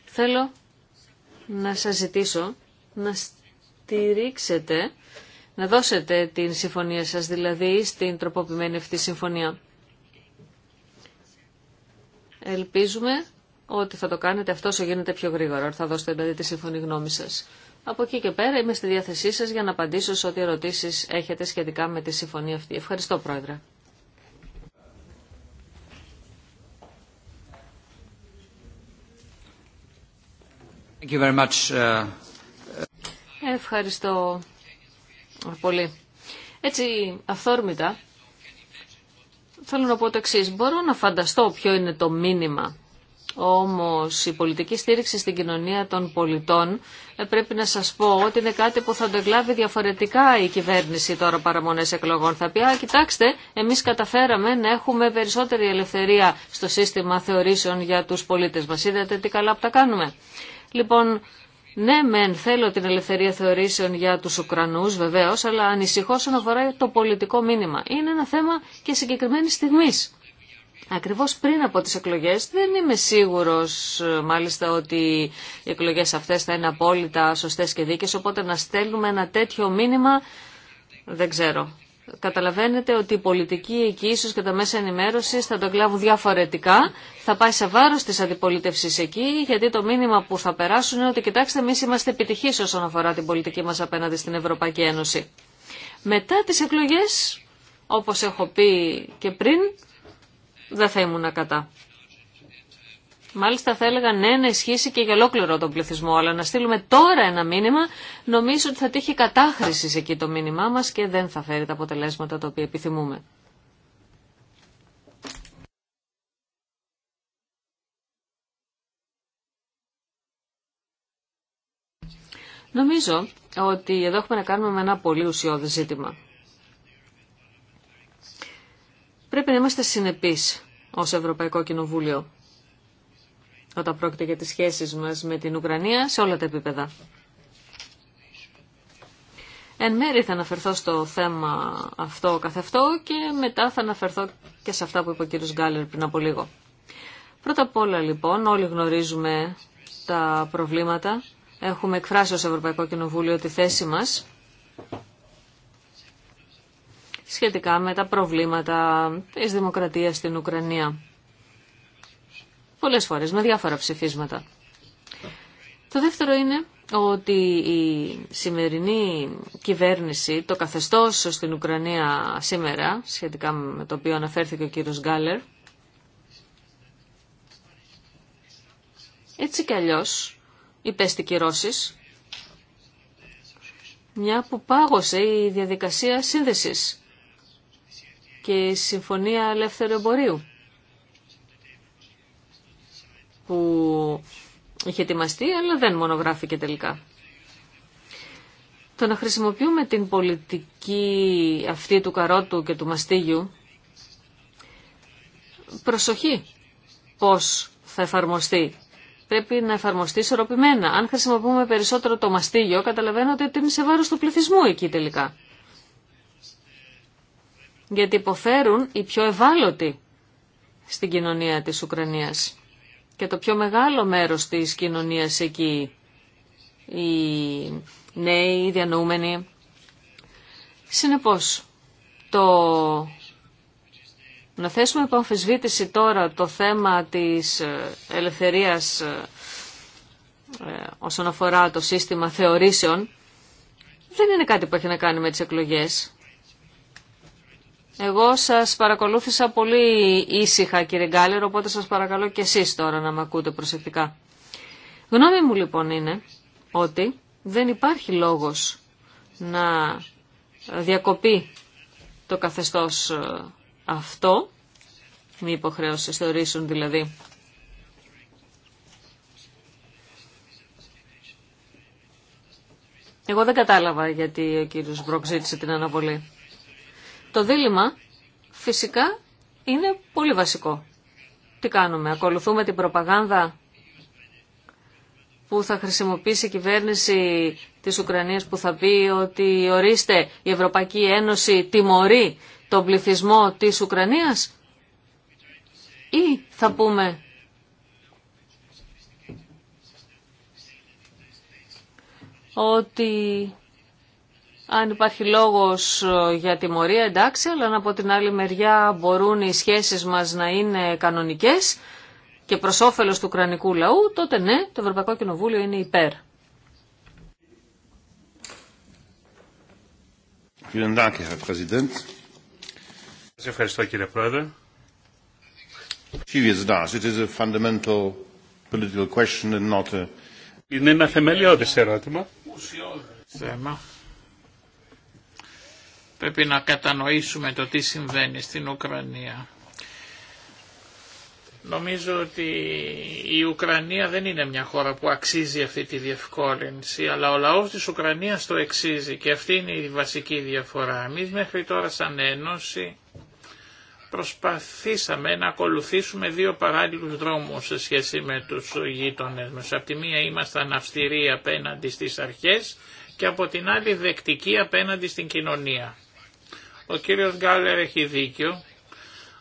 θέλω να σας ζητήσω να στηρίξετε, να δώσετε την συμφωνία σας, δηλαδή στην τροποποιημένη αυτή συμφωνία. Ελπίζουμε ότι θα το κάνετε αυτό όσο γίνεται πιο γρήγορα, θα δώσετε δηλαδή τη σύμφωνη γνώμη σας. Από εκεί και πέρα είμαι στη διάθεσή σας για να απαντήσω σε ό,τι ερωτήσεις έχετε σχετικά με τη συμφωνία αυτή. Ευχαριστώ Πρόεδρε. Uh, Ευχαριστώ πολύ. Έτσι, αυθόρμητα, θέλω να πω το εξή. Μπορώ να φανταστώ ποιο είναι το μήνυμα. Όμως η πολιτική στήριξη στην κοινωνία των πολιτών ε, πρέπει να σας πω ότι είναι κάτι που θα το εκλάβει διαφορετικά η κυβέρνηση τώρα παραμονέ εκλογών. Θα πει, α, κοιτάξτε, εμείς καταφέραμε να έχουμε περισσότερη ελευθερία στο σύστημα θεωρήσεων για του πολίτε μα. Είδατε τι καλά που τα κάνουμε. Λοιπόν, ναι, μεν θέλω την ελευθερία θεωρήσεων για τους Ουκρανούς βεβαίως, αλλά ανησυχώ όσον αφορά το πολιτικό μήνυμα. Είναι ένα θέμα και συγκεκριμένη στιγμή. Ακριβώς πριν από τις εκλογές δεν είμαι σίγουρος μάλιστα ότι οι εκλογές αυτές θα είναι απόλυτα σωστές και δίκες, οπότε να στέλνουμε ένα τέτοιο μήνυμα δεν ξέρω. Καταλαβαίνετε ότι η πολιτική ίσως και τα μέσα ενημέρωσης θα το κλάβουν διαφορετικά, θα πάει σε βάρος της αντιπολίτευσης εκεί, γιατί το μήνυμα που θα περάσουν είναι ότι κοιτάξτε εμείς είμαστε επιτυχείς όσον αφορά την πολιτική μας απέναντι στην Ευρωπαϊκή Ένωση. Μετά τις εκλογές, όπως έχω πει και πριν, δεν θα ήμουν κατά. Μάλιστα θα έλεγα ναι να ισχύσει και για ολόκληρο τον πληθυσμό, αλλά να στείλουμε τώρα ένα μήνυμα νομίζω ότι θα τύχει κατάχρηση εκεί το μήνυμά μας και δεν θα φέρει τα αποτελέσματα τα οποία επιθυμούμε. Νομίζω ότι εδώ έχουμε να κάνουμε με ένα πολύ ουσιώδη ζήτημα. Πρέπει να είμαστε συνεπείς ως Ευρωπαϊκό Κοινοβούλιο όταν πρόκειται για τις σχέσεις μας με την Ουκρανία σε όλα τα επίπεδα. Εν μέρη θα αναφερθώ στο θέμα αυτό καθευτό και μετά θα αναφερθώ και σε αυτά που είπε ο κύριος Γκάλερ πριν από λίγο. Πρώτα απ' όλα λοιπόν όλοι γνωρίζουμε τα προβλήματα. Έχουμε εκφράσει ως Ευρωπαϊκό Κοινοβούλιο τη θέση μας σχετικά με τα προβλήματα της δημοκρατίας στην Ουκρανία πολλές φορές με διάφορα ψηφίσματα. Το δεύτερο είναι ότι η σημερινή κυβέρνηση, το καθεστώς στην Ουκρανία σήμερα, σχετικά με το οποίο αναφέρθηκε ο κύριος Γκάλερ, έτσι κι αλλιώς υπέστη κυρώσεις, μια που πάγωσε η διαδικασία σύνδεσης και η Συμφωνία Ελεύθερου Εμπορίου που είχε ετοιμαστεί, αλλά δεν μονογράφηκε τελικά. Το να χρησιμοποιούμε την πολιτική αυτή του καρότου και του μαστίγιου, προσοχή πώς θα εφαρμοστεί. Πρέπει να εφαρμοστεί ισορροπημένα. Αν χρησιμοποιούμε περισσότερο το μαστίγιο, καταλαβαίνω ότι είναι σε βάρος του πληθυσμού εκεί τελικά. Γιατί υποφέρουν οι πιο ευάλωτοι στην κοινωνία της Ουκρανίας και το πιο μεγάλο μέρος της κοινωνίας εκεί, οι νέοι, οι διανοούμενοι. Συνεπώς, το... να θέσουμε υπό τώρα το θέμα της ε, ελευθερίας ε, ε, όσον αφορά το σύστημα θεωρήσεων, δεν είναι κάτι που έχει να κάνει με τις εκλογές. Εγώ σας παρακολούθησα πολύ ήσυχα κύριε Γκάλερ, οπότε σας παρακαλώ και εσείς τώρα να με ακούτε προσεκτικά. Γνώμη μου λοιπόν είναι ότι δεν υπάρχει λόγος να διακοπεί το καθεστώς ε, αυτό, μη υποχρέωση θεωρήσουν δηλαδή. Εγώ δεν κατάλαβα γιατί ο κύριος Μπροκ ζήτησε την αναβολή. Το δίλημα φυσικά είναι πολύ βασικό. Τι κάνουμε, ακολουθούμε την προπαγάνδα που θα χρησιμοποιήσει η κυβέρνηση της Ουκρανίας που θα πει ότι ορίστε η Ευρωπαϊκή Ένωση τιμωρεί τον πληθυσμό της Ουκρανίας ή θα πούμε ότι αν υπάρχει λόγος ε, για τιμωρία, εντάξει, αλλά από την άλλη μεριά μπορούν οι σχέσεις μας να είναι κανονικές και προς όφελος του κρανικού λαού, τότε ναι, το Ευρωπαϊκό Κοινοβούλιο είναι υπέρ. ευχαριστώ κύριε Πρόεδρε. Είναι ένα θεμελιώδης ερώτημα. Πρέπει να κατανοήσουμε το τι συμβαίνει στην Ουκρανία. Νομίζω ότι η Ουκρανία δεν είναι μια χώρα που αξίζει αυτή τη διευκόλυνση, αλλά ο λαός της Ουκρανίας το εξίζει και αυτή είναι η βασική διαφορά. Εμεί μέχρι τώρα σαν Ένωση προσπαθήσαμε να ακολουθήσουμε δύο παράλληλους δρόμους σε σχέση με τους γείτονες μας. Από τη μία ήμασταν αυστηροί απέναντι στις αρχές και από την άλλη δεκτικοί απέναντι στην κοινωνία. Ο κύριος Γκάλερ έχει δίκιο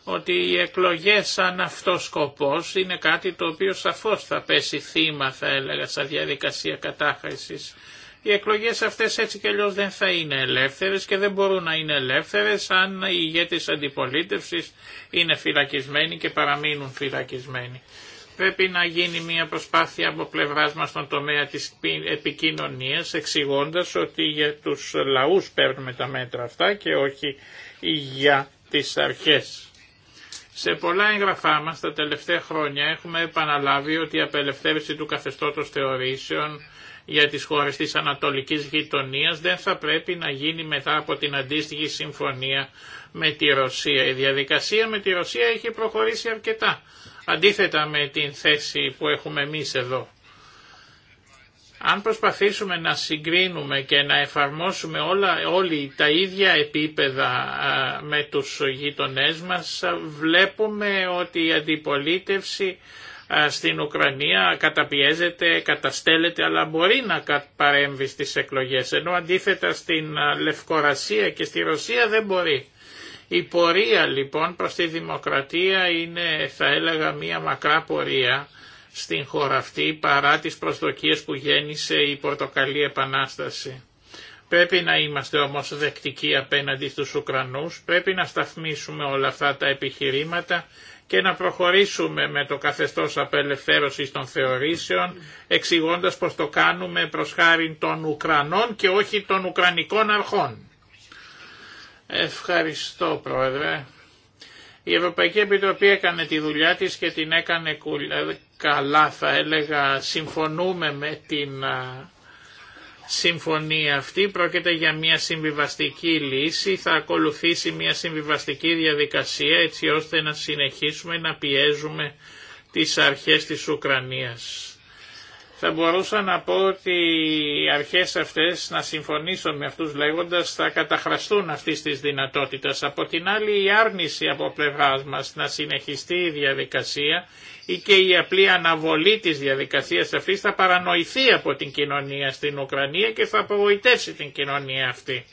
ότι οι εκλογές σαν αυτό σκοπός είναι κάτι το οποίο σαφώς θα πέσει θύμα θα έλεγα σαν διαδικασία κατάχρησης. Οι εκλογές αυτές έτσι και αλλιώς δεν θα είναι ελεύθερες και δεν μπορούν να είναι ελεύθερες αν οι ηγέτες αντιπολίτευσης είναι φυλακισμένοι και παραμείνουν φυλακισμένοι. Πρέπει να γίνει μια προσπάθεια από πλευρά μα στον τομέα τη επικοινωνία, εξηγώντα ότι για τους λαούς παίρνουμε τα μέτρα αυτά και όχι για τι αρχέ. Σε πολλά έγγραφά μας τα τελευταία χρόνια έχουμε επαναλάβει ότι η απελευθέρωση του καθεστώτος θεωρήσεων για τις χώρες της Ανατολικής Γειτονίας δεν θα πρέπει να γίνει μετά από την αντίστοιχη συμφωνία με τη Ρωσία. Η διαδικασία με τη Ρωσία έχει προχωρήσει αρκετά αντίθετα με την θέση που έχουμε εμείς εδώ. Αν προσπαθήσουμε να συγκρίνουμε και να εφαρμόσουμε όλα, όλοι τα ίδια επίπεδα με τους γειτονές μας, βλέπουμε ότι η αντιπολίτευση στην Ουκρανία καταπιέζεται, καταστέλλεται, αλλά μπορεί να παρέμβει στις εκλογές, ενώ αντίθετα στην Λευκορασία και στη Ρωσία δεν μπορεί. Η πορεία λοιπόν προς τη δημοκρατία είναι θα έλεγα μία μακρά πορεία στην χώρα αυτή παρά τις προσδοκίες που γέννησε η Πορτοκαλή Επανάσταση. Πρέπει να είμαστε όμως δεκτικοί απέναντι στους Ουκρανούς, πρέπει να σταθμίσουμε όλα αυτά τα επιχειρήματα και να προχωρήσουμε με το καθεστώς απελευθέρωσης των θεωρήσεων, εξηγώντας πως το κάνουμε προς χάρη των Ουκρανών και όχι των Ουκρανικών αρχών. Ευχαριστώ Πρόεδρε. Η Ευρωπαϊκή Επιτροπή έκανε τη δουλειά της και την έκανε ε, καλά θα έλεγα. Συμφωνούμε με την συμφωνία αυτή. Πρόκειται για μια συμβιβαστική λύση. Θα ακολουθήσει μια συμβιβαστική διαδικασία έτσι ώστε να συνεχίσουμε να πιέζουμε τις αρχές της Ουκρανίας. Θα μπορούσα να πω ότι οι αρχές αυτές να συμφωνήσω με αυτούς λέγοντας θα καταχραστούν αυτή της δυνατότητας. Από την άλλη η άρνηση από πλευρά μας να συνεχιστεί η διαδικασία ή και η απλή αναβολή της διαδικασίας αυτής θα παρανοηθεί από την κοινωνία στην Ουκρανία και θα απογοητεύσει την κοινωνία αυτή.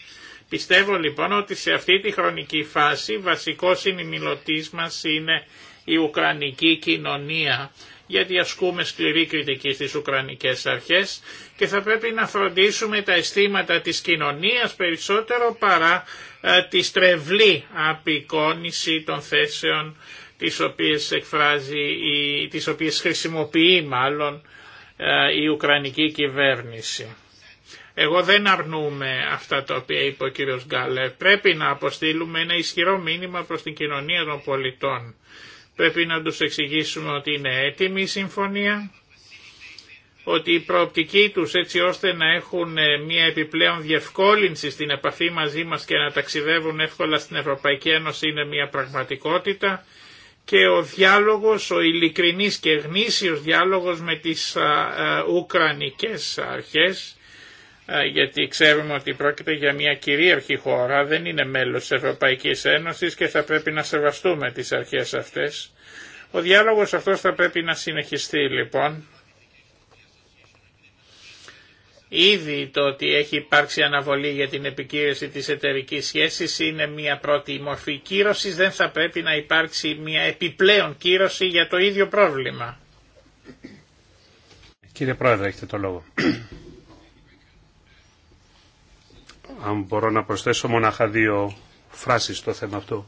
Πιστεύω λοιπόν ότι σε αυτή τη χρονική φάση βασικό συνημιλωτής μας είναι η Ουκρανική κοινωνία γιατί ασκούμε σκληρή κριτική στις Ουκρανικές αρχές και θα πρέπει να φροντίσουμε τα αισθήματα της κοινωνίας περισσότερο παρά ε, τη στρεβλή απεικόνηση των θέσεων τις οποίες εκφράζει, ή, τις οποίες χρησιμοποιεί μάλλον ε, η Ουκρανική κυβέρνηση. Εγώ δεν αρνούμε αυτά τα οποία είπε ο κύριος Γκάλε. Πρέπει να αποστείλουμε ένα ισχυρό μήνυμα προς την κοινωνία των πολιτών. Πρέπει να τους εξηγήσουμε ότι είναι έτοιμη η συμφωνία, ότι η προοπτική τους έτσι ώστε να έχουν ε, μια επιπλέον διευκόλυνση στην επαφή μαζί μας και να ταξιδεύουν εύκολα στην Ευρωπαϊκή Ένωση είναι μια πραγματικότητα και ο διάλογος, ο ειλικρινής και γνήσιος διάλογος με τις ουκρανικές αρχές ε, γιατί ξέρουμε ότι πρόκειται για μια κυρίαρχη χώρα, δεν είναι μέλος της Ευρωπαϊκής Ένωσης και θα πρέπει να σεβαστούμε τις αρχές αυτές. Ο διάλογος αυτός θα πρέπει να συνεχιστεί λοιπόν. Ήδη το ότι έχει υπάρξει αναβολή για την επικύρωση της εταιρικής σχέσης είναι μια πρώτη μορφή κύρωσης, δεν θα πρέπει να υπάρξει μια επιπλέον κύρωση για το ίδιο πρόβλημα. Κύριε Πρόεδρε, έχετε το λόγο αν μπορώ να προσθέσω μονάχα δύο φράσεις στο θέμα αυτό.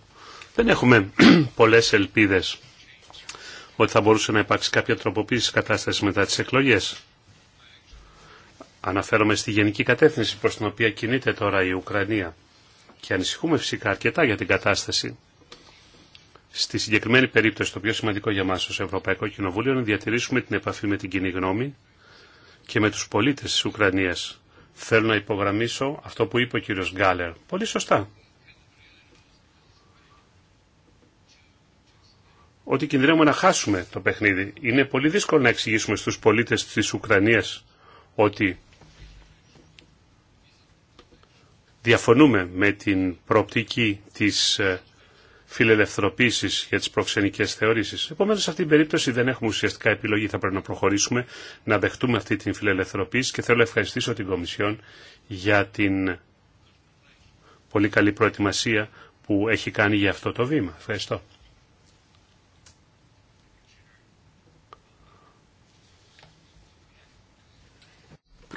Δεν έχουμε *clears throat* πολλές ελπίδες ότι θα μπορούσε να υπάρξει κάποια τροποποίηση της κατάστασης μετά τις εκλογές. Αναφέρομαι στη γενική κατεύθυνση προς την οποία κινείται τώρα η Ουκρανία και ανησυχούμε φυσικά αρκετά για την κατάσταση. Στη συγκεκριμένη περίπτωση το πιο σημαντικό για μας ως Ευρωπαϊκό Κοινοβούλιο είναι να διατηρήσουμε την επαφή με την κοινή γνώμη και με τους πολίτες της Ουκρανίας θέλω να υπογραμμίσω αυτό που είπε ο κύριος Γκάλερ. Πολύ σωστά. Ότι κινδυνεύουμε να χάσουμε το παιχνίδι. Είναι πολύ δύσκολο να εξηγήσουμε στους πολίτες της Ουκρανίας ότι διαφωνούμε με την προοπτική της ε, φιλελευθεροποίησης για τις προξενικές θεωρήσεις. Επομένως, σε αυτή την περίπτωση δεν έχουμε ουσιαστικά επιλογή. Θα πρέπει να προχωρήσουμε, να δεχτούμε αυτή την φιλελευθεροποίηση και θέλω να ευχαριστήσω την Κομισιόν για την πολύ καλή προετοιμασία που έχει κάνει για αυτό το βήμα. Ευχαριστώ.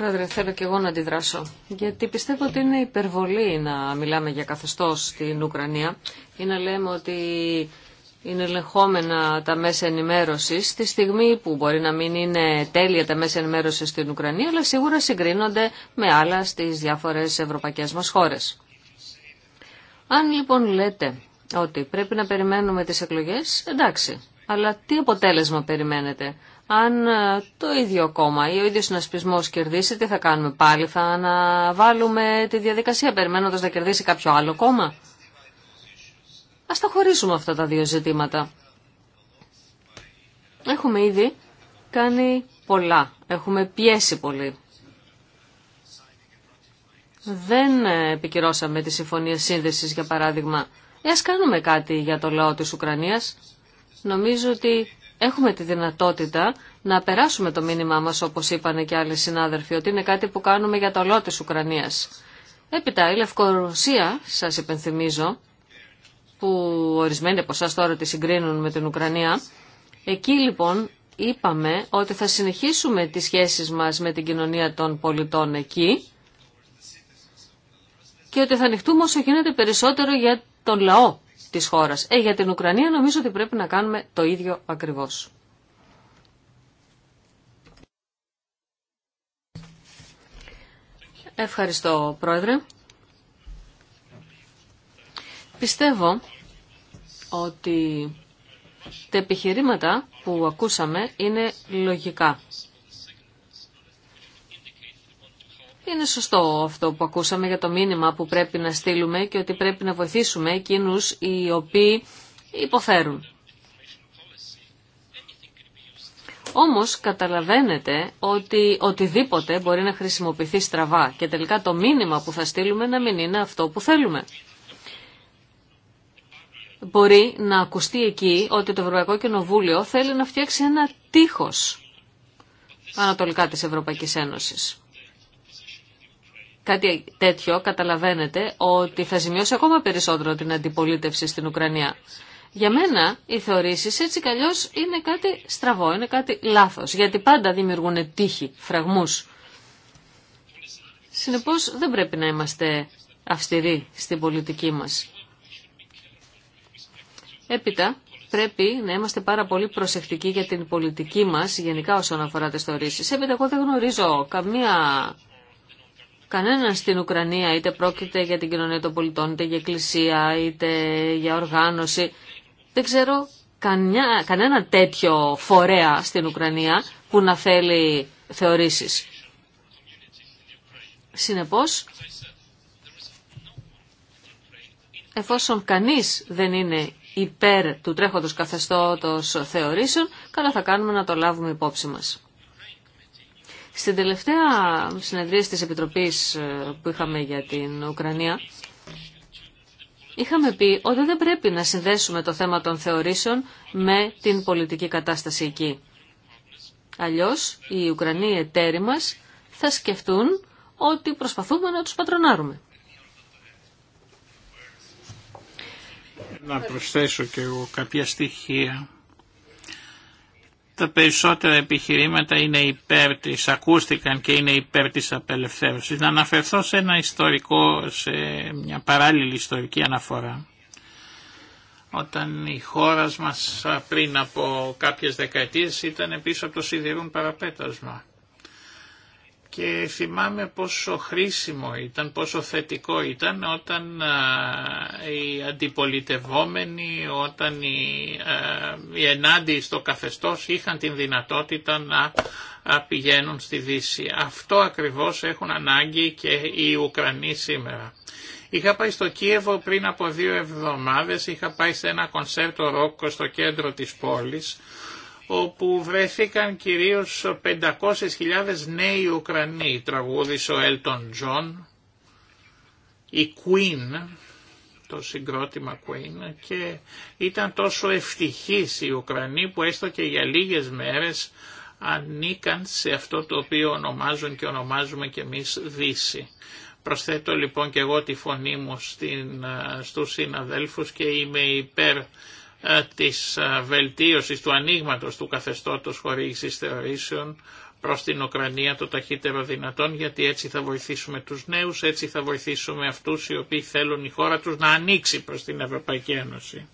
Πρόεδρε, θέλω και εγώ να αντιδράσω. Γιατί πιστεύω ότι είναι υπερβολή να μιλάμε για καθεστώς στην Ουκρανία ή να λέμε ότι είναι ελεγχόμενα τα μέσα ενημέρωσης τη στιγμή που μπορεί να μην είναι τέλεια τα μέσα ενημέρωσης στην Ουκρανία, αλλά σίγουρα συγκρίνονται με άλλα στις διάφορες ευρωπαϊκές μας χώρες. Αν λοιπόν λέτε ότι πρέπει να περιμένουμε τις εκλογές, εντάξει. Αλλά τι αποτέλεσμα περιμένετε αν ε, το ίδιο κόμμα ή ο ίδιος συνασπισμός κερδίσει, τι θα κάνουμε πάλι, θα αναβάλουμε τη διαδικασία περιμένοντας να κερδίσει κάποιο άλλο κόμμα. Ας τα χωρίσουμε αυτά τα δύο ζητήματα. Έχουμε ήδη κάνει πολλά, έχουμε πιέσει πολύ. Δεν ε, επικυρώσαμε τη Συμφωνία Σύνδεσης, για παράδειγμα. Ε, κάνουμε κάτι για το λαό της Ουκρανίας. Νομίζω ότι έχουμε τη δυνατότητα να περάσουμε το μήνυμά μας, όπως είπαν και άλλοι συνάδελφοι, ότι είναι κάτι που κάνουμε για το ολό της Ουκρανίας. Έπειτα η Λευκορωσία, σας υπενθυμίζω, που ορισμένοι από εσάς τώρα τη συγκρίνουν με την Ουκρανία, εκεί λοιπόν είπαμε ότι θα συνεχίσουμε τις σχέσεις μας με την κοινωνία των πολιτών εκεί και ότι θα ανοιχτούμε όσο γίνεται περισσότερο για τον λαό της χώρας. Ε, για την Ουκρανία νομίζω ότι πρέπει να κάνουμε το ίδιο ακριβώς. Ευχαριστώ, Πρόεδρε. Πιστεύω ότι τα επιχειρήματα που ακούσαμε είναι λογικά Είναι σωστό αυτό που ακούσαμε για το μήνυμα που πρέπει να στείλουμε και ότι πρέπει να βοηθήσουμε εκείνους οι οποίοι υποφέρουν. Όμως καταλαβαίνετε ότι οτιδήποτε μπορεί να χρησιμοποιηθεί στραβά και τελικά το μήνυμα που θα στείλουμε να μην είναι αυτό που θέλουμε. Μπορεί να ακουστεί εκεί ότι το Ευρωπαϊκό Κοινοβούλιο θέλει να φτιάξει ένα τείχος ανατολικά της Ευρωπαϊκής Ένωσης κάτι τέτοιο καταλαβαίνετε ότι θα ζημιώσει ακόμα περισσότερο την αντιπολίτευση στην Ουκρανία. Για μένα οι θεωρήσεις έτσι κι είναι κάτι στραβό, είναι κάτι λάθος, γιατί πάντα δημιουργούν τύχη, φραγμούς. Συνεπώς δεν πρέπει να είμαστε αυστηροί στην πολιτική μας. Έπειτα πρέπει να είμαστε πάρα πολύ προσεκτικοί για την πολιτική μας γενικά όσον αφορά τις θεωρήσεις. Έπειτα εγώ δεν γνωρίζω καμία Κανένα στην Ουκρανία, είτε πρόκειται για την κοινωνία των πολιτών, είτε για εκκλησία, είτε για οργάνωση, δεν ξέρω κανένα, κανένα τέτοιο φορέα στην Ουκρανία που να θέλει θεωρήσεις. Συνεπώς, εφόσον κανείς δεν είναι υπέρ του τρέχοντος καθεστώτος θεωρήσεων, καλά θα κάνουμε να το λάβουμε υπόψη μας. Στην τελευταία συνεδρία της Επιτροπής ε, που είχαμε για την Ουκρανία, είχαμε πει ότι δεν πρέπει να συνδέσουμε το θέμα των θεωρήσεων με την πολιτική κατάσταση εκεί. Αλλιώς οι Ουκρανοί εταίροι μας θα σκεφτούν ότι προσπαθούμε να τους πατρονάρουμε. Να προσθέσω και εγώ κάποια στοιχεία τα περισσότερα επιχειρήματα είναι υπέρ ακούστηκαν και είναι υπέρ της απελευθέρωσης. Να αναφερθώ σε ένα ιστορικό, σε μια παράλληλη ιστορική αναφορά. Όταν η χώρα μας πριν από κάποιες δεκαετίες ήταν πίσω από το σιδηρούν παραπέτασμα και θυμάμαι πόσο χρήσιμο ήταν, πόσο θετικό ήταν όταν οι αντιπολιτευόμενοι, όταν οι, οι στο καθεστώς είχαν την δυνατότητα να πηγαίνουν στη Δύση. Αυτό ακριβώς έχουν ανάγκη και οι Ουκρανοί σήμερα. Είχα πάει στο Κίεβο πριν από δύο εβδομάδες, είχα πάει σε ένα κονσέρτο ρόκο στο κέντρο της πόλης όπου βρέθηκαν κυρίως 500.000 νέοι Ουκρανοί, τραγούδησε ο Έλτον Τζον, η Κουίν, το συγκρότημα Κουίν, και ήταν τόσο ευτυχής οι Ουκρανοί που έστω και για λίγες μέρες ανήκαν σε αυτό το οποίο ονομάζουν και ονομάζουμε και εμείς Δύση. Προσθέτω λοιπόν και εγώ τη φωνή μου στην, ε, στους συναδέλφους και είμαι υπέρ ε, της ε, βελτίωσης του ανοίγματο του καθεστώτος χορήγησης θεωρήσεων προς την Ουκρανία το ταχύτερο δυνατόν γιατί έτσι θα βοηθήσουμε τους νέους, έτσι θα βοηθήσουμε αυτούς οι οποίοι θέλουν η χώρα τους να ανοίξει προς την Ευρωπαϊκή Ένωση.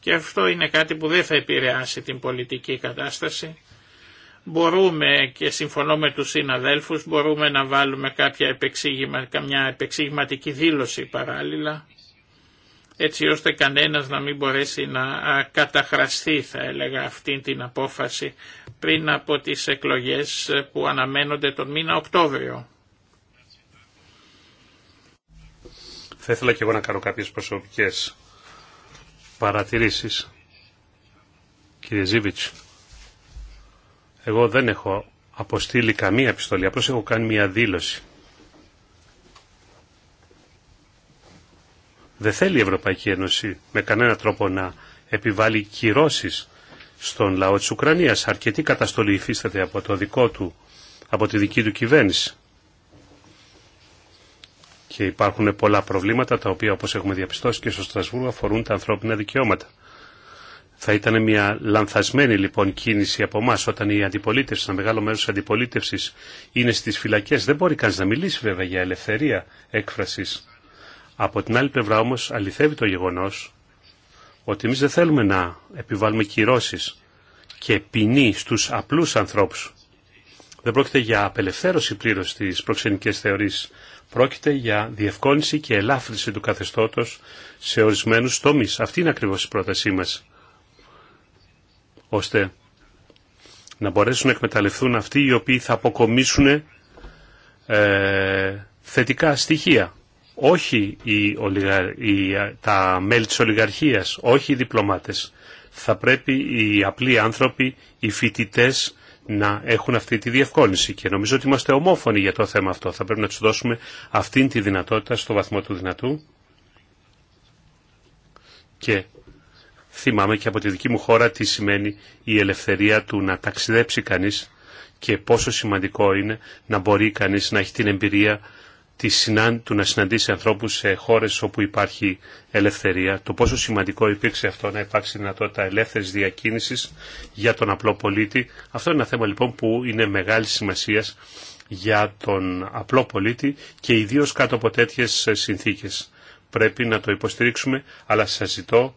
Και αυτό είναι κάτι που δεν θα επηρεάσει την πολιτική κατάσταση μπορούμε και συμφωνώ με τους συναδέλφους, μπορούμε να βάλουμε κάποια επεξήγημα, καμιά επεξήγηματική δήλωση παράλληλα, έτσι ώστε κανένας να μην μπορέσει να καταχραστεί, θα έλεγα, αυτή την απόφαση πριν από τις εκλογές που αναμένονται τον μήνα Οκτώβριο. Θα ήθελα και εγώ να κάνω κάποιες προσωπικές παρατηρήσεις. Κύριε Ζήβιτς, εγώ δεν έχω αποστείλει καμία επιστολή, απλώς έχω κάνει μια δήλωση. Δεν θέλει η Ευρωπαϊκή Ένωση με κανένα τρόπο να επιβάλλει κυρώσεις στον λαό της Ουκρανίας. Αρκετή καταστολή υφίσταται από, το δικό του, από τη δική του κυβέρνηση. Και υπάρχουν πολλά προβλήματα τα οποία όπως έχουμε διαπιστώσει και στο Στρασβούργο αφορούν τα ανθρώπινα δικαιώματα. Θα ήταν μια λανθασμένη λοιπόν κίνηση από εμά όταν η αντιπολίτευση, ένα μεγάλο μέρο τη αντιπολίτευση είναι στι φυλακέ. Δεν μπορεί κανεί να μιλήσει βέβαια για ελευθερία έκφραση. Από την άλλη πλευρά όμω αληθεύει το γεγονό ότι εμεί δεν θέλουμε να επιβάλλουμε κυρώσει και ποινή στου απλού ανθρώπου. Δεν πρόκειται για απελευθέρωση πλήρω τη προξενική θεωρή. Πρόκειται για διευκόλυνση και ελάφρυνση του καθεστώτο σε ορισμένου τομεί, Αυτή είναι ακριβώ η πρότασή μα ώστε να μπορέσουν να εκμεταλλευτούν αυτοί οι οποίοι θα αποκομίσουν ε, θετικά στοιχεία. Όχι οι, τα μέλη της ολιγαρχίας, όχι οι διπλωμάτες. Θα πρέπει οι απλοί άνθρωποι, οι φοιτητέ να έχουν αυτή τη διευκόλυνση. Και νομίζω ότι είμαστε ομόφωνοι για το θέμα αυτό. Θα πρέπει να τους δώσουμε αυτήν τη δυνατότητα στο βαθμό του δυνατού. Και θυμάμαι και από τη δική μου χώρα τι σημαίνει η ελευθερία του να ταξιδέψει κανείς και πόσο σημαντικό είναι να μπορεί κανείς να έχει την εμπειρία του να συναντήσει ανθρώπους σε χώρες όπου υπάρχει ελευθερία, το πόσο σημαντικό υπήρξε αυτό να υπάρξει δυνατότητα ελεύθερης διακίνησης για τον απλό πολίτη. Αυτό είναι ένα θέμα λοιπόν που είναι μεγάλη σημασία για τον απλό πολίτη και ιδίως κάτω από τέτοιες συνθήκες. Πρέπει να το υποστηρίξουμε, αλλά σας ζητώ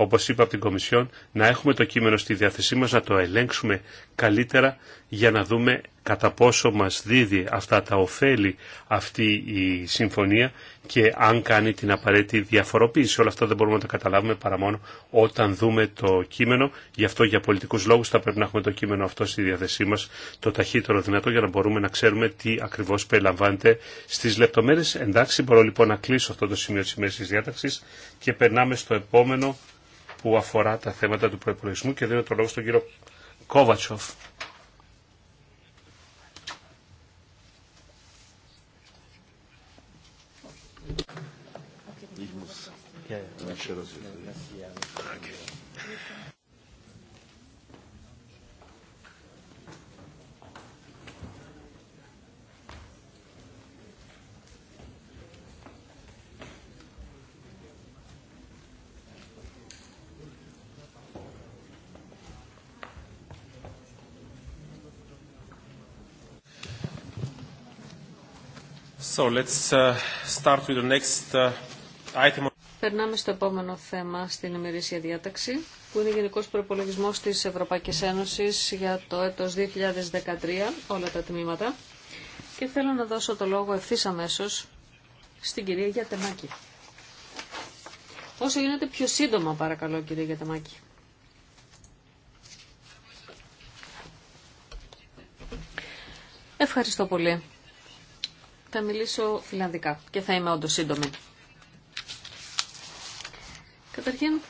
όπως είπα από την Κομισιόν, να έχουμε το κείμενο στη διάθεσή μας, να το ελέγξουμε καλύτερα για να δούμε κατά πόσο μας δίδει αυτά τα ωφέλη αυτή η συμφωνία και αν κάνει την απαραίτητη διαφοροποίηση. Όλα αυτά δεν μπορούμε να τα καταλάβουμε παρά μόνο όταν δούμε το κείμενο. Γι' αυτό για πολιτικούς λόγους θα πρέπει να έχουμε το κείμενο αυτό στη διάθεσή μας το ταχύτερο δυνατό για να μπορούμε να ξέρουμε τι ακριβώς περιλαμβάνεται στις λεπτομέρειες. Εντάξει, μπορώ λοιπόν να κλείσω αυτό το σημείο τη μέση τη διάταξης και περνάμε στο επόμενο που αφορά τα θέματα του προπολογισμού και δίνω το λόγο στον κύριο Κόβατσοφ. Uh, uh, Περνάμε στο επόμενο θέμα στην ημερήσια διάταξη, που είναι Γενικός Προπολογισμός της Ευρωπαϊκής Ένωσης για το έτος 2013, όλα τα τμήματα. Και θέλω να δώσω το λόγο ευθύ αμέσω στην κυρία Γιατεμάκη. Όσο γίνεται πιο σύντομα, παρακαλώ, κυρία Γιατεμάκη. Ευχαριστώ πολύ. Θα μιλήσω φιλανδικά και θα είμαι όντω σύντομη. Καταρχήν,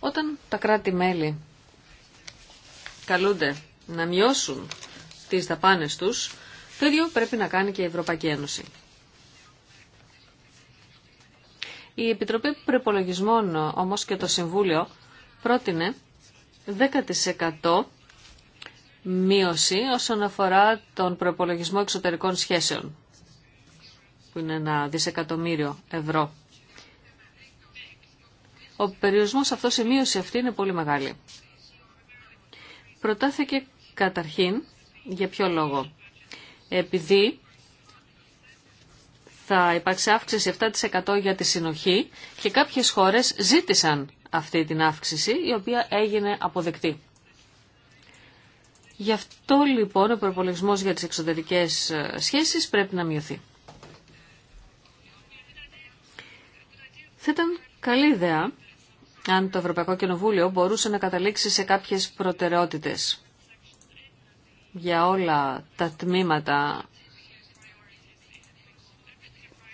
όταν τα κράτη-μέλη καλούνται να μειώσουν τις δαπάνες τους, το ίδιο πρέπει να κάνει και η Ευρωπαϊκή Ένωση. Η Επιτροπή Προπολογισμών όμως και το Συμβούλιο πρότεινε 10% μείωση όσον αφορά τον προπολογισμό εξωτερικών σχέσεων, που είναι ένα δισεκατομμύριο ευρώ. Ο περιορισμός αυτός, η μείωση αυτή είναι πολύ μεγάλη. Προτάθηκε καταρχήν, για ποιο λόγο. Επειδή θα υπάρξει αύξηση 7% για τη συνοχή και κάποιες χώρες ζήτησαν αυτή την αύξηση, η οποία έγινε αποδεκτή. Γι' αυτό λοιπόν ο προπολογισμό για τις εξωτερικές ε, σχέσεις πρέπει να μειωθεί. Θα ήταν καλή ιδέα αν το Ευρωπαϊκό Κοινοβούλιο μπορούσε να καταλήξει σε κάποιες προτεραιότητες για όλα τα τμήματα.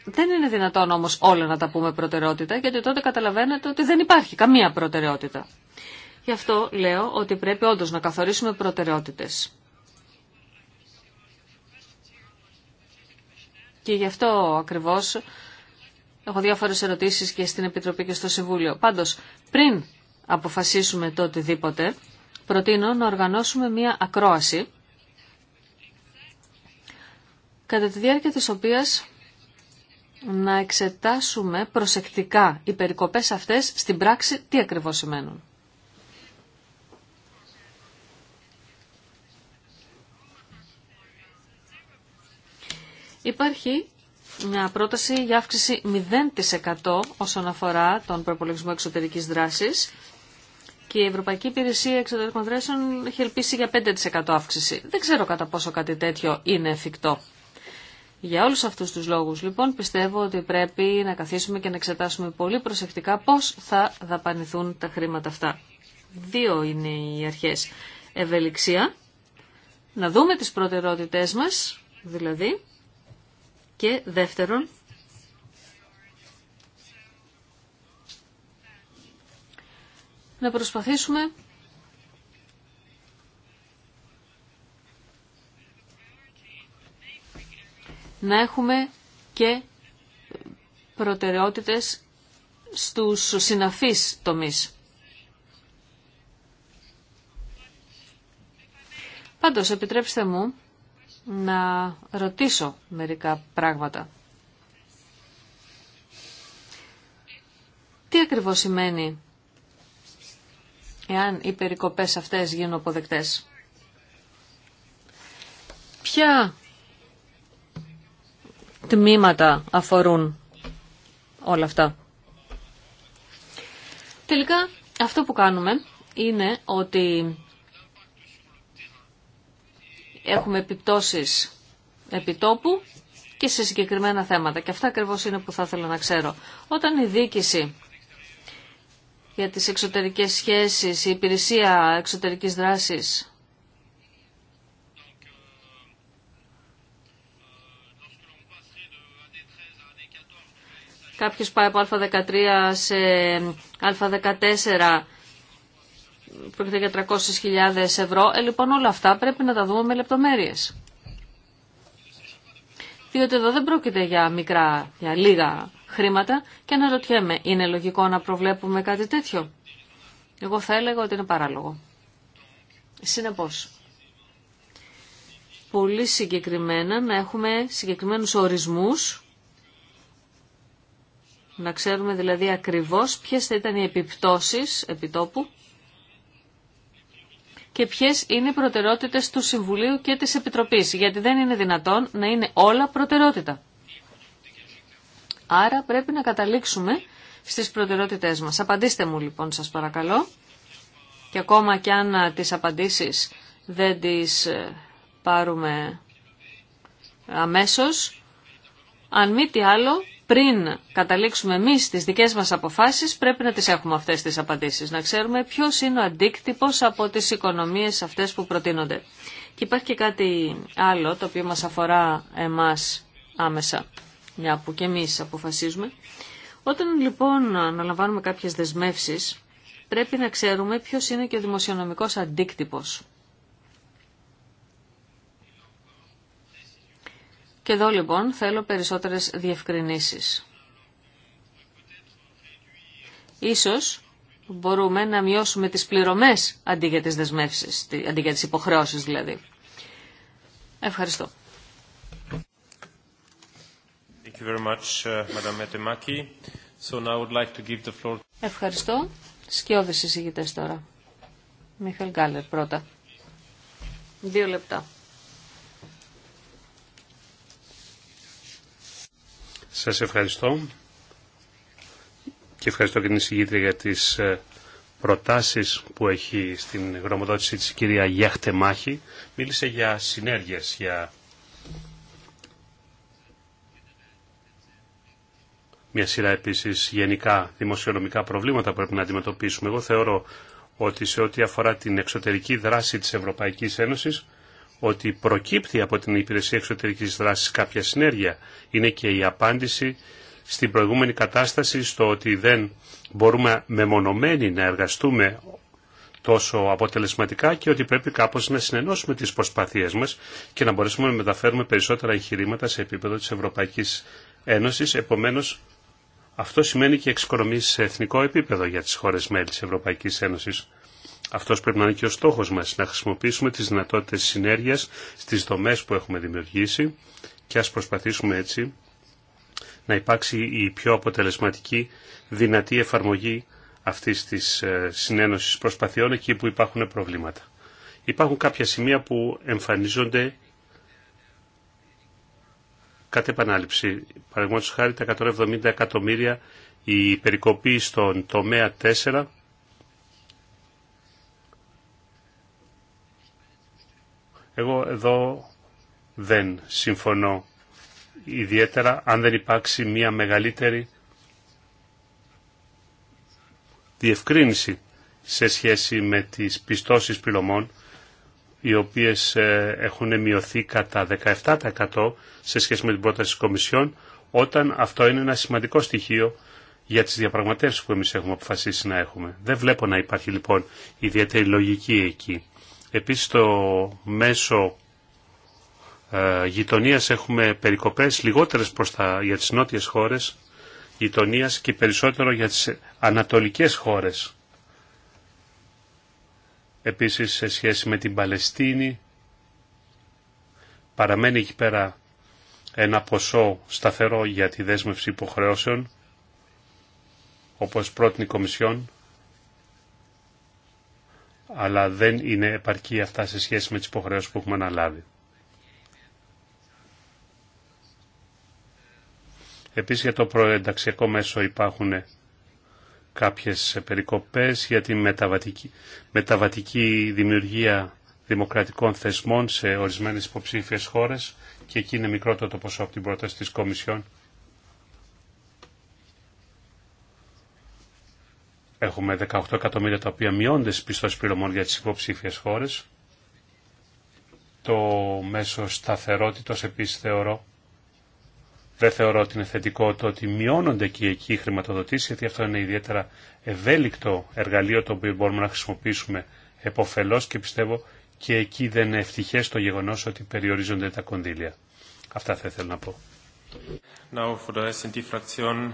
Δεν είναι δυνατόν όμως όλα να τα πούμε προτεραιότητα, γιατί τότε καταλαβαίνετε ότι δεν υπάρχει καμία προτεραιότητα. Γι' αυτό λέω ότι πρέπει όντως να καθορίσουμε προτεραιότητες. Και γι' αυτό ακριβώς έχω διάφορες ερωτήσεις και στην Επιτροπή και στο Συμβούλιο. Πάντως, πριν αποφασίσουμε το οτιδήποτε, προτείνω να οργανώσουμε μία ακρόαση, κατά τη διάρκεια της οποίας να εξετάσουμε προσεκτικά οι περικοπές αυτές στην πράξη τι ακριβώς σημαίνουν. Υπάρχει μια πρόταση για αύξηση 0% όσον αφορά τον προπολογισμό εξωτερική δράση και η Ευρωπαϊκή Υπηρεσία Εξωτερικών Δράσεων έχει ελπίσει για 5% αύξηση. Δεν ξέρω κατά πόσο κάτι τέτοιο είναι εφικτό. Για όλους αυτούς τους λόγους λοιπόν πιστεύω ότι πρέπει να καθίσουμε και να εξετάσουμε πολύ προσεκτικά πώς θα δαπανηθούν τα χρήματα αυτά. Δύο είναι οι αρχές. Ευελιξία, να δούμε τις προτεραιότητές μας, δηλαδή και δεύτερον, να προσπαθήσουμε να έχουμε και προτεραιότητες στους συναφείς τομείς. Πάντως, επιτρέψτε μου να ρωτήσω μερικά πράγματα. Τι ακριβώς σημαίνει εάν οι περικοπές αυτές γίνουν αποδεκτές. Ποια τμήματα αφορούν όλα αυτά. Τελικά αυτό που κάνουμε είναι ότι έχουμε επιπτώσεις επιτόπου και σε συγκεκριμένα θέματα. Και αυτά ακριβώ είναι που θα ήθελα να ξέρω. Όταν η δίκηση για τις εξωτερικές σχέσεις, η υπηρεσία εξωτερικής δράσης, Κάποιος πάει από α13 σε α14 πρόκειται για 300.000 ευρώ. Ε, λοιπόν, όλα αυτά πρέπει να τα δούμε με λεπτομέρειες. Διότι εδώ δεν πρόκειται για μικρά, για λίγα χρήματα και αναρωτιέμαι, είναι λογικό να προβλέπουμε κάτι τέτοιο. Εγώ θα έλεγα ότι είναι παράλογο. Συνεπώς, πολύ συγκεκριμένα να έχουμε συγκεκριμένους ορισμούς, να ξέρουμε δηλαδή ακριβώς ποιες θα ήταν οι επιπτώσεις επιτόπου και ποιε είναι οι προτεραιότητε του Συμβουλίου και τη Επιτροπής, γιατί δεν είναι δυνατόν να είναι όλα προτεραιότητα. Άρα πρέπει να καταλήξουμε στις προτεραιότητέ μας. Απαντήστε μου λοιπόν σας παρακαλώ και ακόμα και αν τις απαντήσεις δεν τις ε, πάρουμε αμέσως, αν μη τι άλλο πριν καταλήξουμε εμείς τις δικές μας αποφάσεις, πρέπει να τις έχουμε αυτές τις απαντήσεις, να ξέρουμε ποιος είναι ο αντίκτυπος από τις οικονομίες αυτές που προτείνονται. Και υπάρχει και κάτι άλλο το οποίο μας αφορά εμάς άμεσα, μια που και εμείς αποφασίζουμε. Όταν λοιπόν αναλαμβάνουμε κάποιες δεσμεύσεις, πρέπει να ξέρουμε ποιος είναι και ο δημοσιονομικός αντίκτυπος Και εδώ λοιπόν θέλω περισσότερες διευκρινήσεις. Ίσως μπορούμε να μειώσουμε τις πληρωμές αντί για τις δεσμεύσεις, αντί για τις υποχρεώσεις δηλαδή. Ευχαριστώ. Uh, Ευχαριστώ. Σκιώδες εισηγητές τώρα. Μιχαλ Γκάλερ πρώτα. Δύο λεπτά. Σας ευχαριστώ και ευχαριστώ και την εισηγήτρια για τις ε, προτάσεις που έχει στην γνωμοδότηση της κυρία Γιάχτε Μάχη. Μίλησε για συνέργειες, για μια σειρά επίσης γενικά δημοσιονομικά προβλήματα που πρέπει να αντιμετωπίσουμε. Εγώ θεωρώ ότι σε ό,τι αφορά την εξωτερική δράση της Ευρωπαϊκής Ένωσης ότι προκύπτει από την υπηρεσία εξωτερικής δράσης κάποια συνέργεια. Είναι και η απάντηση στην προηγούμενη κατάσταση στο ότι δεν μπορούμε μεμονωμένοι να εργαστούμε τόσο αποτελεσματικά και ότι πρέπει κάπως να συνενώσουμε τις προσπαθίες μας και να μπορέσουμε να μεταφέρουμε περισσότερα εγχειρήματα σε επίπεδο της Ευρωπαϊκής Ένωσης. Επομένως, αυτό σημαίνει και εξοικονομήσεις σε εθνικό επίπεδο για τις χώρες μέλη της Ευρωπαϊκής Ένωσης. Αυτός πρέπει να είναι και ο στόχος μας, να χρησιμοποιήσουμε τις δυνατότητες συνέργεια στις δομέ που έχουμε δημιουργήσει και α προσπαθήσουμε έτσι να υπάρξει η πιο αποτελεσματική δυνατή εφαρμογή αυτής της ε, συνένωση προσπαθειών εκεί που υπάρχουν προβλήματα. Υπάρχουν κάποια σημεία που εμφανίζονται κατ' επανάληψη. Παραδείγματο χάρη τα 170 εκατομμύρια η περικοπή στον τομέα 4 Εγώ εδώ δεν συμφωνώ ιδιαίτερα αν δεν υπάρξει μια μεγαλύτερη διευκρίνηση σε σχέση με τις πιστώσεις πυλωμών, οι οποίες ε, έχουν μειωθεί κατά 17% σε σχέση με την πρόταση της Κομισιόν όταν αυτό είναι ένα σημαντικό στοιχείο για τις διαπραγματεύσεις που εμείς έχουμε αποφασίσει να έχουμε. Δεν βλέπω να υπάρχει λοιπόν ιδιαίτερη λογική εκεί. Επίσης το μέσο ε, έχουμε περικοπές λιγότερες προς τα, για τις νότιες χώρες γειτονίας και περισσότερο για τις ανατολικές χώρες. Επίσης σε σχέση με την Παλαιστίνη παραμένει εκεί πέρα ένα ποσό σταθερό για τη δέσμευση υποχρεώσεων όπως πρότεινε η Κομισιόν αλλά δεν είναι επαρκή αυτά σε σχέση με τις υποχρεώσεις που έχουμε αναλάβει. Επίσης για το προενταξιακό μέσο υπάρχουν κάποιες περικοπές για τη μεταβατική, μεταβατική δημιουργία δημοκρατικών θεσμών σε ορισμένες υποψήφιες χώρες και εκεί είναι μικρότερο το ποσό από την πρόταση της Κομισιόν Έχουμε 18 εκατομμύρια τα οποία μειώνται στις πιστώσεις πληρωμών για τις υποψήφιες χώρες. Το μέσο σταθερότητος επίσης θεωρώ δεν θεωρώ ότι είναι θετικό το ότι μειώνονται και εκεί οι χρηματοδοτήσει, γιατί αυτό είναι ιδιαίτερα ευέλικτο εργαλείο το οποίο μπορούμε να χρησιμοποιήσουμε επωφελώ και πιστεύω και εκεί δεν είναι ευτυχέ το γεγονός ότι περιορίζονται τα κονδύλια. Αυτά θα ήθελα να πω. Now for the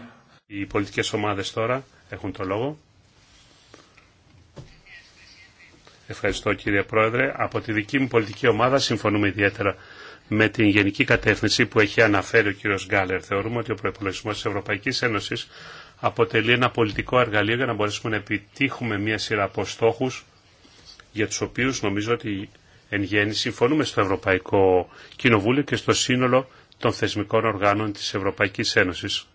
Οι πολιτικές ομάδες τώρα έχουν το λόγο. Ευχαριστώ κύριε Πρόεδρε. Από τη δική μου πολιτική ομάδα συμφωνούμε ιδιαίτερα με την γενική κατεύθυνση που έχει αναφέρει ο κύριος Γκάλερ. Θεωρούμε ότι ο προπολογισμός της Ευρωπαϊκής Ένωσης αποτελεί ένα πολιτικό εργαλείο για να μπορέσουμε να επιτύχουμε μια σειρά από στόχου για τους οποίους νομίζω ότι εν γέννη συμφωνούμε στο Ευρωπαϊκό Κοινοβούλιο και στο σύνολο των θεσμικών οργάνων της Ευρωπαϊκής Ένωσης.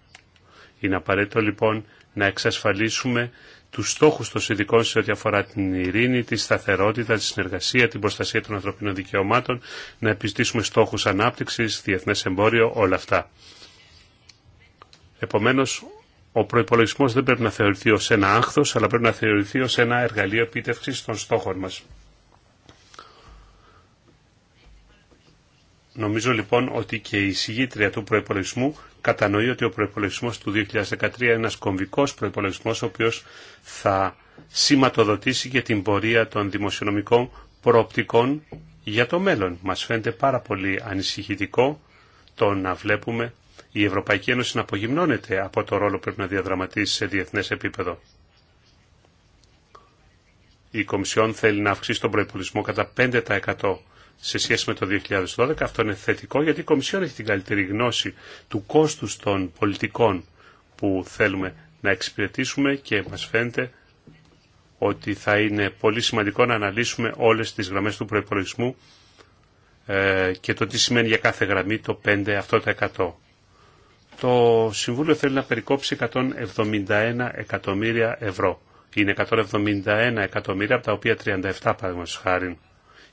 Είναι απαραίτητο λοιπόν να εξασφαλίσουμε του στόχου των συνδικών σε ό,τι αφορά την ειρήνη, τη σταθερότητα, τη συνεργασία, την προστασία των ανθρωπίνων δικαιωμάτων, να επιστήσουμε στόχους ανάπτυξη, διεθνέ εμπόριο, όλα αυτά. Επομένως, ο προπολογισμό δεν πρέπει να θεωρηθεί ως ένα άγχος, αλλά πρέπει να θεωρηθεί ως ένα εργαλείο επίτευξη των στόχων μα. Νομίζω λοιπόν ότι και η συγγήτρια του προπολογισμού κατανοεί ότι ο προπολογισμό του 2013 είναι ένα κομβικό προπολογισμό, ο οποίο θα σηματοδοτήσει και την πορεία των δημοσιονομικών προοπτικών για το μέλλον. Μας φαίνεται πάρα πολύ ανησυχητικό το να βλέπουμε η Ευρωπαϊκή Ένωση να απογυμνώνεται από το ρόλο που πρέπει να διαδραματίσει σε διεθνές επίπεδο. Η Κομισιόν θέλει να αυξήσει τον προϋπολογισμό κατά 5% σε σχέση με το 2012. Αυτό είναι θετικό γιατί η Κομισιόν έχει την καλύτερη γνώση του κόστους των πολιτικών που θέλουμε να εξυπηρετήσουμε και μας φαίνεται ότι θα είναι πολύ σημαντικό να αναλύσουμε όλες τις γραμμές του προϋπολογισμού ε, και το τι σημαίνει για κάθε γραμμή το 5 αυτό το 100. Το Συμβούλιο θέλει να περικόψει 171 εκατομμύρια ευρώ. Είναι 171 εκατομμύρια από τα οποία 37 παραδείγματος χάρη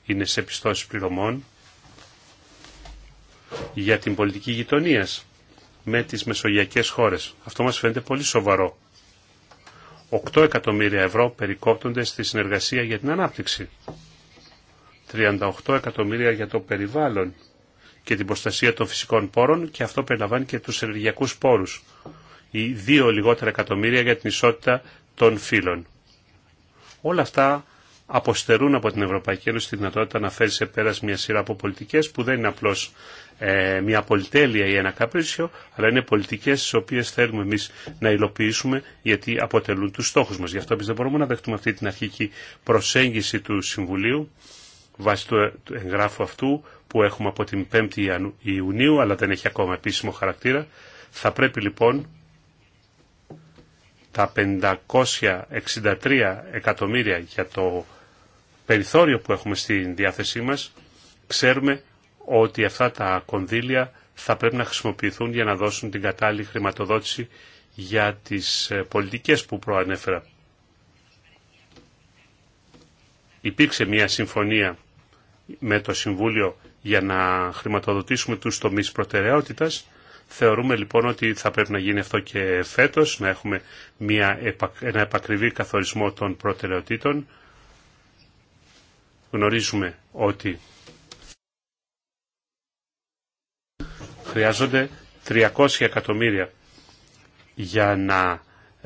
είναι σε πιστώσεις πληρωμών για την πολιτική γειτονία με τις μεσογειακές χώρες. Αυτό μας φαίνεται πολύ σοβαρό. 8 εκατομμύρια ευρώ περικόπτονται στη συνεργασία για την ανάπτυξη. 38 εκατομμύρια για το περιβάλλον και την προστασία των φυσικών πόρων και αυτό περιλαμβάνει και τους ενεργειακούς πόρους. Ή δύο λιγότερα εκατομμύρια για την ισότητα των φύλων. Όλα αυτά αποστερούν από την Ευρωπαϊκή Ένωση τη δυνατότητα να φέρει σε πέρα μια σειρά από πολιτικέ που δεν είναι απλώ ε, μια πολυτέλεια ή ένα καπρίσιο, αλλά είναι πολιτικέ τι οποίε θέλουμε εμεί να υλοποιήσουμε γιατί αποτελούν του στόχου μα. Γι' αυτό εμεί δεν μπορούμε να δεχτούμε αυτή την αρχική προσέγγιση του Συμβουλίου βάσει του ε, εγγράφου αυτού που έχουμε από την 5η Ιουνίου, αλλά δεν έχει ακόμα επίσημο χαρακτήρα. Θα πρέπει λοιπόν τα 563 εκατομμύρια για το περιθώριο που έχουμε στη διάθεσή μας, ξέρουμε ότι αυτά τα κονδύλια θα πρέπει να χρησιμοποιηθούν για να δώσουν την κατάλληλη χρηματοδότηση για τις ε, πολιτικές που προανέφερα. Υπήρξε μια συμφωνία με το Συμβούλιο για να χρηματοδοτήσουμε τους τομείς προτεραιότητας. Θεωρούμε λοιπόν ότι θα πρέπει να γίνει αυτό και φέτος, να έχουμε μια, ένα επακριβή καθορισμό των προτεραιοτήτων Γνωρίζουμε ότι χρειάζονται 300 εκατομμύρια για να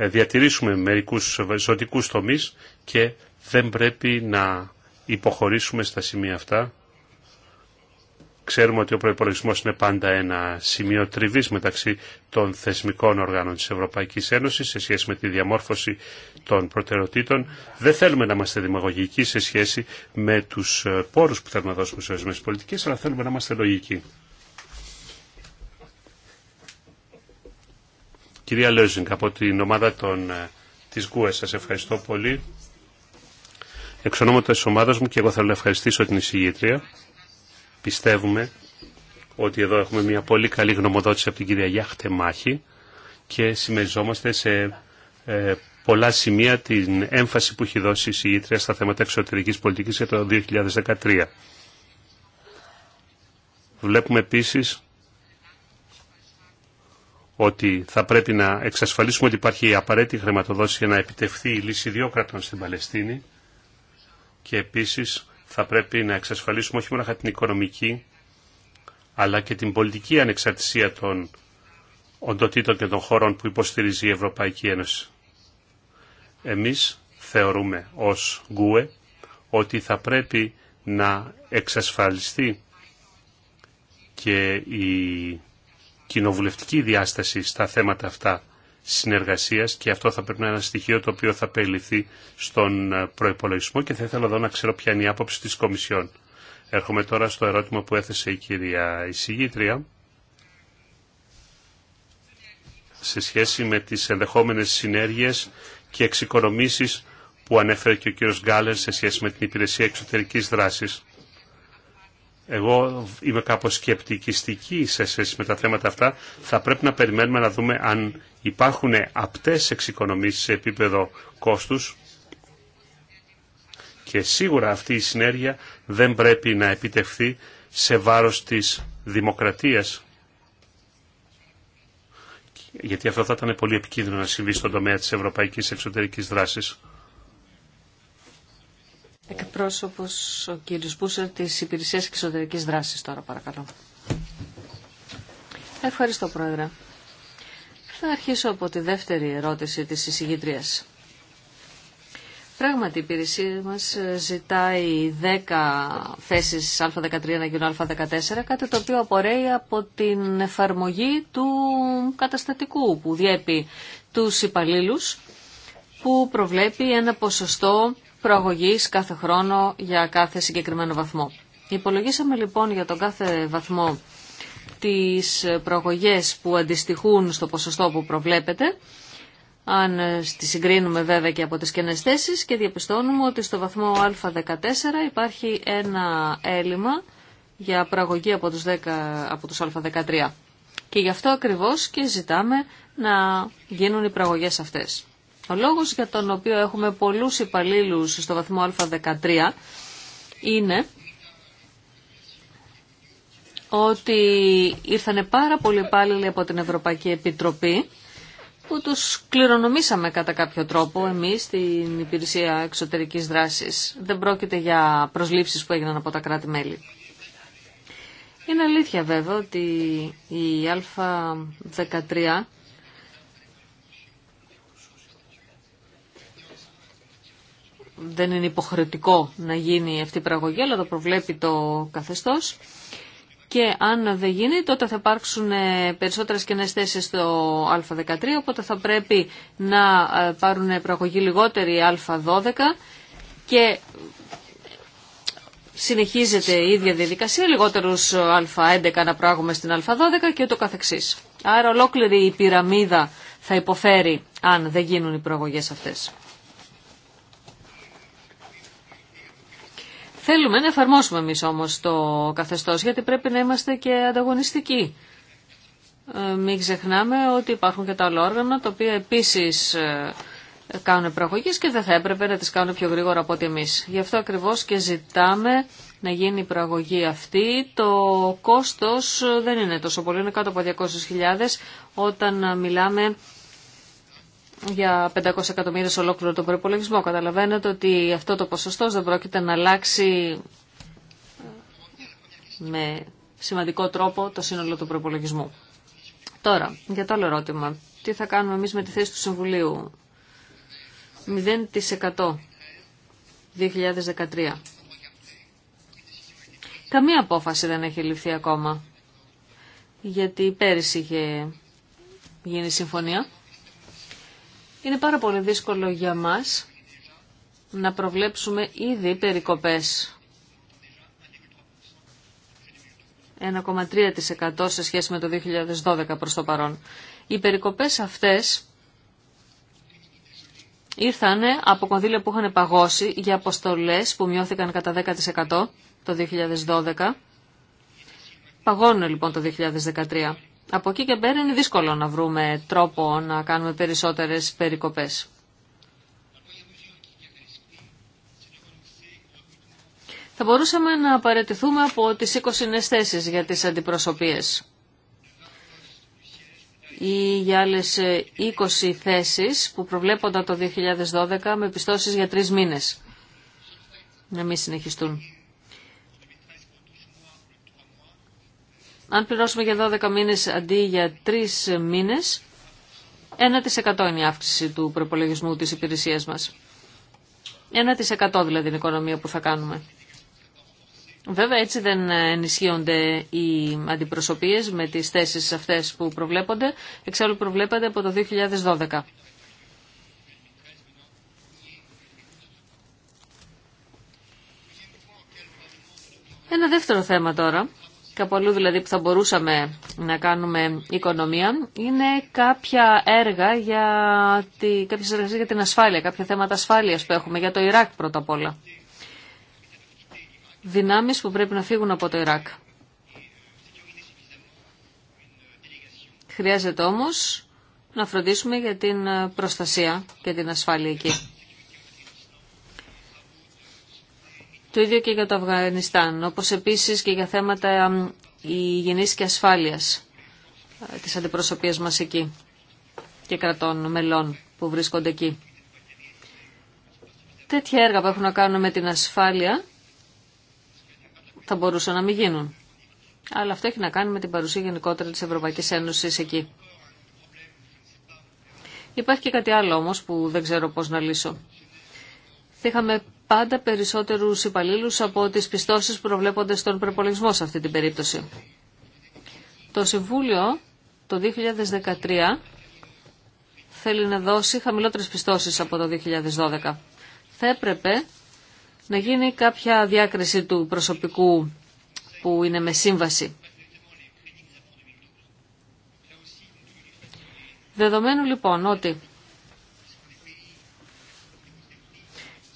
διατηρήσουμε μερικούς ζωτικούς τομείς και δεν πρέπει να υποχωρήσουμε στα σημεία αυτά Ξέρουμε ότι ο προπολογισμό είναι πάντα ένα σημείο τριβή μεταξύ των θεσμικών οργάνων τη Ευρωπαϊκή Ένωση σε σχέση με τη διαμόρφωση των προτεραιοτήτων. Δεν θέλουμε να είμαστε δημαγωγικοί σε σχέση με του ε, πόρου που θέλουμε να δώσουμε στι ορισμένε πολιτικέ, αλλά θέλουμε να είμαστε λογικοί. Κυρία Λέζινγκ, από την ομάδα των, ε, της σα σας ευχαριστώ πολύ. Εξ ονόματος της ομάδας μου και εγώ θέλω να ευχαριστήσω την εισηγήτρια Πιστεύουμε ότι εδώ έχουμε μια πολύ καλή γνωμοδότηση από την κυρία Γιάχτε Μάχη και συμμεριζόμαστε σε ε, πολλά σημεία την έμφαση που έχει δώσει η συγήτρια στα θέματα εξωτερικής πολιτικής για το 2013. Βλέπουμε επίσης ότι θα πρέπει να εξασφαλίσουμε ότι υπάρχει η απαραίτητη χρηματοδότηση για να επιτευχθεί η λύση δύο κρατών στην Παλαιστίνη και επίσης θα πρέπει να εξασφαλίσουμε όχι μόνο την οικονομική αλλά και την πολιτική ανεξαρτησία των οντοτήτων και των χωρών που υποστηρίζει η Ευρωπαϊκή Ένωση. Εμείς θεωρούμε ως ΓΚΟΕ ότι θα πρέπει να εξασφαλιστεί και η κοινοβουλευτική διάσταση στα θέματα αυτά συνεργασίας και αυτό θα πρέπει να είναι ένα στοιχείο το οποίο θα περιληφθεί στον ε, προϋπολογισμό και θα ήθελα εδώ να ξέρω ποια είναι η άποψη της Κομισιόν. Έρχομαι τώρα στο ερώτημα που έθεσε η κυρία εισηγήτρια σε σχέση με τις ενδεχόμενες συνέργειες και εξοικονομήσεις που ανέφερε και ο κύριος Γκάλερ σε σχέση με την υπηρεσία εξωτερικής δράσης. Εγώ είμαι κάπως σκεπτικιστική σε σχέση με τα θέματα αυτά. Θα πρέπει να περιμένουμε να δούμε αν υπάρχουν απτές εξοικονομήσεις σε επίπεδο κόστους και σίγουρα αυτή η συνέργεια δεν πρέπει να επιτευχθεί σε βάρος της δημοκρατίας γιατί αυτό θα ήταν πολύ επικίνδυνο να συμβεί στον τομέα της ευρωπαϊκής εξωτερικής δράσης. Εκπρόσωπος ο κύριος Μπούσερ της Υπηρεσίας Εξωτερικής Δράσης τώρα παρακαλώ. Ευχαριστώ Πρόεδρε. Θα αρχίσω από τη δεύτερη ερώτηση της εισηγήτριας. Πράγματι, η υπηρεσία μα ε, ζητάει 10 θεσει α α13 να γίνουν α14, κάτι το οποίο απορρέει από την εφαρμογή του καταστατικού που διέπει του υπαλλήλου, που προβλέπει ένα ποσοστό προαγωγής κάθε χρόνο για κάθε συγκεκριμένο βαθμό. Υπολογίσαμε λοιπόν για τον κάθε βαθμό τις προγωγές που αντιστοιχούν στο ποσοστό που προβλέπετε, αν ε, τη συγκρίνουμε βέβαια και από τις κενές θέσεις και διαπιστώνουμε ότι στο βαθμό α14 υπάρχει ένα έλλειμμα για πραγωγή από τους, 10, από τους α13. Και γι' αυτό ακριβώς και ζητάμε να γίνουν οι προαγωγές αυτές. Ο λόγος για τον οποίο έχουμε πολλούς υπαλλήλους στο βαθμό α13 είναι ότι ήρθανε πάρα πολλοί υπάλληλοι από την Ευρωπαϊκή Επιτροπή που τους κληρονομήσαμε κατά κάποιο τρόπο εμείς στην Υπηρεσία Εξωτερικής Δράσης. Δεν πρόκειται για προσλήψεις που έγιναν από τα κράτη-μέλη. Είναι αλήθεια βέβαια ότι η Α13 δεν είναι υποχρεωτικό να γίνει αυτή η πραγωγή, αλλά το προβλέπει το καθεστώς. Και αν δεν γίνει, τότε θα υπάρξουν ε, περισσότερες κενές θέσεις στο α13, οπότε θα πρέπει να ε, πάρουν προαγωγή λιγότερη α12 και ε, συνεχίζεται η ίδια διαδικασία, λιγότερους α11 να προάγουμε στην α12 και ούτω καθεξής. Άρα ολόκληρη η πυραμίδα θα υποφέρει αν δεν γίνουν οι προαγωγές αυτές. Θέλουμε να εφαρμόσουμε εμεί όμως το καθεστώς γιατί πρέπει να είμαστε και ανταγωνιστικοί. Ε, μην ξεχνάμε ότι υπάρχουν και τα άλλα όργανα τα οποία επίσης ε, κάνουν προαγωγές και δεν θα έπρεπε να τις κάνουν πιο γρήγορα από ότι εμείς. Γι' αυτό ακριβώς και ζητάμε να γίνει η προαγωγή αυτή. Το κόστος δεν είναι τόσο πολύ, είναι κάτω από 200.000 όταν μιλάμε για 500 εκατομμύρια σε ολόκληρο τον προπολογισμό. Καταλαβαίνετε ότι αυτό το ποσοστό δεν πρόκειται να αλλάξει ε, με σημαντικό τρόπο το σύνολο του προπολογισμού. Τώρα, για το άλλο ερώτημα. Τι θα κάνουμε εμείς με τη θέση του Συμβουλίου. 0% 2013. Καμία απόφαση δεν έχει ληφθεί ακόμα. Γιατί πέρυσι είχε γίνει συμφωνία. Είναι πάρα πολύ δύσκολο για μας να προβλέψουμε ήδη περικοπές 1,3% σε σχέση με το 2012 προς το παρόν. Οι περικοπές αυτές ήρθαν από κονδύλια που είχαν παγώσει για αποστολές που μειώθηκαν κατά 10% το 2012. Παγώνουν λοιπόν το 2013. Από εκεί και πέρα είναι δύσκολο να βρούμε τρόπο να κάνουμε περισσότερες περικοπές. Θα μπορούσαμε να απαρατηθούμε από τις 20 θέσεις για τις αντιπροσωπείες ή για άλλες 20 θέσεις που προβλέπονταν το 2012 με πιστώσεις για τρεις μήνες να μην συνεχιστούν. αν πληρώσουμε για 12 μήνες αντί για 3 μήνες, 1% είναι η αύξηση του προπολογισμού της υπηρεσίας μας. 1% δηλαδή την οικονομία που θα κάνουμε. Βέβαια έτσι δεν ενισχύονται οι αντιπροσωπείες με τις θέσεις αυτές που προβλέπονται. Εξάλλου προβλέπονται από το 2012. Ένα δεύτερο θέμα τώρα κάπου αλλού δηλαδή που θα μπορούσαμε να κάνουμε οικονομία, είναι κάποια έργα για τη, κάποιες για την ασφάλεια, κάποια θέματα ασφάλειας που έχουμε, για το Ιράκ πρώτα απ' όλα. Δυνάμεις που πρέπει να φύγουν από το Ιράκ. Χρειάζεται όμως να φροντίσουμε για την προστασία και την ασφάλεια εκεί. Το ίδιο και για το Αφγανιστάν, όπως επίσης και για θέματα υγιεινής και ασφάλειας ε, της αντιπροσωπείας μας εκεί και κρατών μελών που βρίσκονται εκεί. Τέτοια έργα που έχουν να κάνουν με την ασφάλεια θα μπορούσαν να μην γίνουν. Αλλά αυτό έχει να κάνει με την παρουσία γενικότερα της Ευρωπαϊκής Ένωσης εκεί. Υπάρχει και κάτι άλλο όμως που δεν ξέρω πώς να λύσω. είχαμε πάντα περισσότερους υπαλλήλου από τις πιστώσεις που προβλέπονται στον προπολογισμό σε αυτή την περίπτωση. Το Συμβούλιο το 2013 θέλει να δώσει χαμηλότερες πιστώσεις από το 2012. Θα έπρεπε να γίνει κάποια διάκριση του προσωπικού που είναι με σύμβαση. Δεδομένου λοιπόν ότι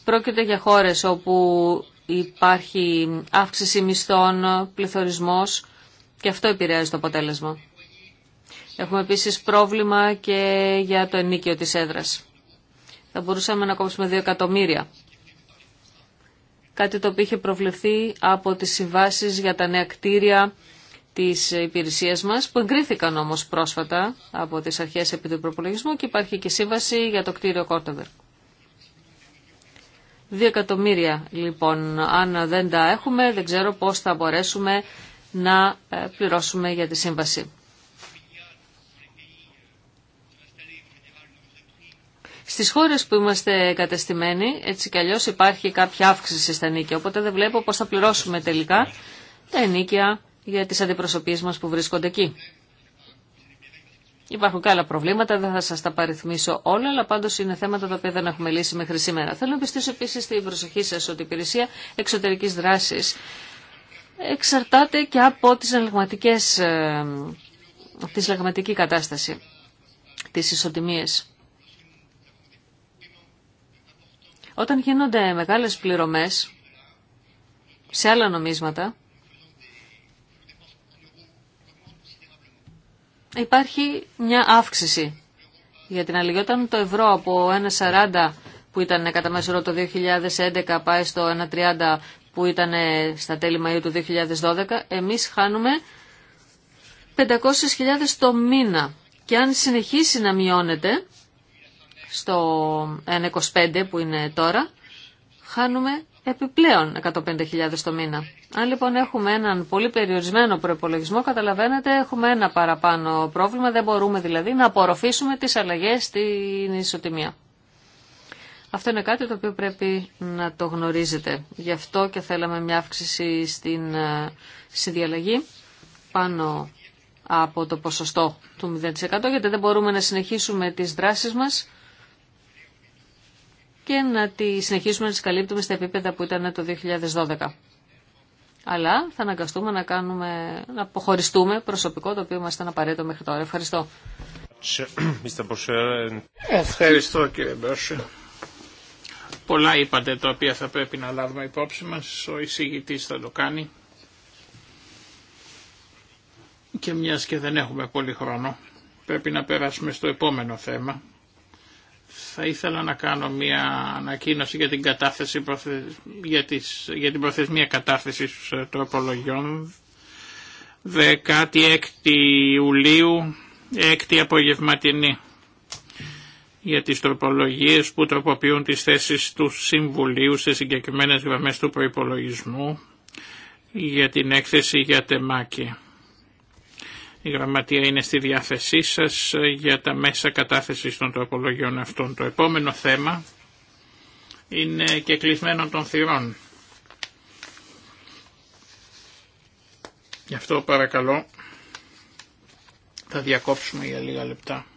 Πρόκειται για χώρες όπου υπάρχει αύξηση μισθών, πληθωρισμός και αυτό επηρεάζει το αποτέλεσμα. Έχουμε επίσης πρόβλημα και για το ενίκιο της έδρας. Θα μπορούσαμε να κόψουμε 2 εκατομμύρια. Κάτι το οποίο είχε προβλεφθεί από τις συμβάσει για τα νέα κτίρια της υπηρεσίας μας, που εγκρίθηκαν όμως πρόσφατα από τις αρχές επί του προπολογισμού και υπάρχει και σύμβαση για το κτίριο Κόρτεβερκ. Δύο εκατομμύρια λοιπόν, αν δεν τα έχουμε, δεν ξέρω πώς θα μπορέσουμε να ε, πληρώσουμε για τη σύμβαση. Στις χώρες που είμαστε κατεστημένοι, έτσι κι αλλιώς υπάρχει κάποια αύξηση στα νίκια, οπότε δεν βλέπω πώς θα πληρώσουμε τελικά τα ενίκια για τις αντιπροσωπείες μας που βρίσκονται εκεί. Υπάρχουν και άλλα προβλήματα, δεν θα σας τα παριθμίσω όλα, αλλά πάντως είναι θέματα τα οποία δεν έχουμε λύσει μέχρι σήμερα. Θέλω να πιστήσω επίση την προσοχή σας ότι η υπηρεσία εξωτερικής δράσης εξαρτάται και από τις τη συλλαγματική ε, κατάσταση, τις ισοτιμίες. Όταν γίνονται μεγάλες πληρωμές σε άλλα νομίσματα, υπάρχει μια αύξηση για την αλληλεγγύη. Όταν το ευρώ από 1,40 που ήταν κατά μέσο το 2011 πάει στο 1,30 που ήταν στα τέλη Μαΐου του 2012, εμείς χάνουμε 500.000 το μήνα. Και αν συνεχίσει να μειώνεται στο 1,25 που είναι τώρα, χάνουμε επιπλέον 150.000 το μήνα. Αν λοιπόν έχουμε έναν πολύ περιορισμένο προπολογισμό, καταλαβαίνετε, έχουμε ένα παραπάνω πρόβλημα, δεν μπορούμε δηλαδή να απορροφήσουμε τι αλλαγέ στην ισοτιμία. Αυτό είναι κάτι το οποίο πρέπει να το γνωρίζετε. Γι' αυτό και θέλαμε μια αύξηση στην ε, συνδιαλλαγή πάνω από το ποσοστό του 0% γιατί δεν μπορούμε να συνεχίσουμε τις δράσεις μας και να τις συνεχίσουμε να τις καλύπτουμε στα επίπεδα που ήταν το 2012 αλλά θα αναγκαστούμε να, κάνουμε, να αποχωριστούμε προσωπικό το οποίο μας ήταν απαραίτητο μέχρι τώρα. Ευχαριστώ. Ευχαριστώ κύριε Μπέρσε. Πολλά είπατε τα οποία θα πρέπει να λάβουμε υπόψη μας. Ο εισηγητής θα το κάνει. Και μιας και δεν έχουμε πολύ χρόνο, πρέπει να περάσουμε στο επόμενο θέμα. Θα ήθελα να κάνω μια ανακοίνωση για την, κατάθεση για, τις... για την προθεσμία κατάθεση ε, τροπολογιών. 16 Ιουλίου, απογευματινή για τις τροπολογίες που τροποποιούν τις θέσεις του Συμβουλίου σε συγκεκριμένες γραμμές του προϋπολογισμού για την έκθεση για τεμάκι. Η γραμματεία είναι στη διάθεσή σας για τα μέσα κατάθεσης των τροπολογιών αυτών. Το επόμενο θέμα είναι και κλεισμένο των θυρών. Γι' αυτό παρακαλώ θα διακόψουμε για λίγα λεπτά.